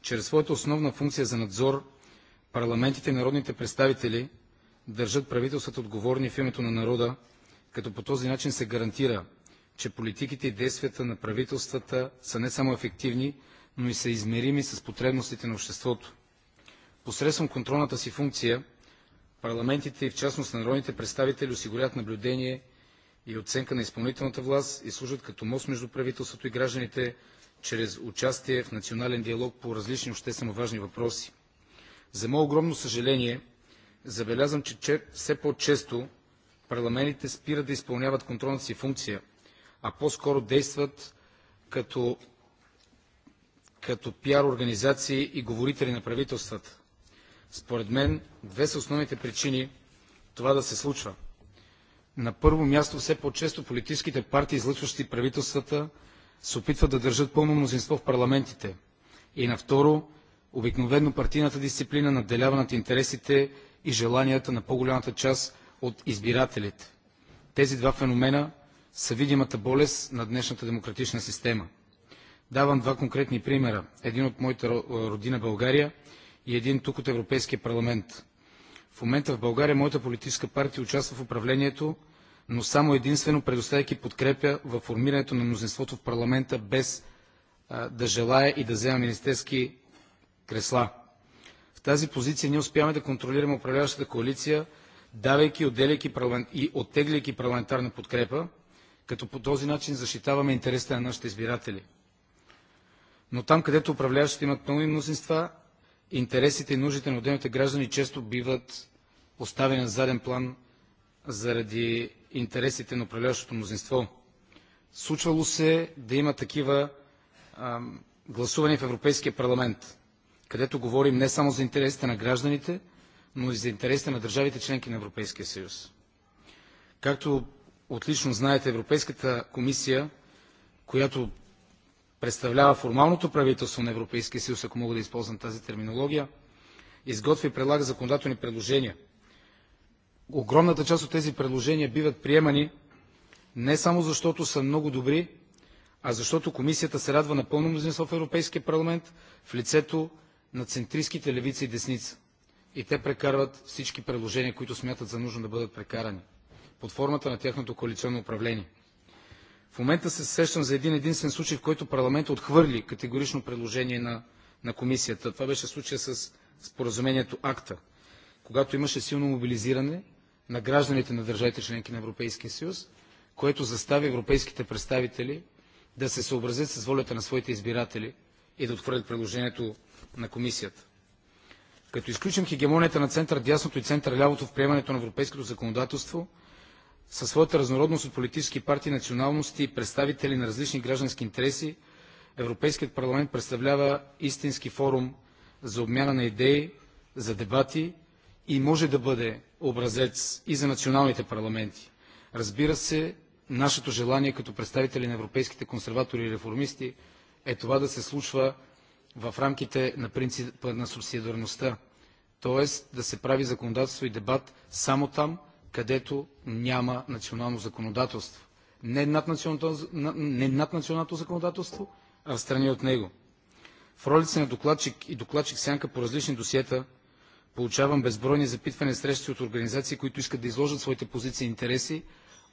Чрез своята основна функция за надзор, парламентите и народните представители държат правителствата отговорни в името на народа, като по този начин се гарантира че политиките и действията на правителствата са не само ефективни, но и са измерими с потребностите на обществото. Посредством контролната си функция, парламентите и в частност народните представители осигурят наблюдение и оценка на изпълнителната власт и служат като мост между правителството и гражданите чрез участие в национален диалог по различни обществено важни въпроси. За мое огромно съжаление, забелязвам, че все по-често парламентите спират да изпълняват контролната си функция, а по-скоро действат като, като пиар организации и говорители на правителствата. Според мен, две са основните причини това да се случва. На първо място, все по-често политическите партии, излъчващи правителствата, се опитват да държат пълно мнозинство в парламентите. И на второ, обикновено партийната дисциплина надделява над интересите и желанията на по-голямата част от избирателите. Тези два феномена са видимата болест на днешната демократична система. Давам два конкретни примера. Един от моята родина България и един тук от Европейския парламент. В момента в България моята политическа партия участва в управлението, но само единствено предоставяйки подкрепя в формирането на мнозинството в парламента без а, да желая и да взема министерски кресла. В тази позиция ние успяваме да контролираме управляващата коалиция, давайки и, отделяйки, и оттегляйки парламентарна подкрепа, като по този начин защитаваме интересите на нашите избиратели. Но там, където управляващите имат много мнозинства, интересите и нуждите на отделните граждани често биват оставени на заден план заради интересите на управляващото мнозинство. Случвало се да има такива ам, гласувания в Европейския парламент, където говорим не само за интересите на гражданите, но и за интересите на държавите членки на Европейския съюз. Както отлично знаете, Европейската комисия, която представлява формалното правителство на Европейския съюз, ако мога да използвам тази терминология, изготвя и предлага законодателни предложения. Огромната част от тези предложения биват приемани не само защото са много добри, а защото комисията се радва на пълно мнозинство в Европейския парламент в лицето на центристските левици и десница. И те прекарват всички предложения, които смятат за нужно да бъдат прекарани под формата на тяхното коалиционно управление. В момента се сещам за един единствен случай, в който парламентът отхвърли категорично предложение на, на комисията. Това беше случая с споразумението АКТА, когато имаше силно мобилизиране на гражданите на държавите членки на Европейския съюз, което застави европейските представители да се съобразят с волята на своите избиратели и да отхвърлят предложението на комисията. Като изключим хегемонията на център дясното и център лявото в приемането на европейското законодателство, със своята разнородност от политически партии, националности и представители на различни граждански интереси, Европейският парламент представлява истински форум за обмяна на идеи, за дебати и може да бъде образец и за националните парламенти. Разбира се, нашето желание като представители на европейските консерватори и реформисти е това да се случва в рамките на принципа на субсидиарността, т.е. да се прави законодателство и дебат само там, където няма национално законодателство. Не над не законодателство, а в страни от него. В ролица на докладчик и докладчик сянка по различни досиета получавам безбройни запитвания срещи от организации, които искат да изложат своите позиции и интереси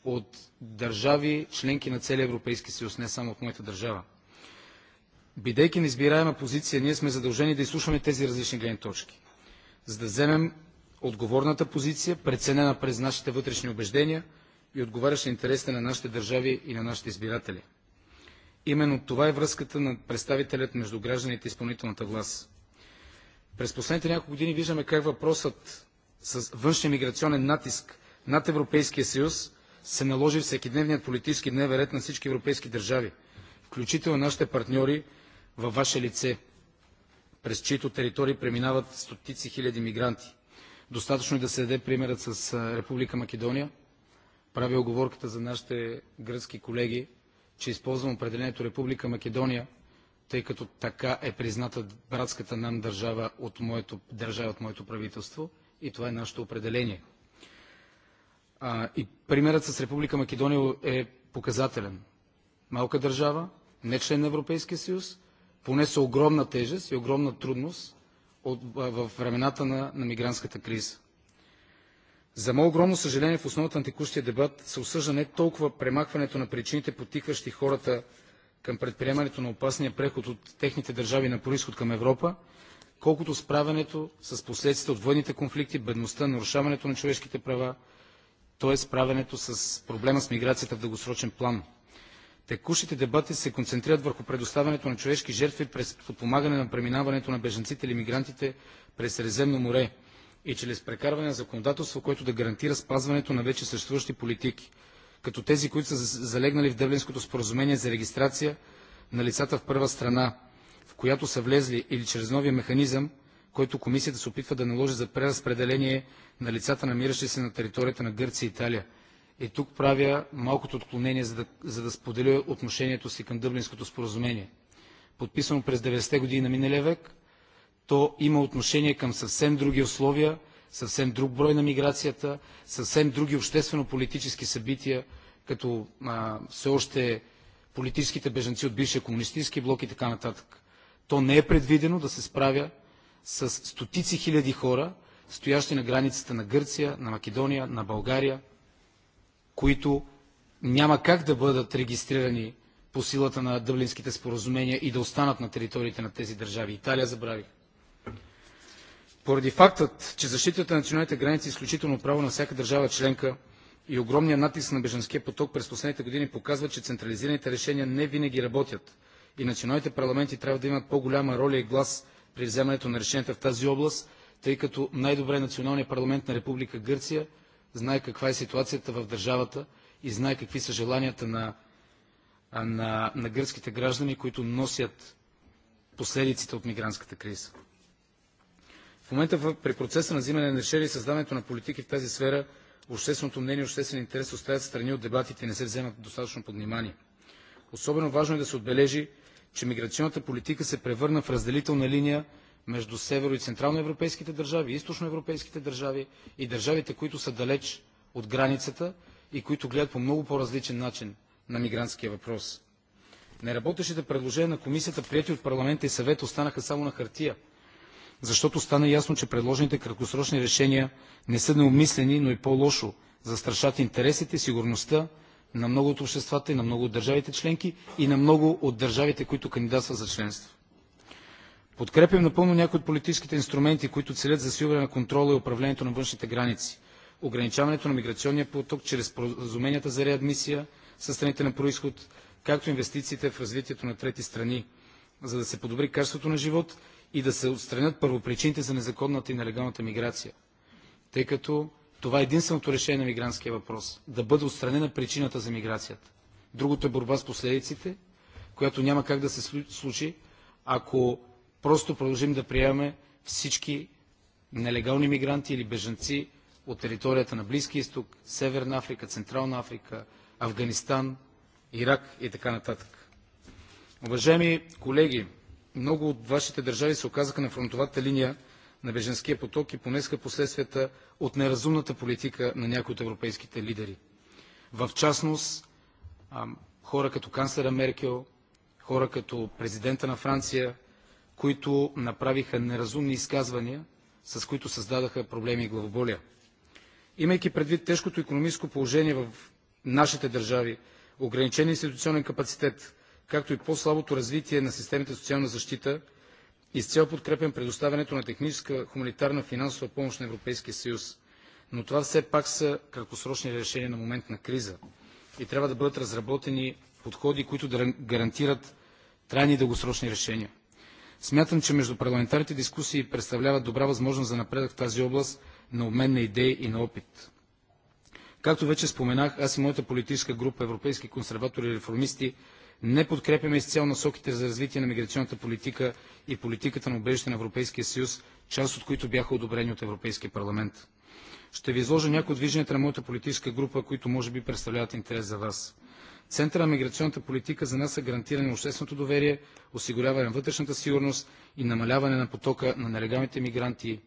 от държави, членки на целия Европейски съюз, не само от моята държава. Бидейки на избираема позиция, ние сме задължени да изслушваме тези различни гледни точки, за да вземем отговорната позиция, преценена през нашите вътрешни убеждения и отговаряща интересите на нашите държави и на нашите избиратели. Именно това е връзката на представителят между гражданите и изпълнителната власт. През последните няколко години виждаме как въпросът с външния миграционен натиск над Европейския съюз се наложи всекидневният политически дневен ред на всички европейски държави, включително нашите партньори във ваше лице, през чието територии преминават стотици хиляди мигранти. Достатъчно е да се даде примерът с Република Македония. Правя оговорката за нашите гръцки колеги, че използвам определението Република Македония, тъй като така е призната братската нам държава от моето, държава от моето правителство и това е нашето определение. А, и примерът с Република Македония е показателен. Малка държава, не член на Европейския съюз, понесе огромна тежест и огромна трудност от, в времената на, на мигрантската криза. За мое огромно съжаление, в основата на текущия дебат се осъжда не толкова премахването на причините, потикващи хората към предприемането на опасния преход от техните държави на происход към Европа, колкото справянето с последствията от военните конфликти, бедността, нарушаването на човешките права, т.е. справянето с проблема с миграцията в дългосрочен план – Текущите дебати се концентрират върху предоставянето на човешки жертви през подпомагане на преминаването на бежанците или мигрантите през Средиземно море и чрез прекарване на законодателство, което да гарантира спазването на вече съществуващи политики, като тези, които са залегнали в Дъблинското споразумение за регистрация на лицата в първа страна, в която са влезли или чрез новия механизъм, който комисията се опитва да наложи за преразпределение на лицата, намиращи се на територията на Гърция и Италия – и тук правя малкото отклонение, за да, за да споделя отношението си към Дъблинското споразумение. Подписано през 90-те години на миналия век, то има отношение към съвсем други условия, съвсем друг брой на миграцията, съвсем други обществено-политически събития, като а, все още политическите беженци от бившия комунистически блок и така нататък. То не е предвидено да се справя с стотици хиляди хора, стоящи на границата на Гърция, на Македония, на България – които няма как да бъдат регистрирани по силата на дъблинските споразумения и да останат на териториите на тези държави. Италия забрави. Поради фактът, че защитата на националните граници е изключително право на всяка държава членка и огромният натиск на беженския поток през последните години показва, че централизираните решения не винаги работят и националните парламенти трябва да имат по-голяма роля и глас при вземането на решенията в тази област, тъй като най-добре е националният парламент на Република Гърция знае каква е ситуацията в държавата и знае какви са желанията на, на, на гръцките граждани, които носят последиците от мигрантската криза. В момента при процеса на взимане на решение и създаването на политики в тази сфера, общественото мнение и обществен интерес оставят страни от дебатите и не се вземат достатъчно под внимание. Особено важно е да се отбележи, че миграционната политика се превърна в разделителна линия между северо- и централноевропейските държави, източноевропейските държави и държавите, които са далеч от границата и които гледат по много по-различен начин на мигрантския въпрос. Неработещите предложения на комисията, прияти от парламента и съвета, останаха само на хартия, защото стана ясно, че предложените краткосрочни решения не са неумислени, но и по-лошо застрашат интересите, сигурността на много от обществата и на много от държавите членки и на много от държавите, които кандидатстват за членство. Подкрепям напълно някои от политическите инструменти, които целят засилване на контрола и управлението на външните граници, ограничаването на миграционния поток чрез споразуменията за реадмисия със страните на происход, както и инвестициите в развитието на трети страни, за да се подобри качеството на живот и да се отстранят първопричините за незаконната и нелегалната миграция. Тъй като това е единственото решение на мигрантския въпрос – да бъде отстранена причината за миграцията. Другото е борба с последиците, която няма как да се случи, ако просто продължим да приемаме всички нелегални мигранти или бежанци от територията на Близкия изток, Северна Африка, Централна Африка, Афганистан, Ирак и така нататък. Уважаеми колеги, много от вашите държави се оказаха на фронтовата линия на беженския поток и понеска последствията от неразумната политика на някои от европейските лидери. В частност, хора като канцлера Меркел, хора като президента на Франция, които направиха неразумни изказвания, с които създадаха проблеми и главоболия. Имайки предвид тежкото економическо положение в нашите държави, ограничен институционен капацитет, както и по-слабото развитие на системите за социална защита, изцяло подкрепям предоставянето на техническа, хуманитарна, финансова помощ на Европейския съюз. Но това все пак са краткосрочни решения на момент на криза и трябва да бъдат разработени подходи, които да гарантират трайни и дългосрочни решения. Смятам, че междупарламентарните дискусии представляват добра възможност за напредък в тази област на обмен на идеи и на опит. Както вече споменах, аз и моята политическа група Европейски консерватори и реформисти не подкрепяме изцяло насоките за развитие на миграционната политика и политиката на убежище на Европейския съюз, част от които бяха одобрени от Европейския парламент. Ще ви изложа някои от вижданията на моята политическа група, които може би представляват интерес за вас. Центърът на миграционната политика за нас е гарантиране на общественото доверие, осигуряване на вътрешната сигурност и намаляване на потока на нелегалните мигранти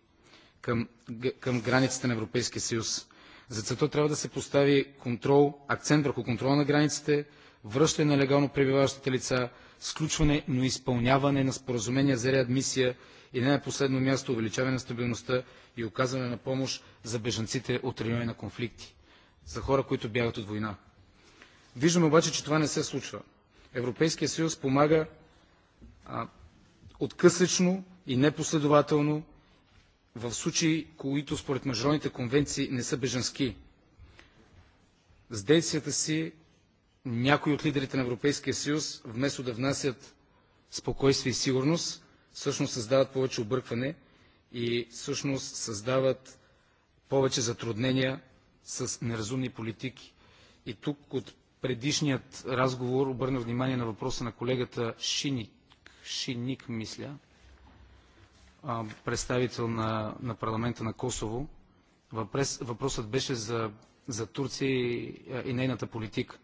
към, към границите на Европейския съюз. За целта трябва да се постави контрол, акцент върху контрола на границите, връщане на легално пребиваващите лица, сключване, но изпълняване на споразумения за реадмисия и не на последно място увеличаване на стабилността и оказване на помощ за бежанците от райони на конфликти, за хора, които бягат от война. Виждаме обаче, че това не се случва. Европейският съюз помага откъслечно и непоследователно в случаи, които според международните конвенции не са бежански. С действията си някои от лидерите на Европейския съюз, вместо да внасят спокойствие и сигурност, всъщност създават повече объркване и всъщност създават повече затруднения с неразумни политики. И тук от предишният разговор обърна внимание на въпроса на колегата Шиник, Шиник мисля, представител на, на парламента на Косово. Въпрес, въпросът беше за, за Турция и, и нейната политика.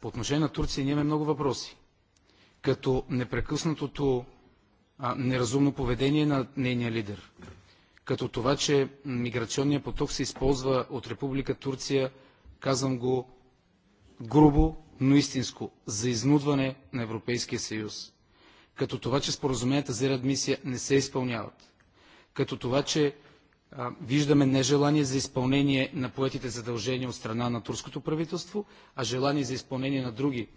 По отношение на Турция ние имаме много въпроси. Като непрекъснатото а, неразумно поведение на нейния лидер. Като това, че миграционният поток се използва от Република Турция, казвам го грубо, но истинско, за изнудване на Европейския съюз. Като това, че споразуменията за реадмисия не се изпълняват. Като това, че а, виждаме нежелание за изпълнение на поетите задължения от страна на турското правителство, а желание за изпълнение на други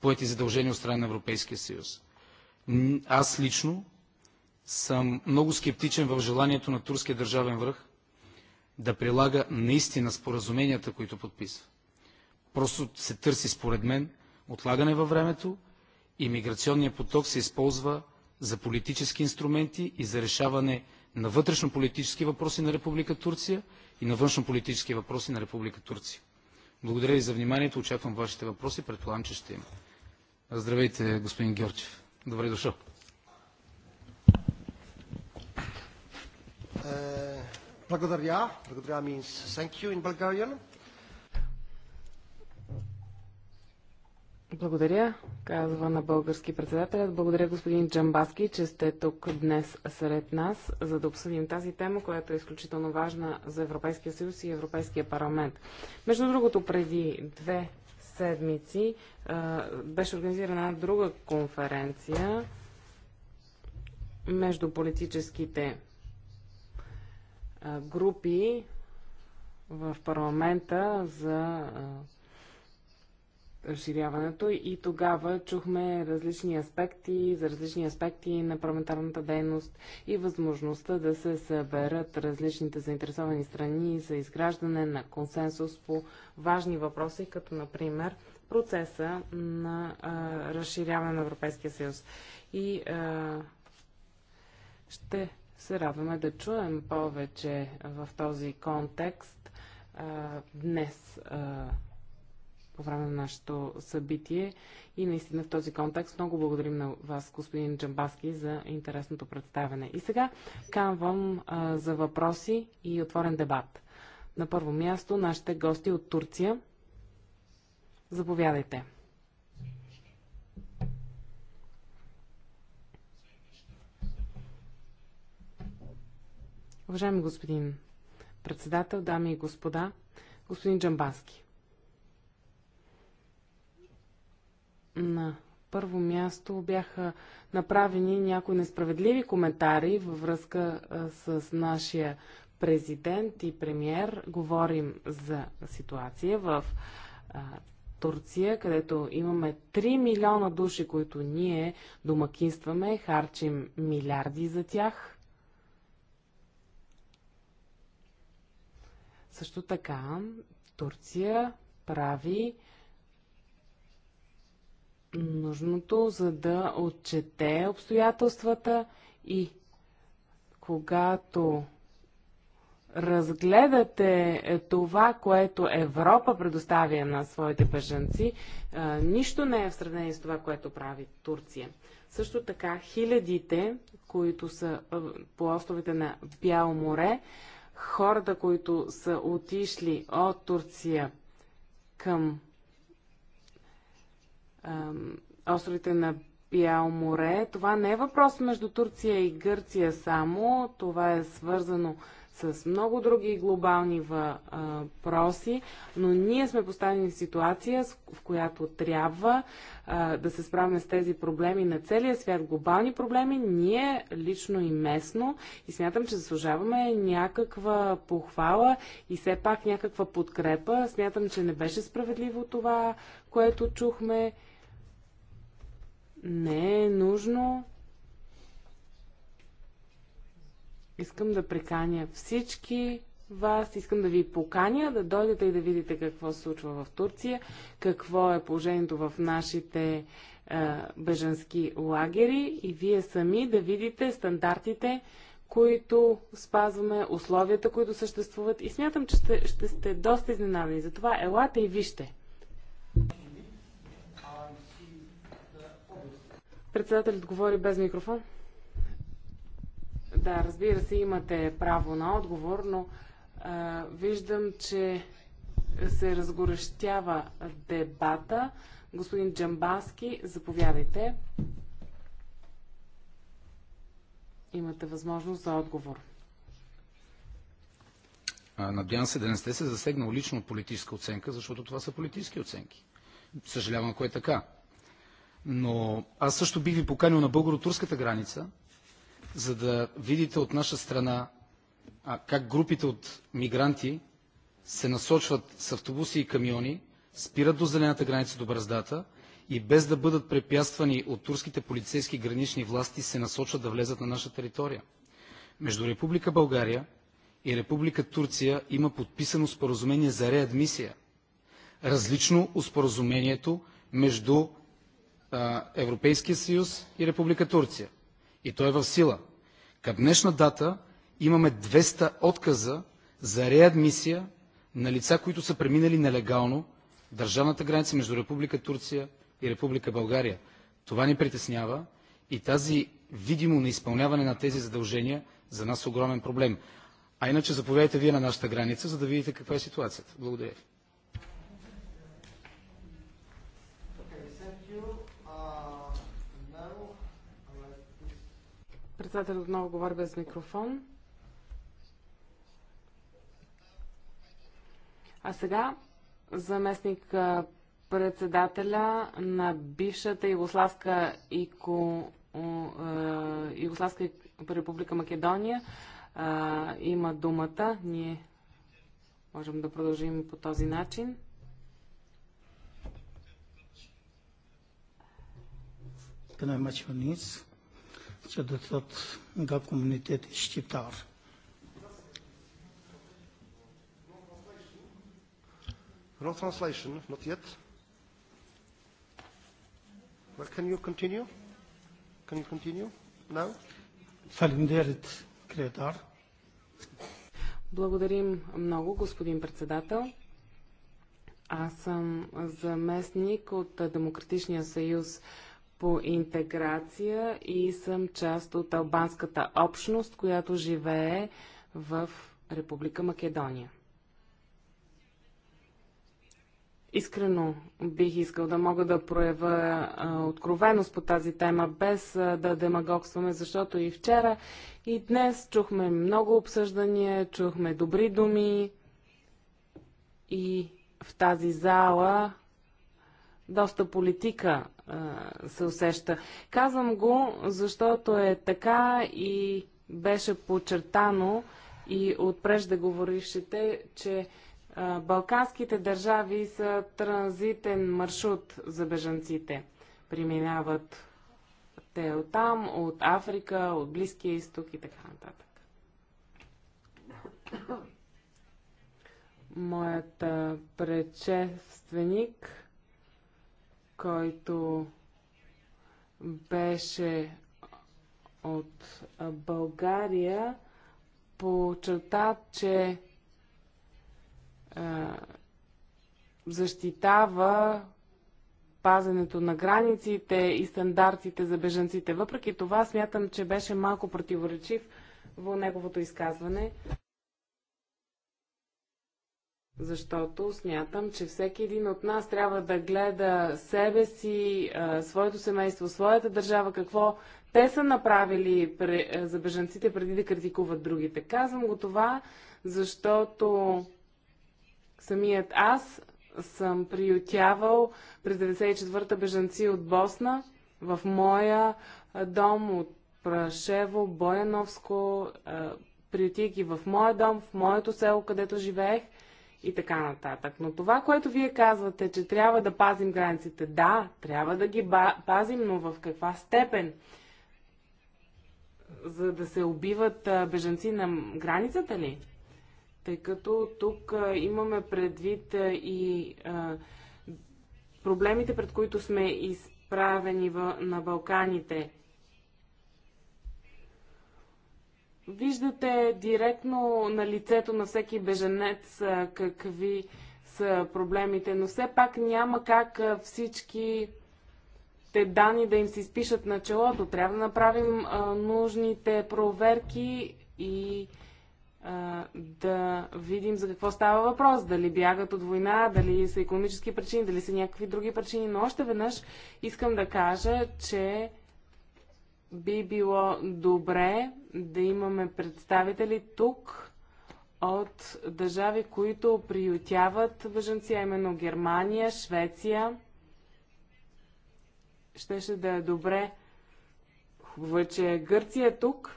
поети задължения от страна на Европейския съюз. Аз лично съм много скептичен в желанието на турския държавен връх да прилага наистина споразуменията, които подписва. Просто се търси, според мен, отлагане във времето и миграционният поток се използва за политически инструменти и за решаване на вътрешно политически въпроси на Република Турция и на външно политически въпроси на Република Турция. Благодаря ви за вниманието. Очаквам вашите въпроси. Предполагам, че ще има. Здравейте, господин Георгиев. Добре дошъл. Е, благодаря. Благодаря means thank you in Bulgarian. Благодаря, казва на български председателят. Благодаря господин Джамбаски, че сте тук днес сред нас, за да обсъдим тази тема, която е изключително важна за Европейския съюз и Европейския парламент. Между другото, преди две седмици беше организирана друга конференция между политическите групи в парламента за а, разширяването и тогава чухме различни аспекти, за различни аспекти на парламентарната дейност и възможността да се съберат различните заинтересовани страни за изграждане на консенсус по важни въпроси, като например процеса на а, разширяване на Европейския съюз. И а, ще се радваме да чуем повече в този контекст а, днес. А, по време на нашето събитие. И наистина в този контекст много благодарим на вас, господин Джамбаски, за интересното представяне. И сега канвам а, за въпроси и отворен дебат. На първо място нашите гости от Турция. Заповядайте. Уважаеми господин председател, дами и господа, господин Джамбаски. На първо място бяха направени някои несправедливи коментари във връзка с нашия президент и премьер. Говорим за ситуация в Турция, където имаме 3 милиона души, които ние домакинстваме, харчим милиарди за тях. Също така, Турция прави нужното, за да отчете обстоятелствата и когато разгледате е, това, което Европа предоставя на своите бежанци, е, нищо не е в сравнение с това, което прави Турция. Също така, хилядите, които са е, по островите на Бяло море, хората, които са отишли от Турция към островите на Бяло море. Това не е въпрос между Турция и Гърция само. Това е свързано с много други глобални въпроси, но ние сме поставени в ситуация, в която трябва да се справим с тези проблеми на целия свят, глобални проблеми, ние лично и местно и смятам, че заслужаваме някаква похвала и все пак някаква подкрепа. Смятам, че не беше справедливо това, което чухме не е нужно. Искам да преканя всички вас, искам да ви поканя да дойдете и да видите какво се случва в Турция, какво е положението в нашите бежански лагери и вие сами да видите стандартите, които спазваме, условията, които съществуват и смятам, че ще, ще сте доста изненадани. Затова елате и вижте. Председателят говори без микрофон. Да, разбира се, имате право на отговор, но а, виждам, че се разгорещява дебата. Господин Джамбаски, заповядайте. Имате възможност за отговор. Надявам се да не сте се засегнал лично политическа оценка, защото това са политически оценки. Съжалявам, ако е така. Но аз също бих ви поканил на българо-турската граница, за да видите от наша страна а, как групите от мигранти се насочват с автобуси и камиони, спират до зелената граница до браздата и без да бъдат препятствани от турските полицейски гранични власти се насочват да влезат на наша територия. Между Република България и Република Турция има подписано споразумение за реадмисия, различно от споразумението между Европейския съюз и Република Турция. И той е в сила. Към днешна дата имаме 200 отказа за реадмисия на лица, които са преминали нелегално държавната граница между Република Турция и Република България. Това ни притеснява и тази видимо неизпълняване на тези задължения за нас е огромен проблем. А иначе заповядайте вие на нашата граница, за да видите каква е ситуацията. Благодаря ви. Председател отново говори без микрофон. А сега заместник председателя на бившата Югославска, ико, Югославска република Македония а, има думата. Ние можем да продължим по този начин. Can I match your needs? që do të thotë nga komuniteti shqiptar. No translation, not yet. Well, can you continue? Can you continue now? Фалимдерит, кретар. Благодарим много, господин председател. Аз съм заместник от Демократичния съюз по интеграция и съм част от албанската общност, която живее в Република Македония. Искрено бих искал да мога да проявя откровеност по тази тема, без да демагогстваме, защото и вчера, и днес чухме много обсъждания, чухме добри думи и в тази зала доста политика се усеща. Казвам го, защото е така и беше подчертано и от преждеговорившите, че Балканските държави са транзитен маршрут за бежанците. Преминават те от там, от Африка, от Близкия изток и така нататък. Моят предшественик който беше от България, почерта, че а, защитава пазенето на границите и стандартите за бежанците. Въпреки това, смятам, че беше малко противоречив в неговото изказване защото смятам, че всеки един от нас трябва да гледа себе си, своето семейство, своята държава, какво те са направили за бежанците преди да критикуват другите. Казвам го това, защото самият аз съм приютявал през 94-та бежанци от Босна в моя дом от Прашево, Бояновско, приютих ги в моя дом, в моето село, където живеех – и така нататък. Но това, което вие казвате, че трябва да пазим границите, да, трябва да ги пазим, но в каква степен? За да се убиват бежанци на границата ли? Тъй като тук имаме предвид и проблемите, пред които сме изправени на Балканите Виждате директно на лицето на всеки беженец какви са проблемите, но все пак няма как всички те данни да им се изпишат на челото. Трябва да направим а, нужните проверки и а, да видим за какво става въпрос. Дали бягат от война, дали са економически причини, дали са някакви други причини. Но още веднъж искам да кажа, че би било добре да имаме представители тук от държави, които приютяват бежанци, а именно Германия, Швеция. Щеше да е добре. Хубаво, е, че Гърция е тук,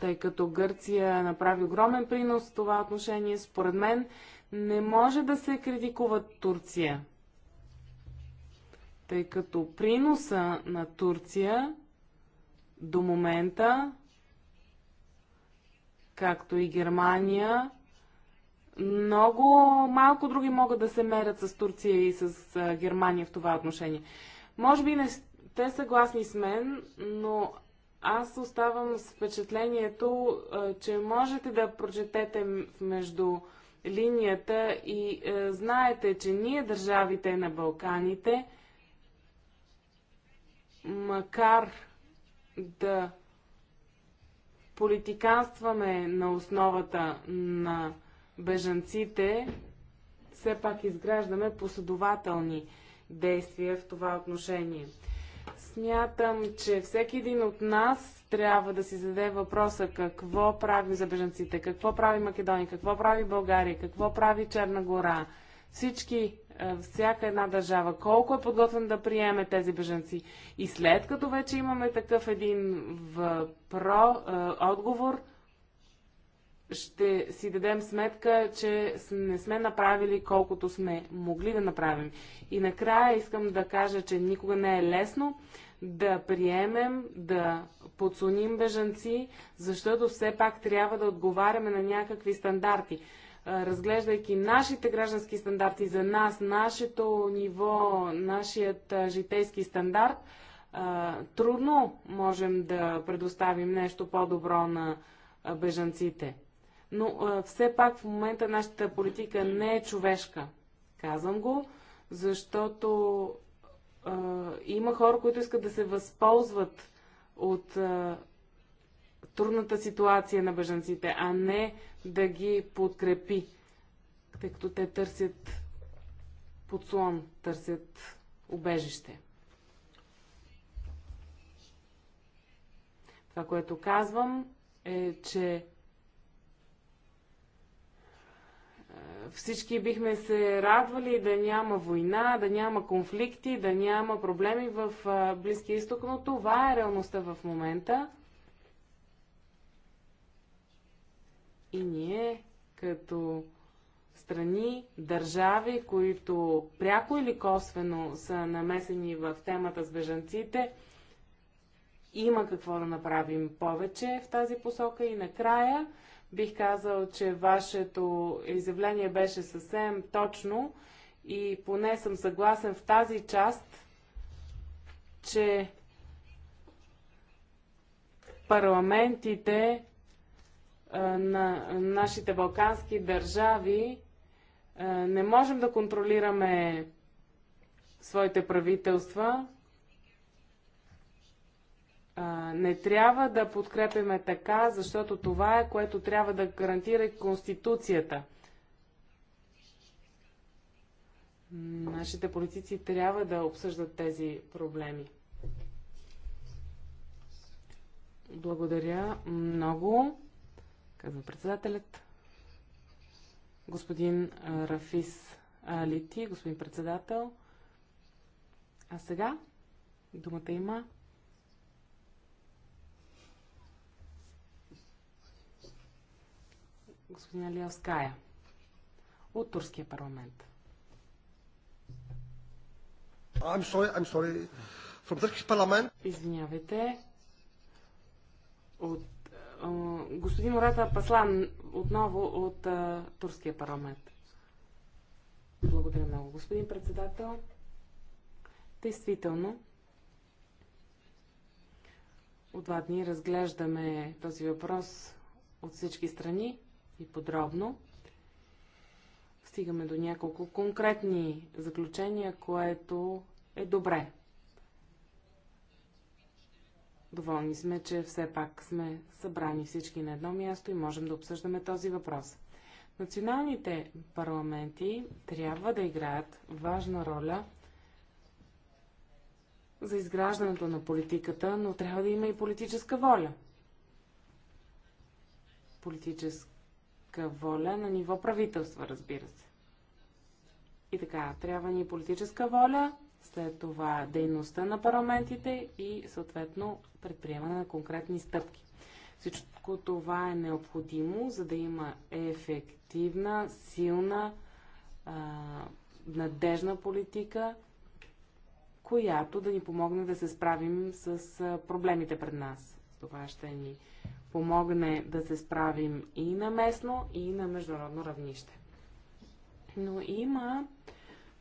тъй като Гърция направи огромен принос в това отношение. Според мен не може да се критикува Турция тъй като приноса на Турция до момента, както и Германия, много малко други могат да се мерят с Турция и с Германия в това отношение. Може би не сте съгласни с мен, но аз оставам с впечатлението, че можете да прочетете между линията и знаете, че ние държавите на Балканите макар да политиканстваме на основата на бежанците, все пак изграждаме последователни действия в това отношение. Смятам, че всеки един от нас трябва да си зададе въпроса какво прави за бежанците, какво прави Македония, какво прави България, какво прави Черна гора. Всички е, всяка една държава, колко е подготвен да приеме тези бежанци. И след като вече имаме такъв един про е, отговор, ще си дадем сметка, че не сме направили колкото сме могли да направим. И накрая искам да кажа, че никога не е лесно да приемем, да подсуним бежанци, защото все пак трябва да отговаряме на някакви стандарти разглеждайки нашите граждански стандарти за нас, нашето ниво, нашият житейски стандарт, трудно можем да предоставим нещо по-добро на бежанците. Но все пак в момента нашата политика не е човешка. Казвам го, защото има хора, които искат да се възползват от трудната ситуация на бежанците, а не да ги подкрепи, тъй като те търсят подслон, търсят убежище. Това, което казвам, е, че е, всички бихме се радвали да няма война, да няма конфликти, да няма проблеми в е, Близкия изток, но това е реалността в момента. И ние, като страни, държави, които пряко или косвено са намесени в темата с бежанците, има какво да направим повече в тази посока. И накрая бих казал, че вашето изявление беше съвсем точно и поне съм съгласен в тази част, че парламентите на нашите балкански държави, не можем да контролираме своите правителства. Не трябва да подкрепяме така, защото това е което трябва да гарантира Конституцията. Нашите политици трябва да обсъждат тези проблеми. Благодаря много казва председателят. Господин Рафис Лити, господин председател. А сега думата има господин Алиоская от Турския парламент. I'm sorry, I'm sorry. From Turkish parliament. Извинявайте. От господин Ората Паслан, отново от а, Турския парламент. Благодаря много, господин председател. Действително, от два дни разглеждаме този въпрос от всички страни и подробно. Стигаме до няколко конкретни заключения, което е добре. Доволни сме, че все пак сме събрани всички на едно място и можем да обсъждаме този въпрос. Националните парламенти трябва да играят важна роля за изграждането на политиката, но трябва да има и политическа воля. Политическа воля на ниво правителства, разбира се. И така, трябва ни политическа воля, след това дейността на парламентите и съответно предприемане на конкретни стъпки. Всичко това е необходимо, за да има ефективна, силна, а, надежна политика, която да ни помогне да се справим с а, проблемите пред нас. Това ще ни помогне да се справим и на местно, и на международно равнище. Но има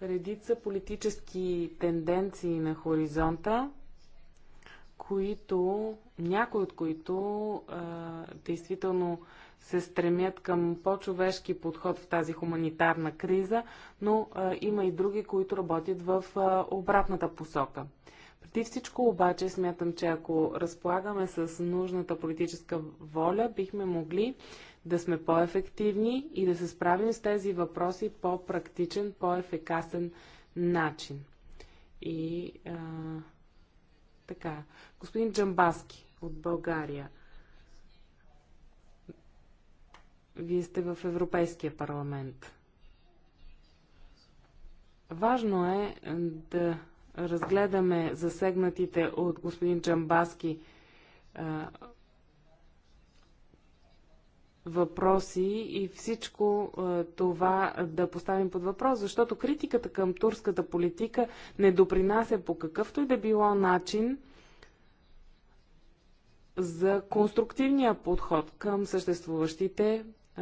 редица политически тенденции на хоризонта, които, някои от които а, действително се стремят към по-човешки подход в тази хуманитарна криза, но а, има и други, които работят в а, обратната посока. Преди всичко обаче смятам, че ако разполагаме с нужната политическа воля, бихме могли да сме по-ефективни и да се справим с тези въпроси по практичен, по-ефикасен начин. И а, така, господин Джамбаски от България. Вие сте в Европейския парламент. Важно е да разгледаме засегнатите от господин Джамбаски а, въпроси и всичко е, това да поставим под въпрос, защото критиката към турската политика не допринася по какъвто и да било начин за конструктивния подход към съществуващите е,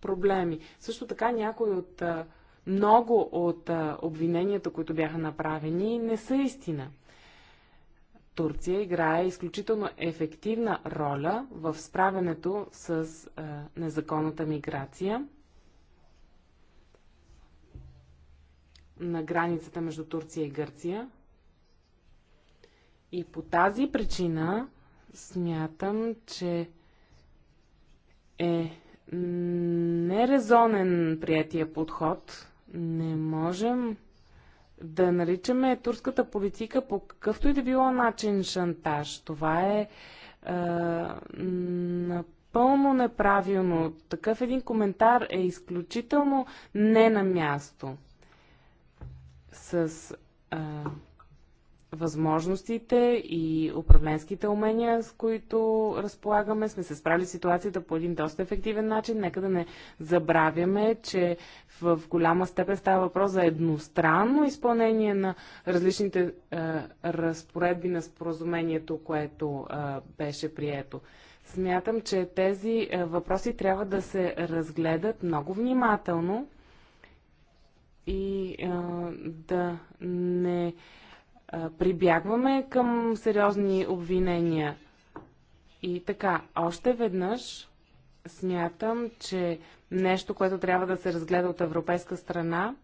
проблеми. Също така някои от е, много от обвиненията, които бяха направени, не са истина. Турция играе изключително ефективна роля в справянето с а, е, незаконната миграция на границата между Турция и Гърция. И по тази причина смятам, че е нерезонен приятия подход. Не можем да наричаме турската политика по какъвто и да било начин шантаж. Това е, е напълно неправилно. Такъв един коментар е изключително не на място. С е, възможностите и управленските умения, с които разполагаме. Сме се справили ситуацията по един доста ефективен начин. Нека да не забравяме, че в голяма степен става въпрос за едностранно изпълнение на различните е, разпоредби на споразумението, което е, беше прието. Смятам, че тези е, въпроси трябва да се разгледат много внимателно и е, да не. Е, прибягваме към сериозни обвинения. И така, още веднъж смятам, че нещо, което трябва да се разгледа от европейска страна,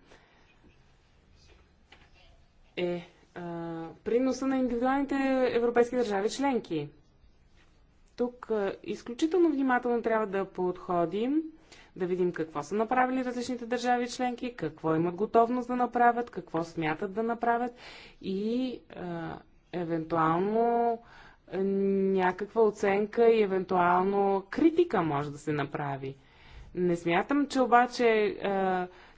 е а, приноса на индивидуалните европейски държави членки. Тук а, изключително внимателно трябва да подходим да видим какво са направили различните държави членки, какво имат готовност да направят, какво смятат да направят и е, евентуално някаква оценка и евентуално критика може да се направи. Не смятам, че обаче е,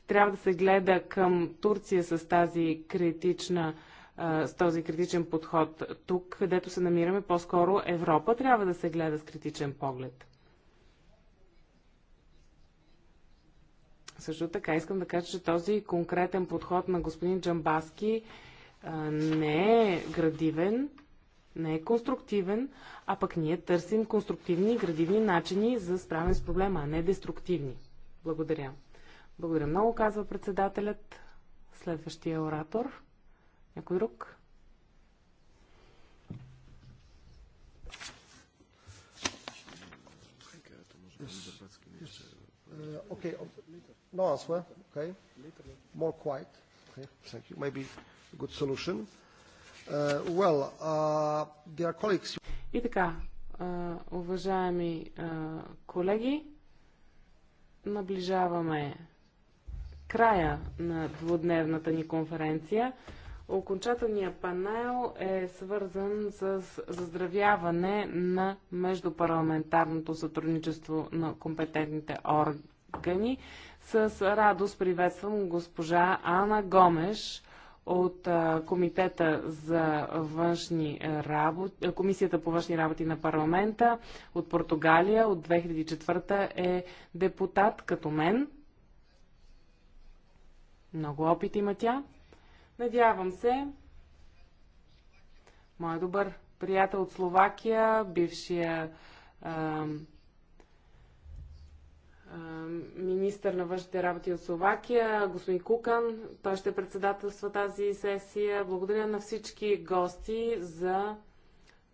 трябва да се гледа към Турция с тази критична с този критичен подход. Тук, където се намираме, по-скоро Европа трябва да се гледа с критичен поглед. Също така искам да кажа, че този конкретен подход на господин Джамбаски а, не е градивен, не е конструктивен, а пък ние търсим конструктивни и градивни начини за справяне с проблема, а не деструктивни. Благодаря. Благодаря много, казва председателят. Следващия оратор. Някой друг? Е, окей, okay. No answer. Okay. More quiet. Okay. Thank you. Maybe a good solution. Uh, well, uh, dear colleagues. И така, уважаеми колеги, наближаваме края на двудневната ни конференция. Окончателният панел е свързан с заздравяване на междупарламентарното сътрудничество на компетентните органи. С радост приветствам госпожа Ана Гомеш от Комитета за външни работи, Комисията по външни работи на парламента от Португалия от 2004 е депутат като мен. Много опит има тя. Надявам се, Моя добър приятел от Словакия, бившия министър на външните работи от Словакия, господин Кукан. Той ще председателства тази сесия. Благодаря на всички гости за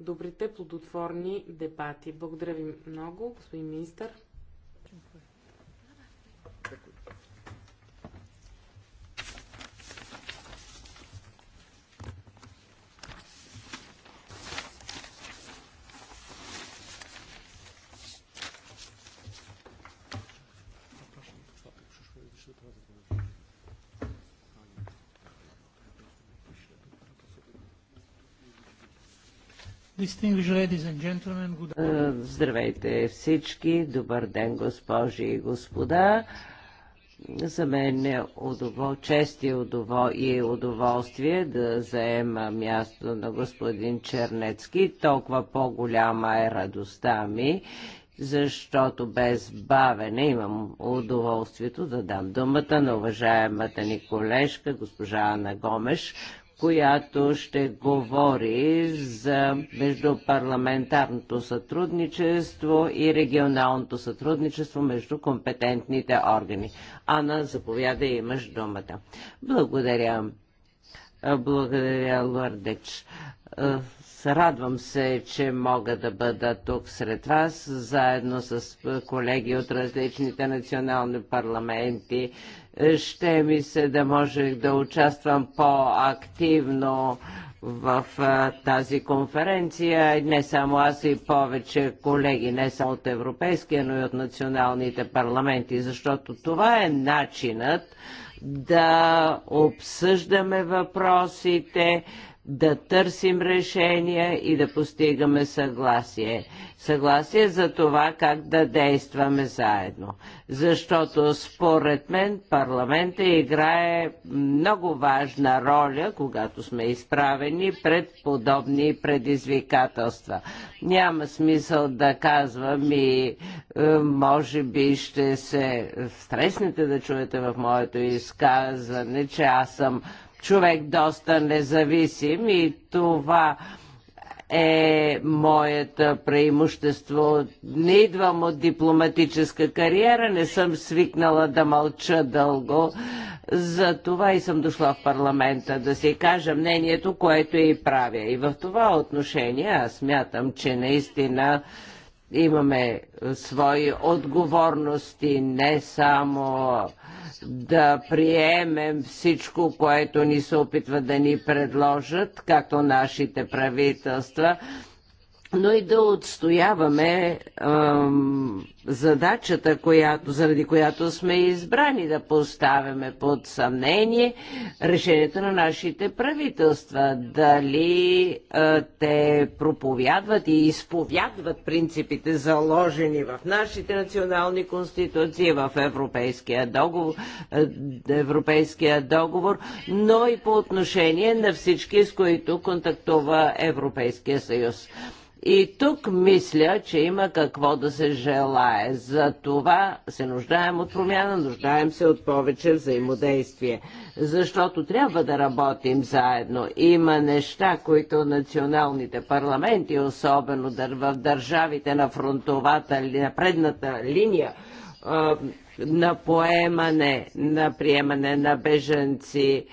добрите плодотворни дебати. Благодаря ви много, господин министър. Е, здравейте всички, добър ден госпожи и господа. За мен е удово... чест и, удово... и удоволствие да заема място на господин Чернецки. Толкова по-голяма е радостта ми, защото без бавене имам удоволствието да дам думата на уважаемата ни колежка, госпожа Ана Гомеш, която ще говори за междупарламентарното сътрудничество и регионалното сътрудничество между компетентните органи. Ана, заповяда, имаш думата. Благодаря. Благодаря, Лордеч. Радвам се, че мога да бъда тук сред вас, заедно с колеги от различните национални парламенти ще ми се да можех да участвам по-активно в а, тази конференция. Не само аз и повече колеги, не само от Европейския, но и от националните парламенти, защото това е начинът да обсъждаме въпросите, да търсим решения и да постигаме съгласие. Съгласие за това как да действаме заедно. Защото според мен парламента играе много важна роля, когато сме изправени пред подобни предизвикателства. Няма смисъл да казвам и е, може би ще се стреснете да чуете в моето изказване, че аз съм човек доста независим и това е моето преимущество. Не идвам от дипломатическа кариера, не съм свикнала да мълча дълго. За това и съм дошла в парламента да си кажа мнението, което и правя. И в това отношение аз смятам, че наистина имаме свои отговорности не само да приемем всичко, което ни се опитва да ни предложат, както нашите правителства, но и да отстояваме ам, задачата, която, заради която сме избрани да поставяме под съмнение решението на нашите правителства. Дали а, те проповядват и изповядват принципите заложени в нашите национални конституции, в Европейския договор, Европейския договор, но и по отношение на всички, с които контактува Европейския съюз. И тук мисля, че има какво да се желае. За това се нуждаем от промяна, нуждаем се от повече взаимодействие. Защото трябва да работим заедно. Има неща, които националните парламенти, особено в държавите на фронтовата, на предната линия, на поемане, на приемане на беженци,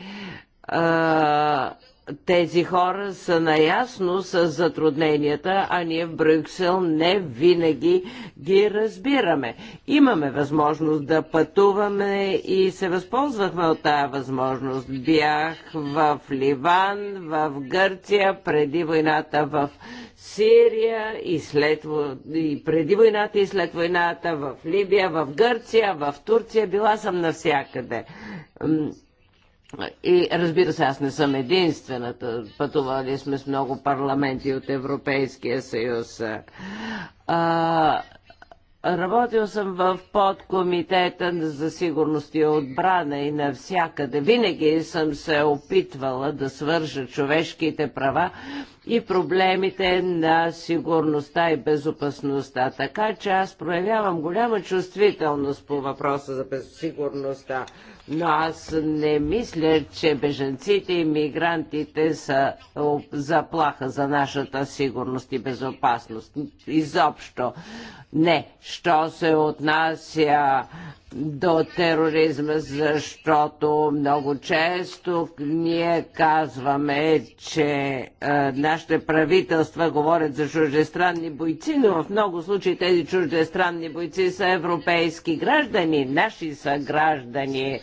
тези хора са наясно с затрудненията, а ние в Брюксел не винаги ги разбираме. Имаме възможност да пътуваме и се възползвахме от тая възможност. Бях в Ливан, в Гърция, преди войната в Сирия и, след, и преди войната и след войната в Либия, в Гърция, в Турция. Била съм навсякъде и разбира се, аз не съм единствената. Пътували сме с много парламенти от Европейския съюз. А, Работил съм в подкомитета за сигурност и отбрана и навсякъде. Винаги съм се опитвала да свържа човешките права и проблемите на сигурността и безопасността. Така че аз проявявам голяма чувствителност по въпроса за безсигурността но аз не мисля, че беженците и мигрантите са заплаха за нашата сигурност и безопасност. Изобщо. Не, що се отнася до тероризма, защото много често ние казваме, че е, нашите правителства говорят за чуждестранни бойци, но в много случаи тези чуждестранни бойци са европейски граждани, наши са граждани.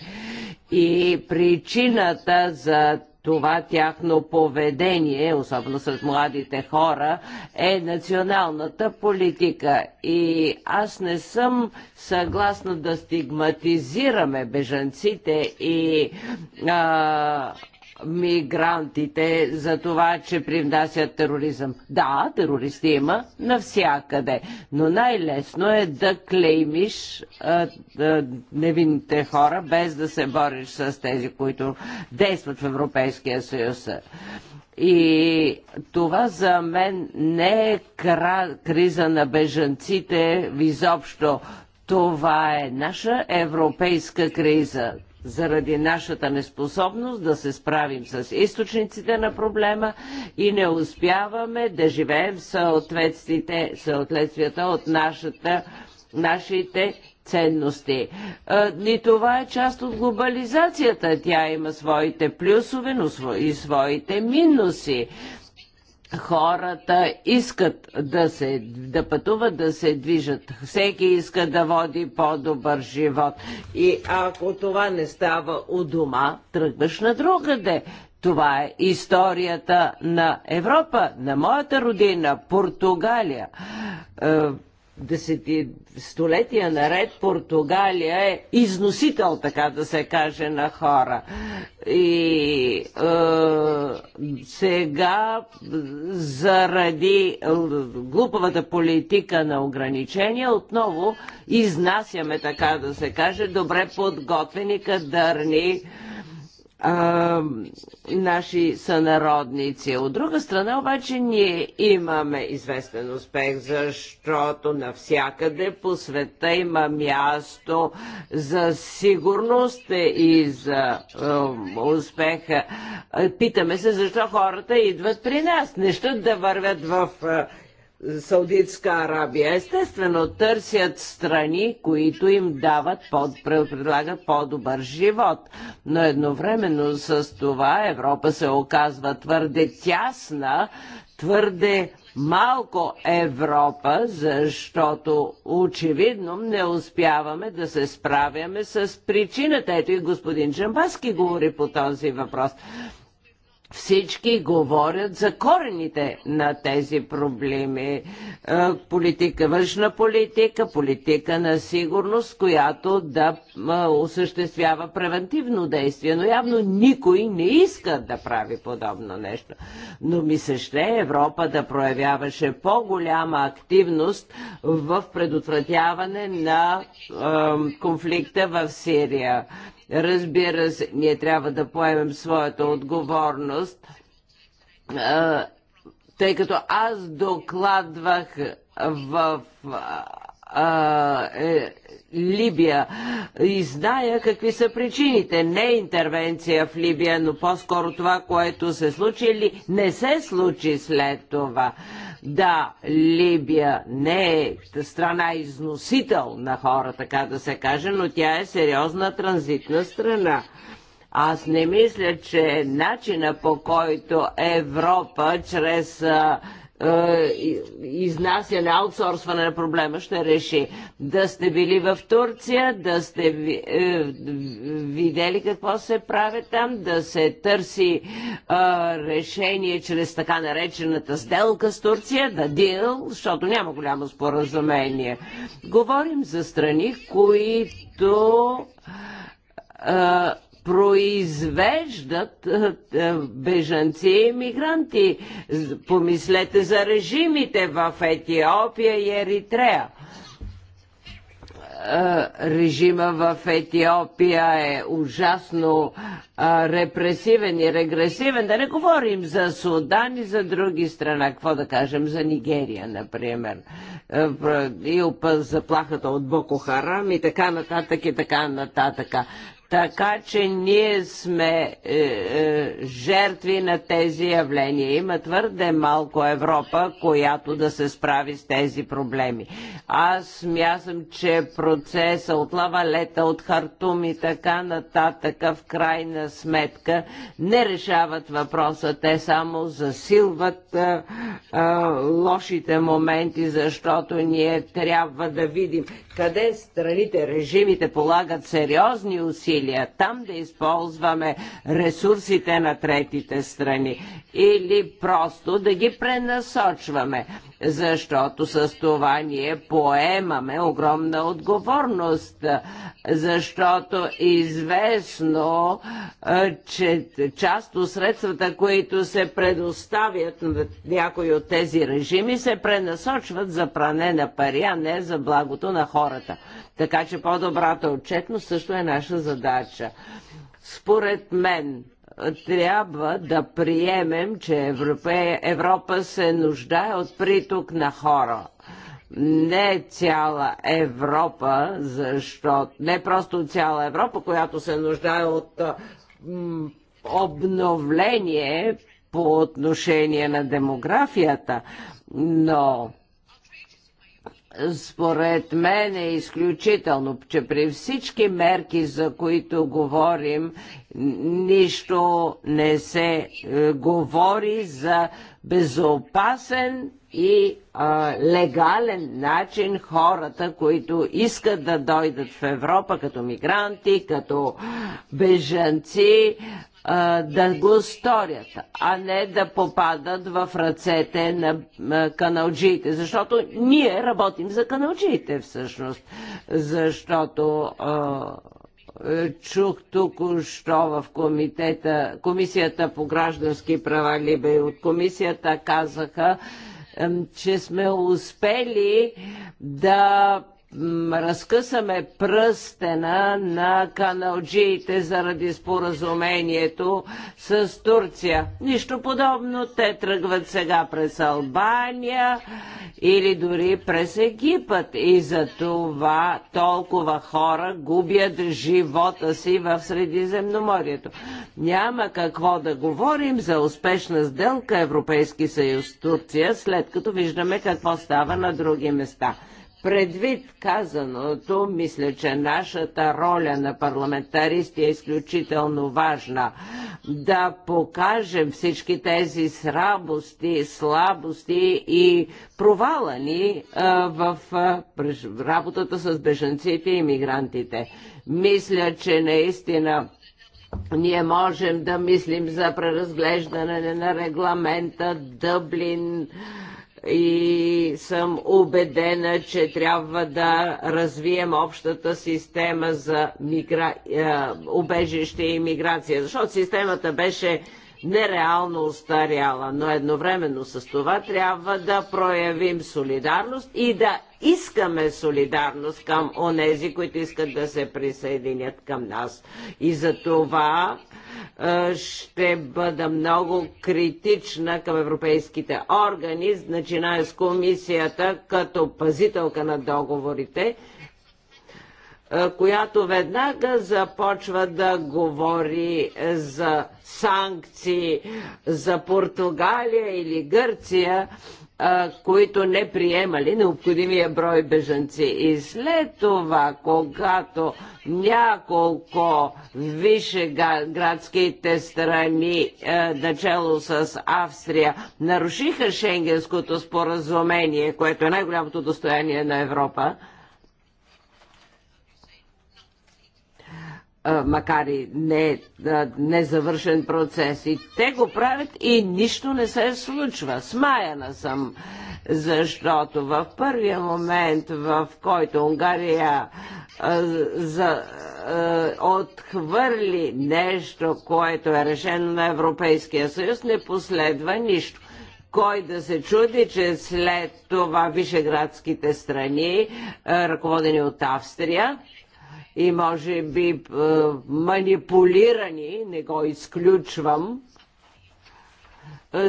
И причината за това тяхно поведение, особено сред младите хора, е националната политика. И аз не съм съгласна да стигматизираме бежанците и а, мигрантите за това, че привнасят тероризъм. Да, терористи има навсякъде, но най-лесно е да клеймиш а, а, невинните хора, без да се бориш с тези, които действат в Европейския съюз. И това за мен не е кра... криза на бежанците изобщо. Това е наша европейска криза заради нашата неспособност да се справим с източниците на проблема и не успяваме да живеем съответствията от нашата, нашите ценности. И това е част от глобализацията. Тя има своите плюсове, но и своите минуси хората искат да, се, да пътуват, да се движат. Всеки иска да води по-добър живот. И ако това не става у дома, тръгваш на другаде. Това е историята на Европа, на моята родина, Португалия. Е, десети, столетия наред Португалия е износител, така да се каже, на хора. И е, сега заради глупавата политика на ограничения отново изнасяме, така да се каже, добре подготвени кадърни а, наши сънародници. От друга страна обаче ние имаме известен успех, защото навсякъде по света има място за сигурност и за а, успеха. Е, питаме се защо хората идват при нас. Не да вървят в а, Саудитска Арабия. Естествено, търсят страни, които им дават, под, предлагат по-добър живот. Но едновременно с това Европа се оказва твърде тясна, твърде малко Европа, защото очевидно не успяваме да се справяме с причината. Ето и господин Джамбаски говори по този въпрос. Всички говорят за корените на тези проблеми. Е, политика, външна политика, политика на сигурност, която да е, осъществява превентивно действие. Но явно никой не иска да прави подобно нещо. Но ми се ще Европа да проявяваше по-голяма активност в предотвратяване на е, конфликта в Сирия Разбира се, ние трябва да поемем своята отговорност, тъй като аз докладвах в а, е, Либия. И зная какви са причините. Не интервенция в Либия, но по-скоро това, което се случи или не се случи след това. Да, Либия не е страна износител на хора, така да се каже, но тя е сериозна транзитна страна. Аз не мисля, че начина по който Европа чрез а, изнасяне, аутсорсване на проблема ще реши. Да сте били в Турция, да сте е, видели какво се прави там, да се търси решение чрез така наречената сделка с Турция, да дил, защото няма голямо споразумение. Говорим за страни, които произвеждат е, е, бежанци и мигранти. Помислете за режимите в Етиопия и Еритрея е, режима в Етиопия е ужасно репресивен и регресивен. Да не говорим за Судан и за други страна. Какво да кажем за Нигерия, например. И заплахата от Боко Харам и така нататък и така нататък. Така че ние сме е, е, жертви на тези явления. Има твърде малко Европа, която да се справи с тези проблеми. Аз мятам, че процеса от лавалета, от хартум и така нататък в крайна сметка не решават въпроса. Те само засилват е, е, лошите моменти, защото ние трябва да видим къде страните, режимите полагат сериозни усилия насилие, там да използваме ресурсите на третите страни или просто да ги пренасочваме, защото с това ние поемаме огромна отговорност, защото известно, че част от средствата, които се предоставят на някои от тези режими, се пренасочват за пране на пари, а не за благото на хората. Така че по-добрата отчетност също е наша задача. Според мен, трябва да приемем, че Европе, Европа се нуждае от приток на хора. Не цяла Европа, защото не просто цяла Европа, която се нуждае от обновление по отношение на демографията, но според мен е изключително, че при всички мерки, за които говорим, нищо не се е, говори за безопасен и а, легален начин хората, които искат да дойдат в Европа като мигранти, като бежанци, да го сторят, а не да попадат в ръцете на каналджиите. Защото ние работим за каналджиите всъщност. Защото е, чух тук, що в комитета, комисията по граждански права Либе от комисията казаха, че сме успели да разкъсаме пръстена на каналджиите заради споразумението с Турция. Нищо подобно. Те тръгват сега през Албания или дори през Египет. И за това толкова хора губят живота си в Средиземноморието. Няма какво да говорим за успешна сделка Европейски съюз Турция, след като виждаме какво става на други места. Предвид казаното, мисля, че нашата роля на парламентаристи е изключително важна. Да покажем всички тези срабости, слабости и провала ни в работата с беженците и мигрантите. Мисля, че наистина ние можем да мислим за преразглеждане на регламента Дъблин, и съм убедена, че трябва да развием общата система за мигра... Е, убежище и миграция, защото системата беше нереално устаряла, но едновременно с това трябва да проявим солидарност и да искаме солидарност към онези, които искат да се присъединят към нас. И за това е, ще бъда много критична към европейските органи, начиная с комисията като пазителка на договорите, е, която веднага започва да говори за санкции за Португалия или Гърция, е, които не приемали необходимия брой бежанци. И след това, когато няколко вишеградските страни, е, начало с Австрия, нарушиха Шенгенското споразумение, което е най-голямото достояние на Европа, е, макар и не, е, незавършен процес. И те го правят и нищо не се случва. Смаяна съм защото в първия момент, в който Унгария а, за, а, отхвърли нещо, което е решено на Европейския съюз, не последва нищо кой да се чуди, че след това вишеградските страни, ръководени от Австрия и може би манипулирани, не го изключвам,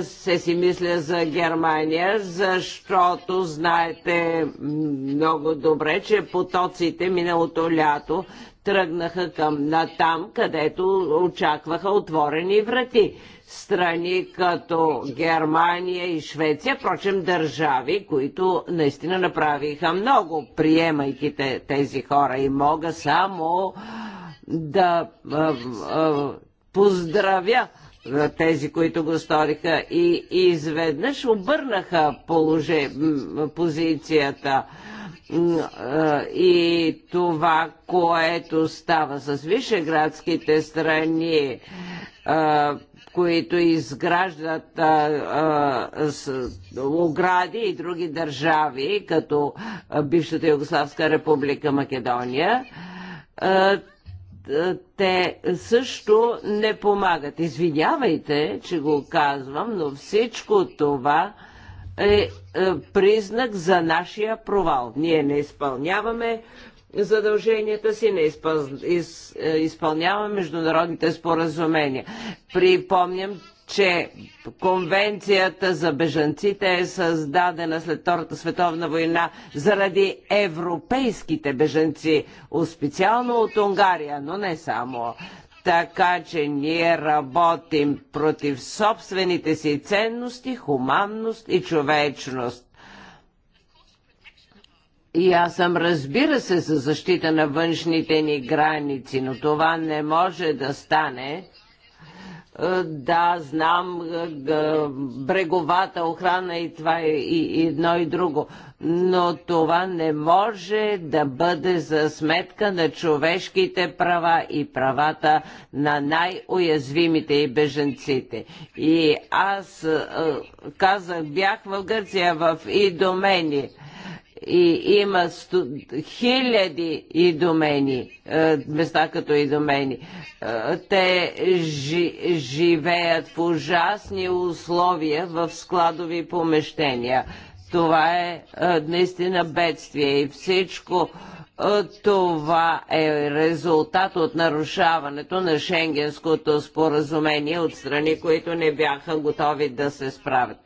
се си мисля за Германия, защото знаете много добре, че потоците миналото лято тръгнаха към натам, където очакваха отворени врати. Страни като Германия и Швеция, прочем държави, които наистина направиха много, приемайки тези хора и мога само да а, а, поздравя тези, които го сториха и изведнъж обърнаха положе, позицията и това, което става с вишеградските страни, които изграждат огради и други държави, като бившата Югославска република Македония, е, те също не помагат. Извинявайте, че го казвам, но всичко това е, е признак за нашия провал. Ние не изпълняваме задълженията си, не изпъл... из... Е, международните споразумения. Припомням, че конвенцията за бежанците е създадена след Втората световна война заради европейските бежанци, специално от Унгария, но не само. Така че ние работим против собствените си ценности, хуманност и човечност. И аз съм разбира се за защита на външните ни граници, но това не може да стане е, да, знам е, бреговата охрана и това е и едно и друго, но това не може да бъде за сметка на човешките права и правата на най-уязвимите и беженците. И аз е, казах, бях в Гърция, в Идомени и има сту... хиляди идомени, е, места като идомени. Е, те жи... живеят в ужасни условия в складови помещения. Това е, е наистина бедствие и всичко това е резултат от нарушаването на Шенгенското споразумение от страни, които не бяха готови да се справят.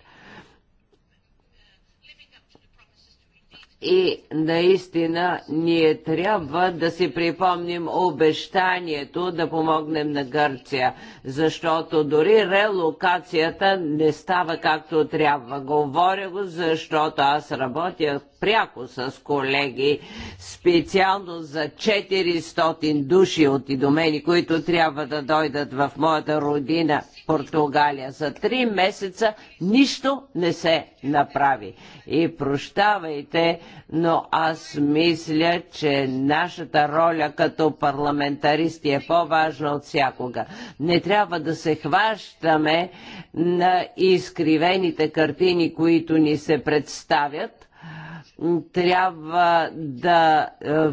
И наистина ние трябва да си припомним обещанието да помогнем на Гърция, защото дори релокацията не става както трябва. Говоря го, защото аз работя пряко с колеги, специално за 400 души от идомени, които трябва да дойдат в моята родина Португалия. За три месеца нищо не се направи. И прощавайте, но аз мисля, че нашата роля като парламентаристи е по-важна от всякога. Не трябва да се хващаме на изкривените картини, които ни се представят, трябва да е,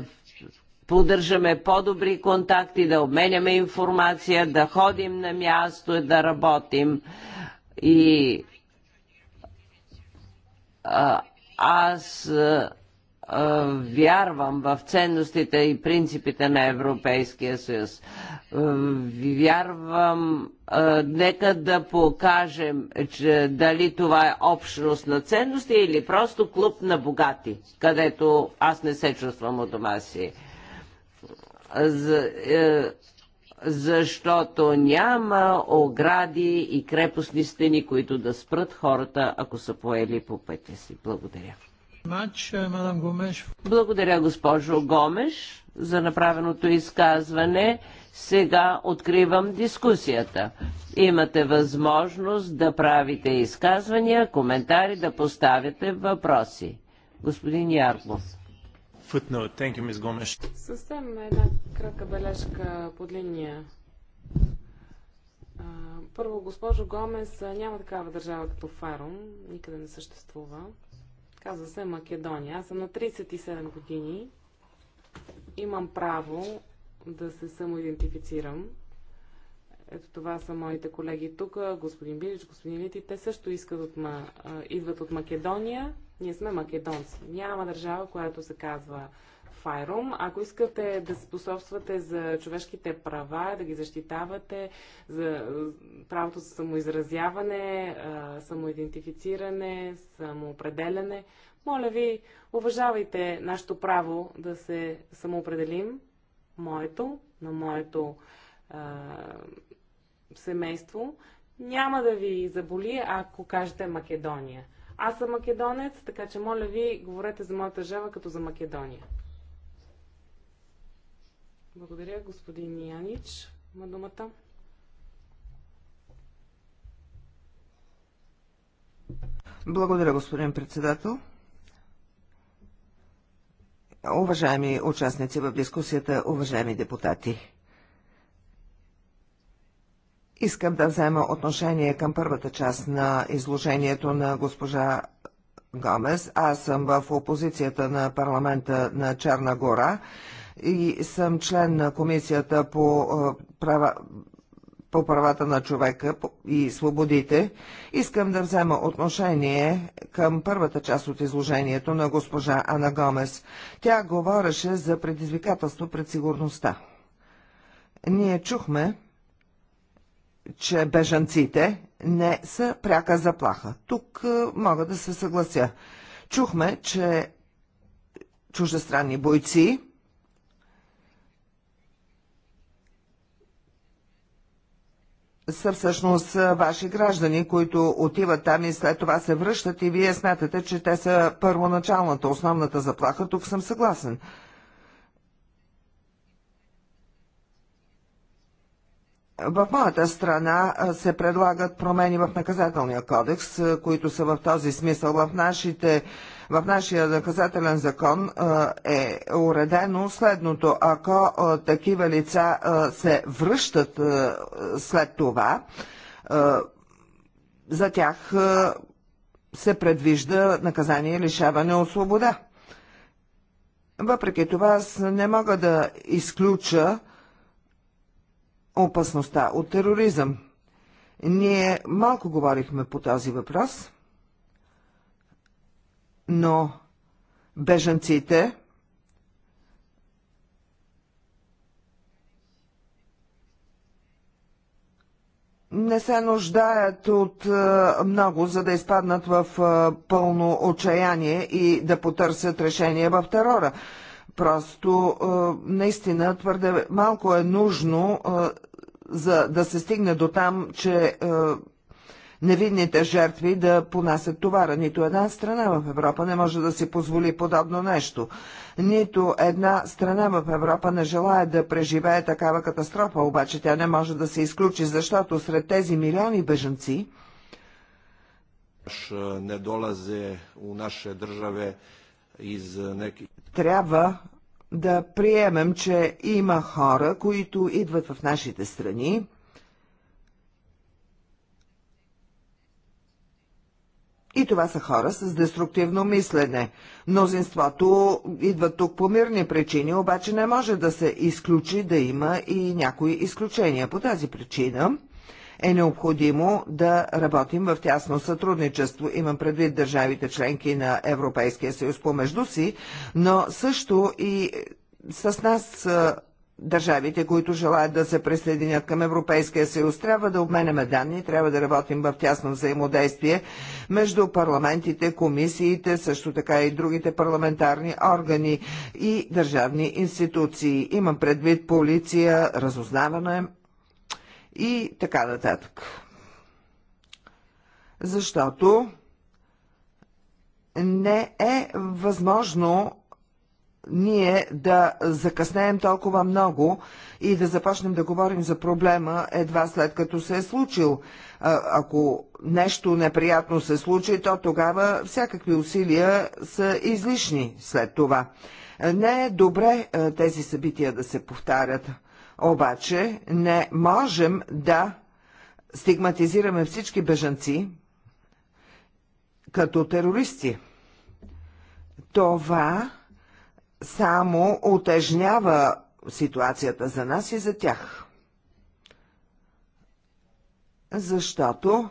поддържаме по-добри контакти, да обменяме информация, да ходим на място и да работим. И а, аз а, е, вярвам в ценностите и принципите на Европейския съюз. Вярвам, нека да покажем че дали това е общност на ценности или просто клуб на богати, където аз не се чувствам от дома си. За, е, защото няма огради и крепостни стени, които да спрат хората, ако са поели по пътя си. Благодаря. Благодаря, госпожо Гомеш, за направеното изказване. Сега откривам дискусията. Имате възможност да правите изказвания, коментари, да поставяте въпроси. Господин Ярков. Съвсем една кратка бележка под линия. Първо, госпожо Гомес, няма такава държава като Фарум. Никъде не съществува. Казва се Македония. Аз съм на 37 години. Имам право да се самоидентифицирам. Ето това са моите колеги тук, господин Билич, господин Лити. Те също искат от, идват от Македония. Ние сме македонци. Няма държава, която се казва Файрум. Ако искате да способствате за човешките права, да ги защитавате, за е, правото за самоизразяване, е, самоидентифициране, самоопределяне, моля ви, уважавайте нашето право да се самоопределим, моето, на моето а, е, семейство. Няма да ви заболи, ако кажете Македония. Аз съм македонец, така че моля ви, говорете за моята държава като за Македония. Благодаря, господин Янич. Ма думата. Благодаря, господин председател. Уважаеми участници в дискусията, уважаеми депутати. Искам да взема отношение към първата част на изложението на госпожа Гомес. Аз съм в опозицията на парламента на Черна гора и съм член на Комисията по права по правата на човека и свободите, искам да взема отношение към първата част от изложението на госпожа Ана Гомес. Тя говореше за предизвикателство пред сигурността. Ние чухме, че бежанците не са пряка заплаха. Тук мога да се съглася. Чухме, че чуждестранни бойци са всъщност ваши граждани, които отиват там и след това се връщат и вие смятате, че те са първоначалната, основната заплаха. Тук съм съгласен. В моята страна се предлагат промени в наказателния кодекс, които са в този смисъл. В нашите в нашия наказателен закон е уредено следното. Ако такива лица се връщат след това, за тях се предвижда наказание лишаване от свобода. Въпреки това, аз не мога да изключа опасността от тероризъм. Ние малко говорихме по този въпрос но бежанците не се нуждаят от е, много, за да изпаднат в е, пълно отчаяние и да потърсят решение в терора. Просто е, наистина твърде малко е нужно за да се стигне до там, че невинните жертви да понасят товара. Нито една страна в Европа не може да си позволи подобно нещо. Нито една страна в Европа не желая да преживее такава катастрофа, обаче тя не може да се изключи, защото сред тези милиони бежанци не долазе у наше държаве из е, неки... Трябва да приемем, че има хора, които идват в нашите страни, И това са хора с деструктивно мислене. Мнозинството идва тук по мирни причини, обаче не може да се изключи да има и някои изключения. По тази причина е необходимо да работим в тясно сътрудничество. Имам предвид държавите членки на Европейския съюз помежду си, но също и с нас държавите, които желаят да се присъединят към Европейския съюз. Трябва да обменяме данни, трябва да работим в тясно взаимодействие между парламентите, комисиите, също така и другите парламентарни органи и държавни институции. Имам предвид полиция, разузнаване и така нататък. Защото не е възможно ние да закъснеем толкова много и да започнем да говорим за проблема едва след като се е случил. ако нещо неприятно се случи, то тогава всякакви усилия са излишни след това. Не е добре тези събития да се повтарят. Обаче не можем да стигматизираме всички бежанци като терористи. Това само утежнява ситуацията за нас и за тях. Защото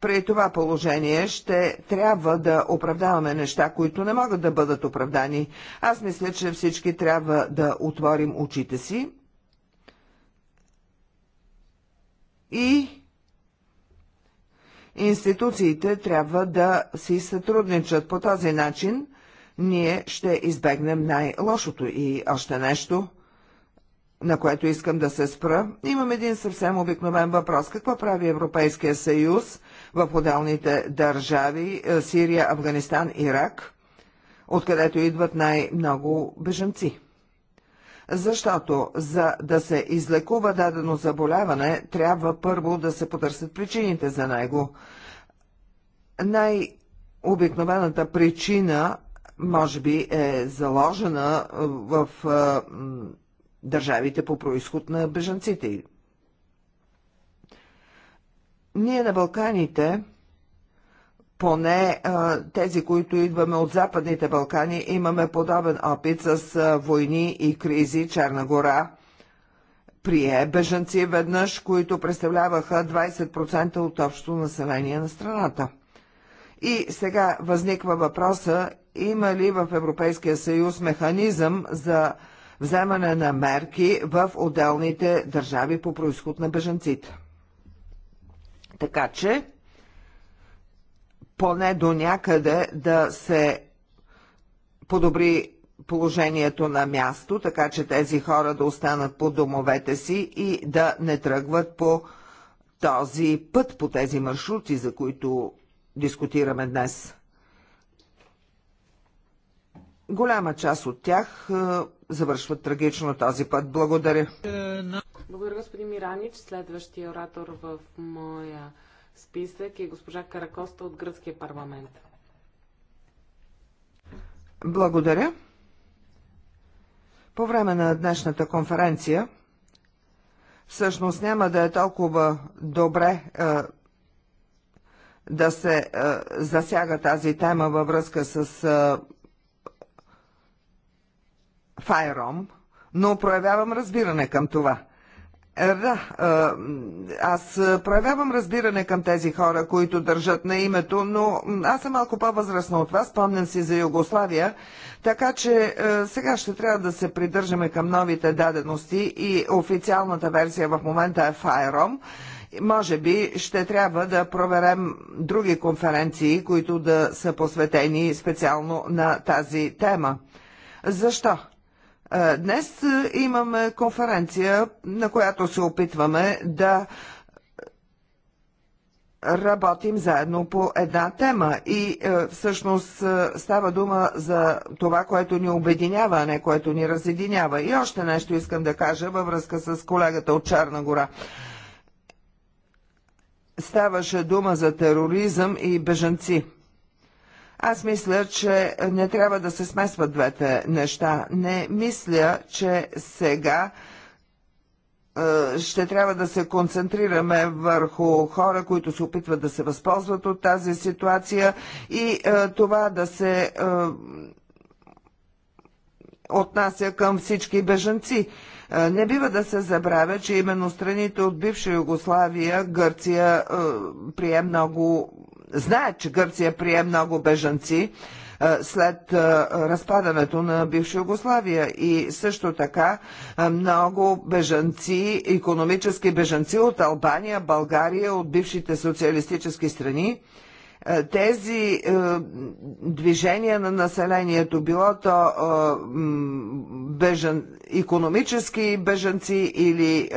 при това положение ще трябва да оправдаваме неща, които не могат да бъдат оправдани. Аз мисля, че всички трябва да отворим очите си и институциите трябва да си сътрудничат по този начин ние ще избегнем най-лошото. И още нещо, на което искам да се спра. Имам един съвсем обикновен въпрос. Какво прави Европейския съюз в отделните държави е, Сирия, Афганистан, Ирак, откъдето идват най-много бежанци? защото за да се излекува дадено заболяване, трябва първо да се потърсят причините за него. Най-обикновената причина може би е заложена е, в е, държавите по происход на бежанците. Ние на Балканите, поне е, тези, които идваме от Западните Балкани, имаме подобен опит с войни и кризи. Черна гора прие бежанци веднъж, които представляваха 20% от общото население на страната. И сега възниква въпроса, има ли в Европейския съюз механизъм за вземане на мерки в отделните държави по происход на бежанците. Така че, поне до някъде да се подобри положението на място, така че тези хора да останат по домовете си и да не тръгват по този път, по тези маршрути, за които дискутираме днес. Голяма част от тях е, завършват трагично този път. Благодаря. Благодаря, господин Миранич. Следващия оратор в моя списък е госпожа Каракоста от Гръцкия парламент. Благодаря. По време на днешната конференция всъщност няма да е толкова добре е, да се е, засяга тази тема във връзка с е, Файром, но проявявам разбиране към това. Е, да, е, аз проявявам разбиране към тези хора, които държат на името, но аз съм малко по-възрастна от вас, спомням си за Югославия, така че е, сега ще трябва да се придържаме към новите дадености и официалната версия в момента е Файром. Може би ще трябва да проверем други конференции, които да са посветени специално на тази тема. Защо? Е, днес имаме конференция, на която се опитваме да работим заедно по една тема и е, всъщност е, става дума за това, което ни обединява, а не което ни разединява. И още нещо искам да кажа във връзка с колегата от Черна гора ставаше дума за тероризъм и бежанци. Аз мисля, че не трябва да се смесват двете неща. Не мисля, че сега е, ще трябва да се концентрираме върху хора, които се опитват да се възползват от тази ситуация и е, това да се е, отнася към всички бежанци. Не бива да се забравя, че именно страните от бивша Югославия, Гърция прие много, знаят, че Гърция прие много бежанци след разпадането на бивша Югославия и също така много бежанци, економически бежанци от Албания, България, от бившите социалистически страни. Е, тези е, движения на населението, било то е, бежен, економически бежанци или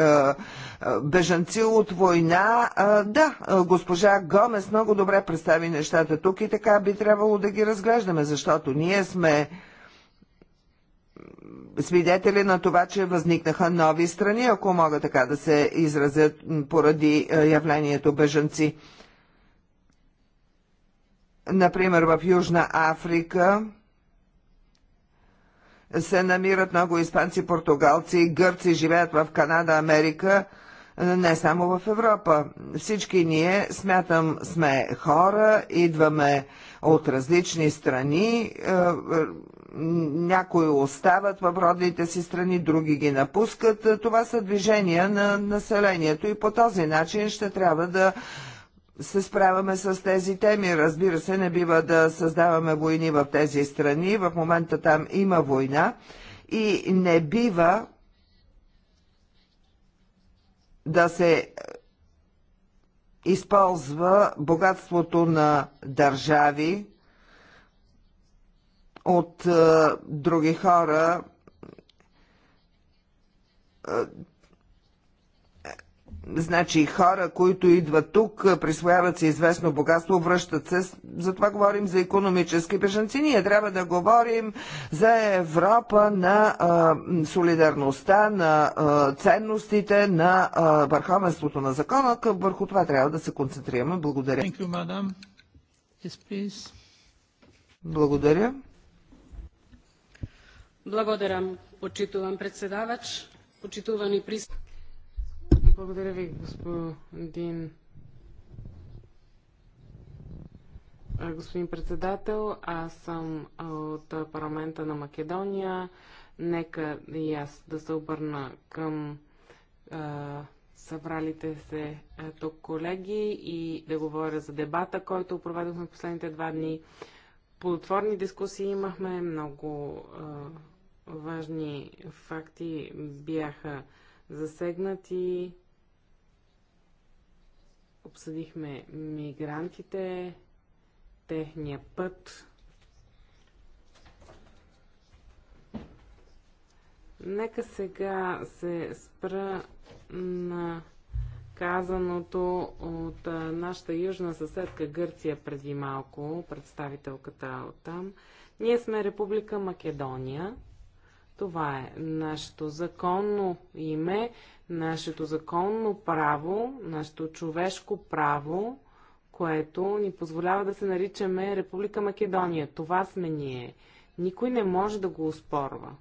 бежанци от война. Да, госпожа Гомес много добре представи нещата тук и така би трябвало да ги разглеждаме, защото ние сме свидетели на това, че възникнаха нови страни, ако мога така да се изразят поради явлението бежанци. Например, в Южна Африка се намират много испанци, португалци, гърци, живеят в Канада, Америка, не само в Европа. Всички ние, смятам, сме хора, идваме от различни страни, е, някои остават в родните си страни, други ги напускат. Това са движения на населението и по този начин ще трябва да се справяме с тези теми. Разбира се, не бива да създаваме войни в тези страни. В момента там има война и не бива да се е, използва богатството на държави от е, други хора. Е, Значи хора, които идват тук, присвояват се известно богатство, връщат се. Затова говорим за економически бежанци. Ние трябва да говорим за Европа на а, солидарността, на а, ценностите, на а, върховенството на закона. Върху това трябва да се концентрираме. Благодаря. You, yes, Благодаря. Благодарам, почитувам председавач. Почитувани присутни благодаря ви, господин Господин председател, аз съм от парламента на Македония. Нека и аз да се обърна към а, събралите се а, тук колеги и да говоря за дебата, който проведохме последните два дни. Плодотворни дискусии имахме, много а, важни факти бяха засегнати Обсъдихме мигрантите, техния път. Нека сега се спра на казаното от нашата южна съседка Гърция преди малко, представителката от там. Ние сме Република Македония това е нашето законно име, нашето законно право, нашето човешко право, което ни позволява да се наричаме Република Македония. Това сме ние. Никой не може да го успорва.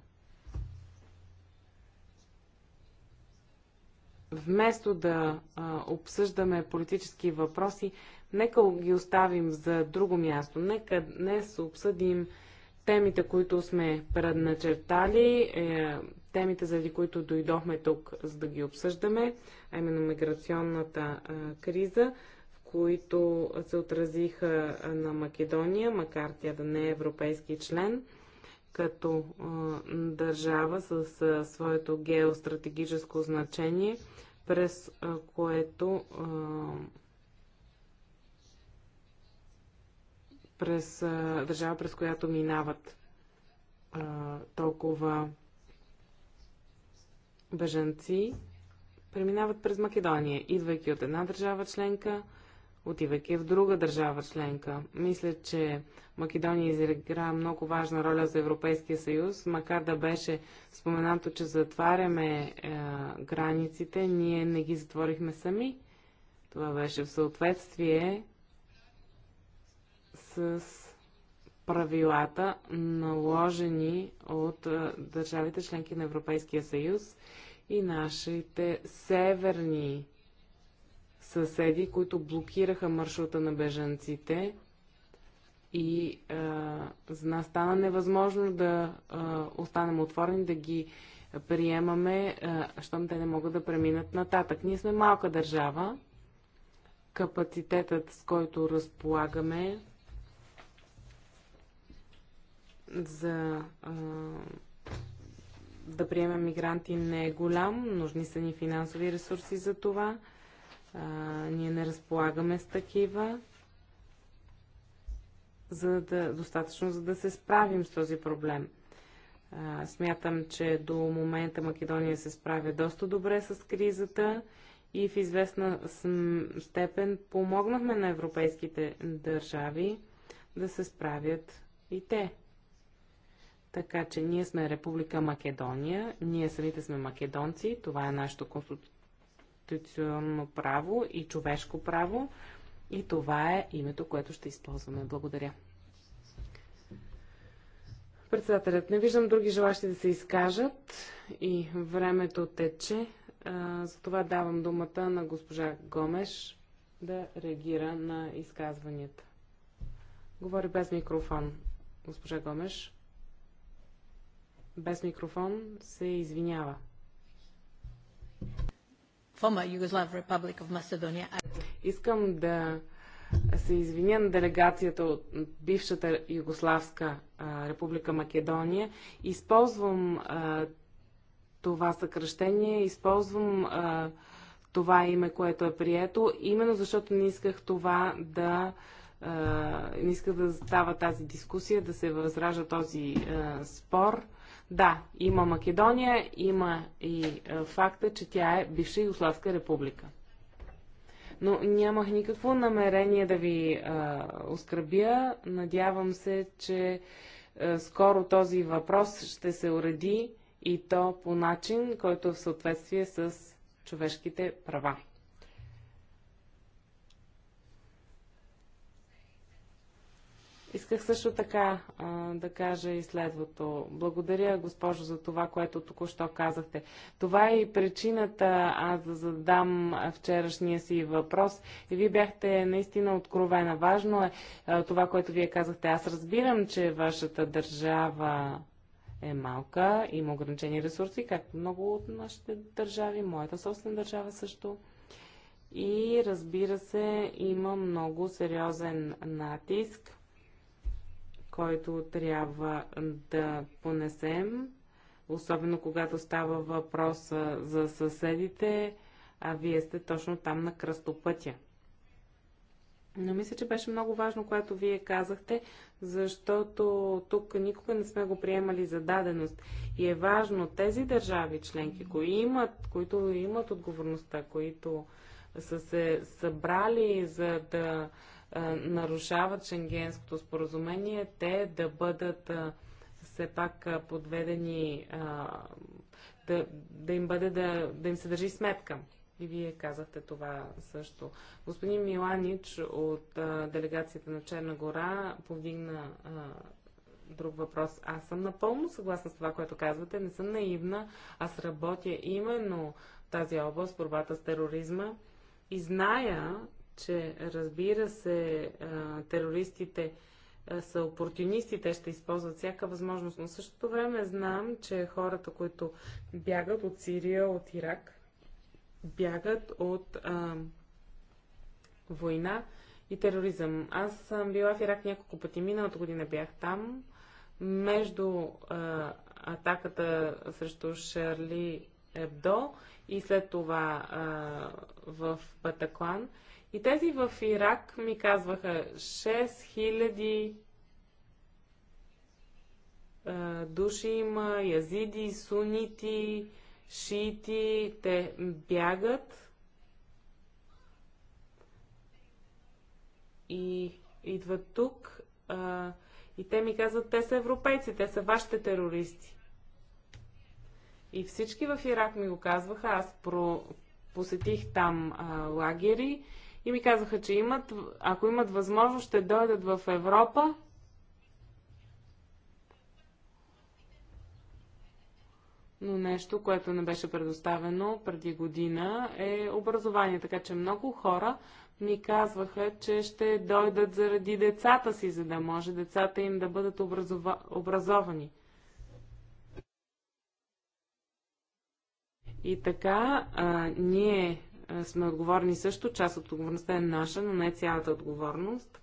Вместо да а, обсъждаме политически въпроси, нека ги оставим за друго място. Нека днес обсъдим темите, които сме предначертали, е, темите, заради които дойдохме тук, за да ги обсъждаме, а именно миграционната е, криза, в които се отразиха на Македония, макар тя да не е европейски член, като е, държава с е, своето геостратегическо значение, през е, което през а, държава, през която минават а, толкова бежанци, преминават през Македония, идвайки от една държава членка, отивайки в друга държава членка. Мисля, че Македония изигра много важна роля за Европейския съюз, макар да беше споменато, че затваряме е, границите, ние не ги затворихме сами. Това беше в съответствие с правилата, наложени от държавите членки на Европейския съюз и нашите северни съседи, които блокираха маршрута на бежанците и а, за нас стана невъзможно да а, останем отворени, да ги приемаме, а, щом те не могат да преминат нататък. Ние сме малка държава. Капацитетът, с който разполагаме, за а, да приемем мигранти не е голям. Нужни са ни финансови ресурси за това. А, ние не разполагаме с такива за да, достатъчно, за да се справим с този проблем. А, смятам, че до момента Македония се справя доста добре с кризата и в известна степен помогнахме на европейските държави да се справят и те. Така че ние сме Република Македония, ние самите сме македонци, това е нашето конституционно право и човешко право и това е името, което ще използваме. Благодаря. Председателят, не виждам други желащи да се изкажат и времето тече. Затова давам думата на госпожа Гомеш да реагира на изказванията. Говори без микрофон, госпожа Гомеш без микрофон се извинява. Искам да се извиня на делегацията от бившата Югославска република Македония. Използвам това съкръщение, използвам това име, което е прието, именно защото не исках това да не исках да става тази дискусия, да се възража този спор да, има Македония, има и е, факта, че тя е бивша Югославска република. Но нямах никакво намерение да ви а, е, оскърбя. Надявам се, че а, е, скоро този въпрос ще се уреди и то по начин, който е в съответствие с човешките права. Исках също така а, да кажа и следвато. Благодаря, госпожо, за това, което току-що казахте. Това е и причината аз да задам вчерашния си въпрос. И вие бяхте наистина откровена. Важно е а, това, което вие казахте. Аз разбирам, че вашата държава е малка, има ограничени ресурси, както много от нашите държави, моята собствена държава също. И разбира се, има много сериозен натиск който трябва да понесем, особено когато става въпрос за съседите, а вие сте точно там на кръстопътя. Но мисля, че беше много важно, което вие казахте, защото тук никога не сме го приемали за даденост. И е важно тези държави членки, кои имат, които имат отговорността, които са се събрали за да е, нарушават Шенгенското споразумение, те да бъдат е, все пак е, подведени, да, да им бъде да, да им се държи сметка. И вие казахте това също. Господин Миланич от делегацията на Черна гора повдигна друг въпрос. Аз съм напълно съгласна с това, което казвате. Не съм наивна. Аз работя именно в тази област, борбата с тероризма. И зная, че разбира се, терористите са опортунисти, те ще използват всяка възможност, но в същото време знам, че хората, които бягат от Сирия, от Ирак, бягат от а, война и тероризъм. Аз съм била в Ирак няколко пъти. Миналата година бях там. Между а, атаката срещу Шарли Ебдо и след това а, в Батаклан. И тези в Ирак ми казваха 6000 души има, язиди, сунити, шиити, те бягат и идват тук а, и те ми казват, те са европейци, те са вашите терористи. И всички в Ирак ми го казваха, аз про, посетих там а, лагери и ми казаха, че имат, ако имат възможност, ще дойдат в Европа. Но нещо, което не беше предоставено преди година е образование. Така че много хора ми казваха, че ще дойдат заради децата си, за да може децата им да бъдат образова... образовани. И така, а, ние сме отговорни също. Част от отговорността е наша, но не е цялата отговорност.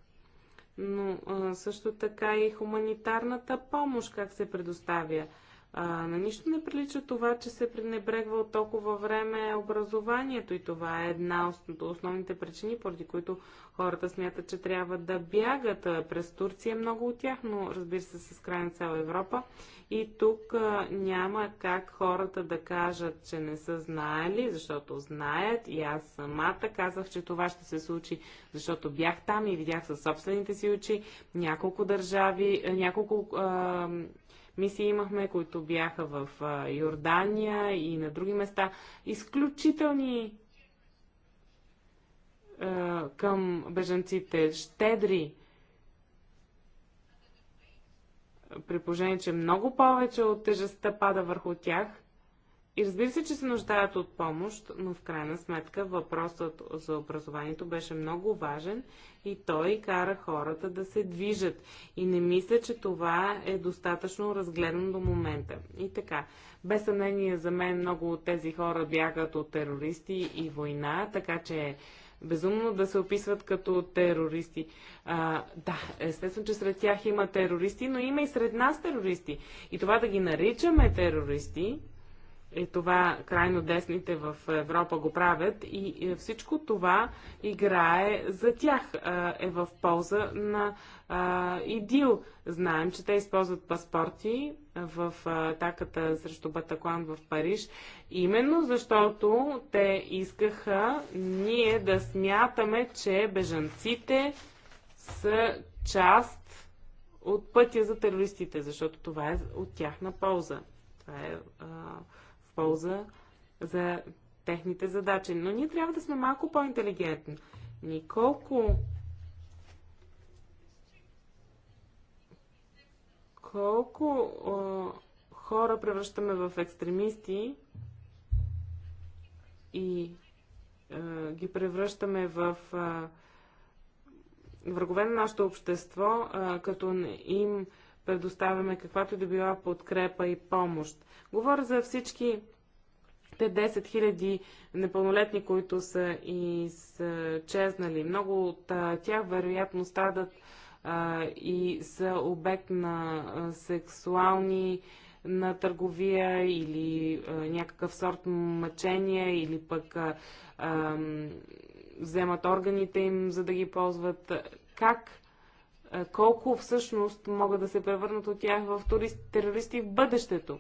Но също така и хуманитарната помощ, как се предоставя а, на нищо не прилича това, че се пренебрегва от толкова време образованието и това е една от основните причини, поради които хората смятат, че трябва да бягат през Турция. Е много от тях, но разбира се с край на цяла Европа. И тук а, няма как хората да кажат, че не са знаели, защото знаят и аз самата казах, че това ще се случи, защото бях там и видях със собствените си очи няколко държави, няколко а, мисии имахме, които бяха в Йордания и на други места. Изключителни към бежанците, щедри. При положение, че много повече от тежестта пада върху тях – и разбира се, че се нуждаят от помощ, но в крайна сметка въпросът за образованието беше много важен и той кара хората да се движат. И не мисля, че това е достатъчно разгледано до момента. И така, без съмнение за мен много от тези хора бягат от терористи и война, така че е безумно да се описват като терористи. А, да, естествено, че сред тях има терористи, но има и сред нас терористи. И това да ги наричаме терористи, и е, това крайно десните в Европа го правят и е, всичко това играе за тях, е в полза на ИДИЛ. Знаем, че те използват паспорти в атаката срещу Батаклан в Париж, именно защото те искаха ние да смятаме, че бежанците са част от пътя за терористите, защото това е от тяхна полза. Това е а, полза за техните задачи. Но ние трябва да сме малко по-интелигентни. Николко колко о, хора превръщаме в екстремисти и е, ги превръщаме в е, врагове на нашето общество, е, като им предоставяме каквато и да била подкрепа и помощ. Говоря за всички те 10 000 непълнолетни, които са изчезнали. Много от тях вероятно страдат и са обект на сексуални на търговия или а, някакъв сорт мъчения или пък а, вземат органите им, за да ги ползват. Как е, колко всъщност могат да се превърнат от тях в турист, терористи в бъдещето.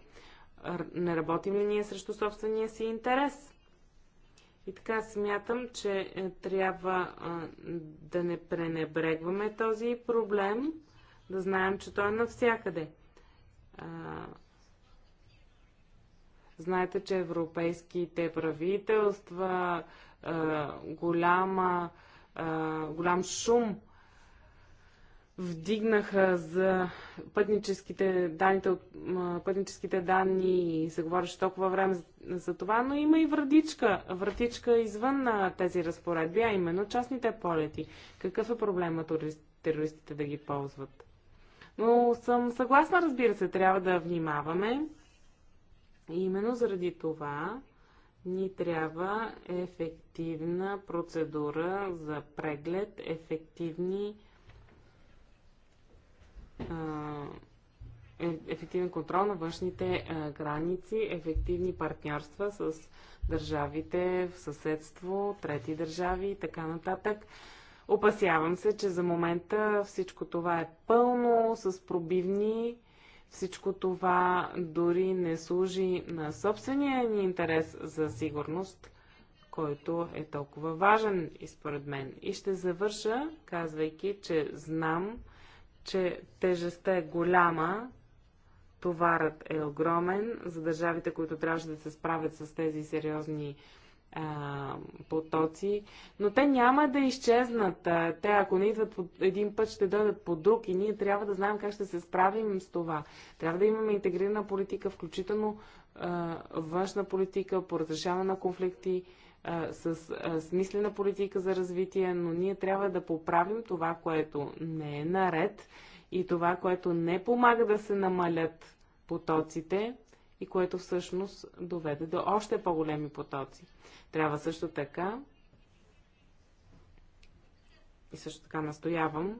Не работим ли ние срещу собствения си интерес? И така смятам, че е, трябва да не пренебрегваме този проблем, да знаем, че той е навсякъде. Знаете, че европейските правителства, голяма, голям шум вдигнаха за пътническите, данните пътническите данни и се говореше толкова време за, за това, но има и вратичка, вратичка извън на тези разпоредби, а именно частните полети. Какъв е проблема терористите да ги ползват? Но съм съгласна, разбира се, трябва да внимаваме. И именно заради това ни трябва ефективна процедура за преглед, ефективни е, ефективен контрол на външните граници, ефективни партньорства с държавите в съседство, трети държави и така нататък. Опасявам се, че за момента всичко това е пълно с пробивни. Всичко това дори не служи на собствения ни интерес за сигурност, който е толкова важен и според мен. И ще завърша, казвайки, че знам, че тежестта е голяма, товарът е огромен за държавите, които трябваше да се справят с тези сериозни потоци, но те няма да изчезнат. Те, ако не идват един път, ще дойдат по друг и ние трябва да знаем как ще се справим с това. Трябва да имаме интегрирана политика, включително външна политика по разрешаване на конфликти, с а, смислена политика за развитие, но ние трябва да поправим това, което не е наред и това, което не помага да се намалят потоците и което всъщност доведе до още по-големи потоци. Трябва също така и също така настоявам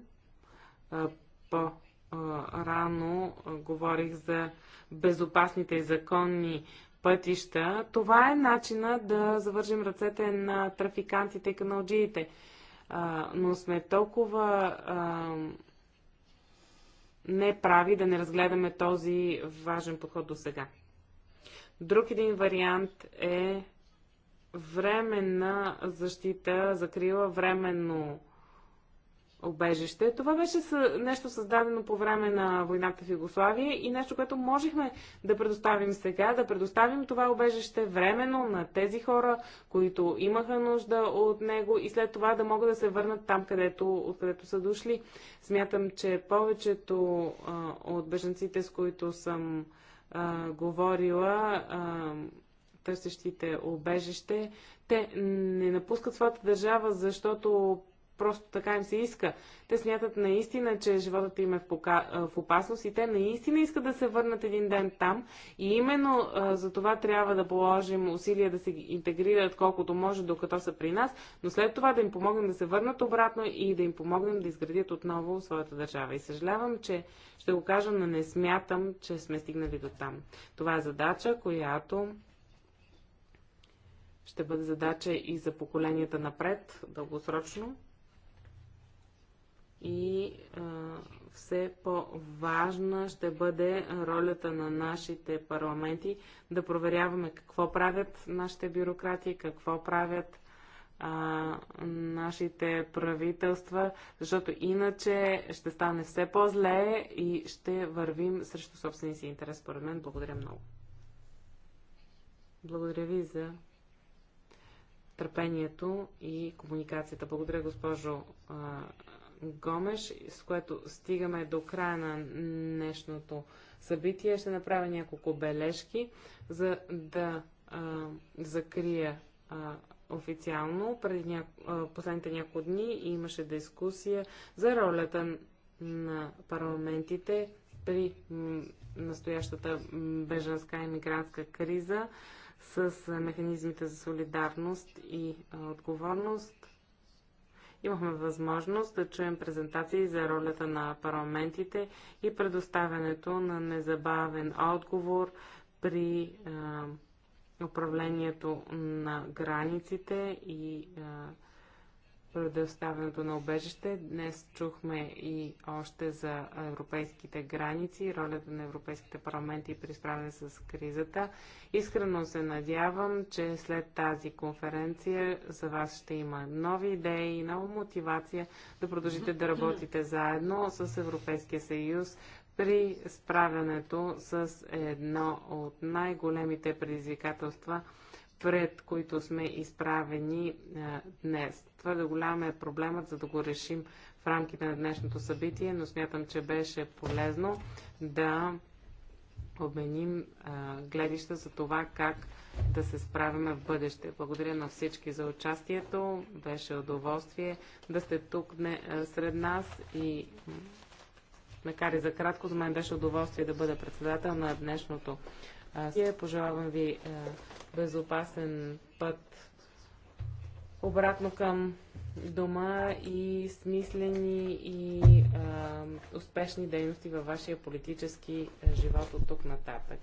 по рано говорих за безопасните и законни пътища. Това е начина да завържим ръцете на трафикантите и каналджиите. но сме толкова а, не прави да не разгледаме този важен подход до сега. Друг един вариант е временна защита, закрила временно убежище. Това беше нещо създадено по време на войната в Югославия и нещо, което можехме да предоставим сега, да предоставим това обежище временно на тези хора, които имаха нужда от него и след това да могат да се върнат там, където, откъдето са дошли. Смятам, че повечето а, от беженците, с които съм а, говорила, а, търсещите обежище, те не напускат своята държава, защото просто така им се иска. Те смятат наистина, че животът им е в, опасност и те наистина искат да се върнат един ден там. И именно а, за това трябва да положим усилия да се интегрират колкото може, докато са при нас, но след това да им помогнем да се върнат обратно и да им помогнем да изградят отново своята държава. И съжалявам, че ще го кажа, но не смятам, че сме стигнали до там. Това е задача, която ще бъде задача и за поколенията напред, дългосрочно и а, все по-важна ще бъде ролята на нашите парламенти да проверяваме какво правят нашите бюрократи, какво правят а, нашите правителства, защото иначе ще стане все по-зле и ще вървим срещу собствения си интерес, според мен. Благодаря много. Благодаря ви за търпението и комуникацията. Благодаря, госпожо Гомеш, с което стигаме до края на днешното събитие. Ще направя няколко бележки, за да а, закрия а, официално. Преди ня... а, последните няколко дни имаше дискусия за ролята на парламентите при настоящата беженска и мигрантска криза с механизмите за солидарност и а, отговорност Имахме възможност да чуем презентации за ролята на парламентите и предоставянето на незабавен отговор при а, управлението на границите и а, предоставянето на обежище. Днес чухме и още за европейските граници, ролята на европейските парламенти при справяне с кризата. Искрено се надявам, че след тази конференция за вас ще има нови идеи и нова мотивация да продължите да работите заедно с Европейския съюз при справянето с едно от най-големите предизвикателства – пред които сме изправени а, е, днес. Твърде голям е проблемът, за да го решим в рамките на днешното събитие, но смятам, че беше полезно да обменим а, е, гледища за това как да се справяме в бъдеще. Благодаря на всички за участието. Беше удоволствие да сте тук не, а, е, сред нас и макар и за кратко, за мен беше удоволствие да бъда председател на днешното. А, пожелавам ви а, безопасен път обратно към дома и смислени и а, успешни дейности във вашия политически живот от тук нататък.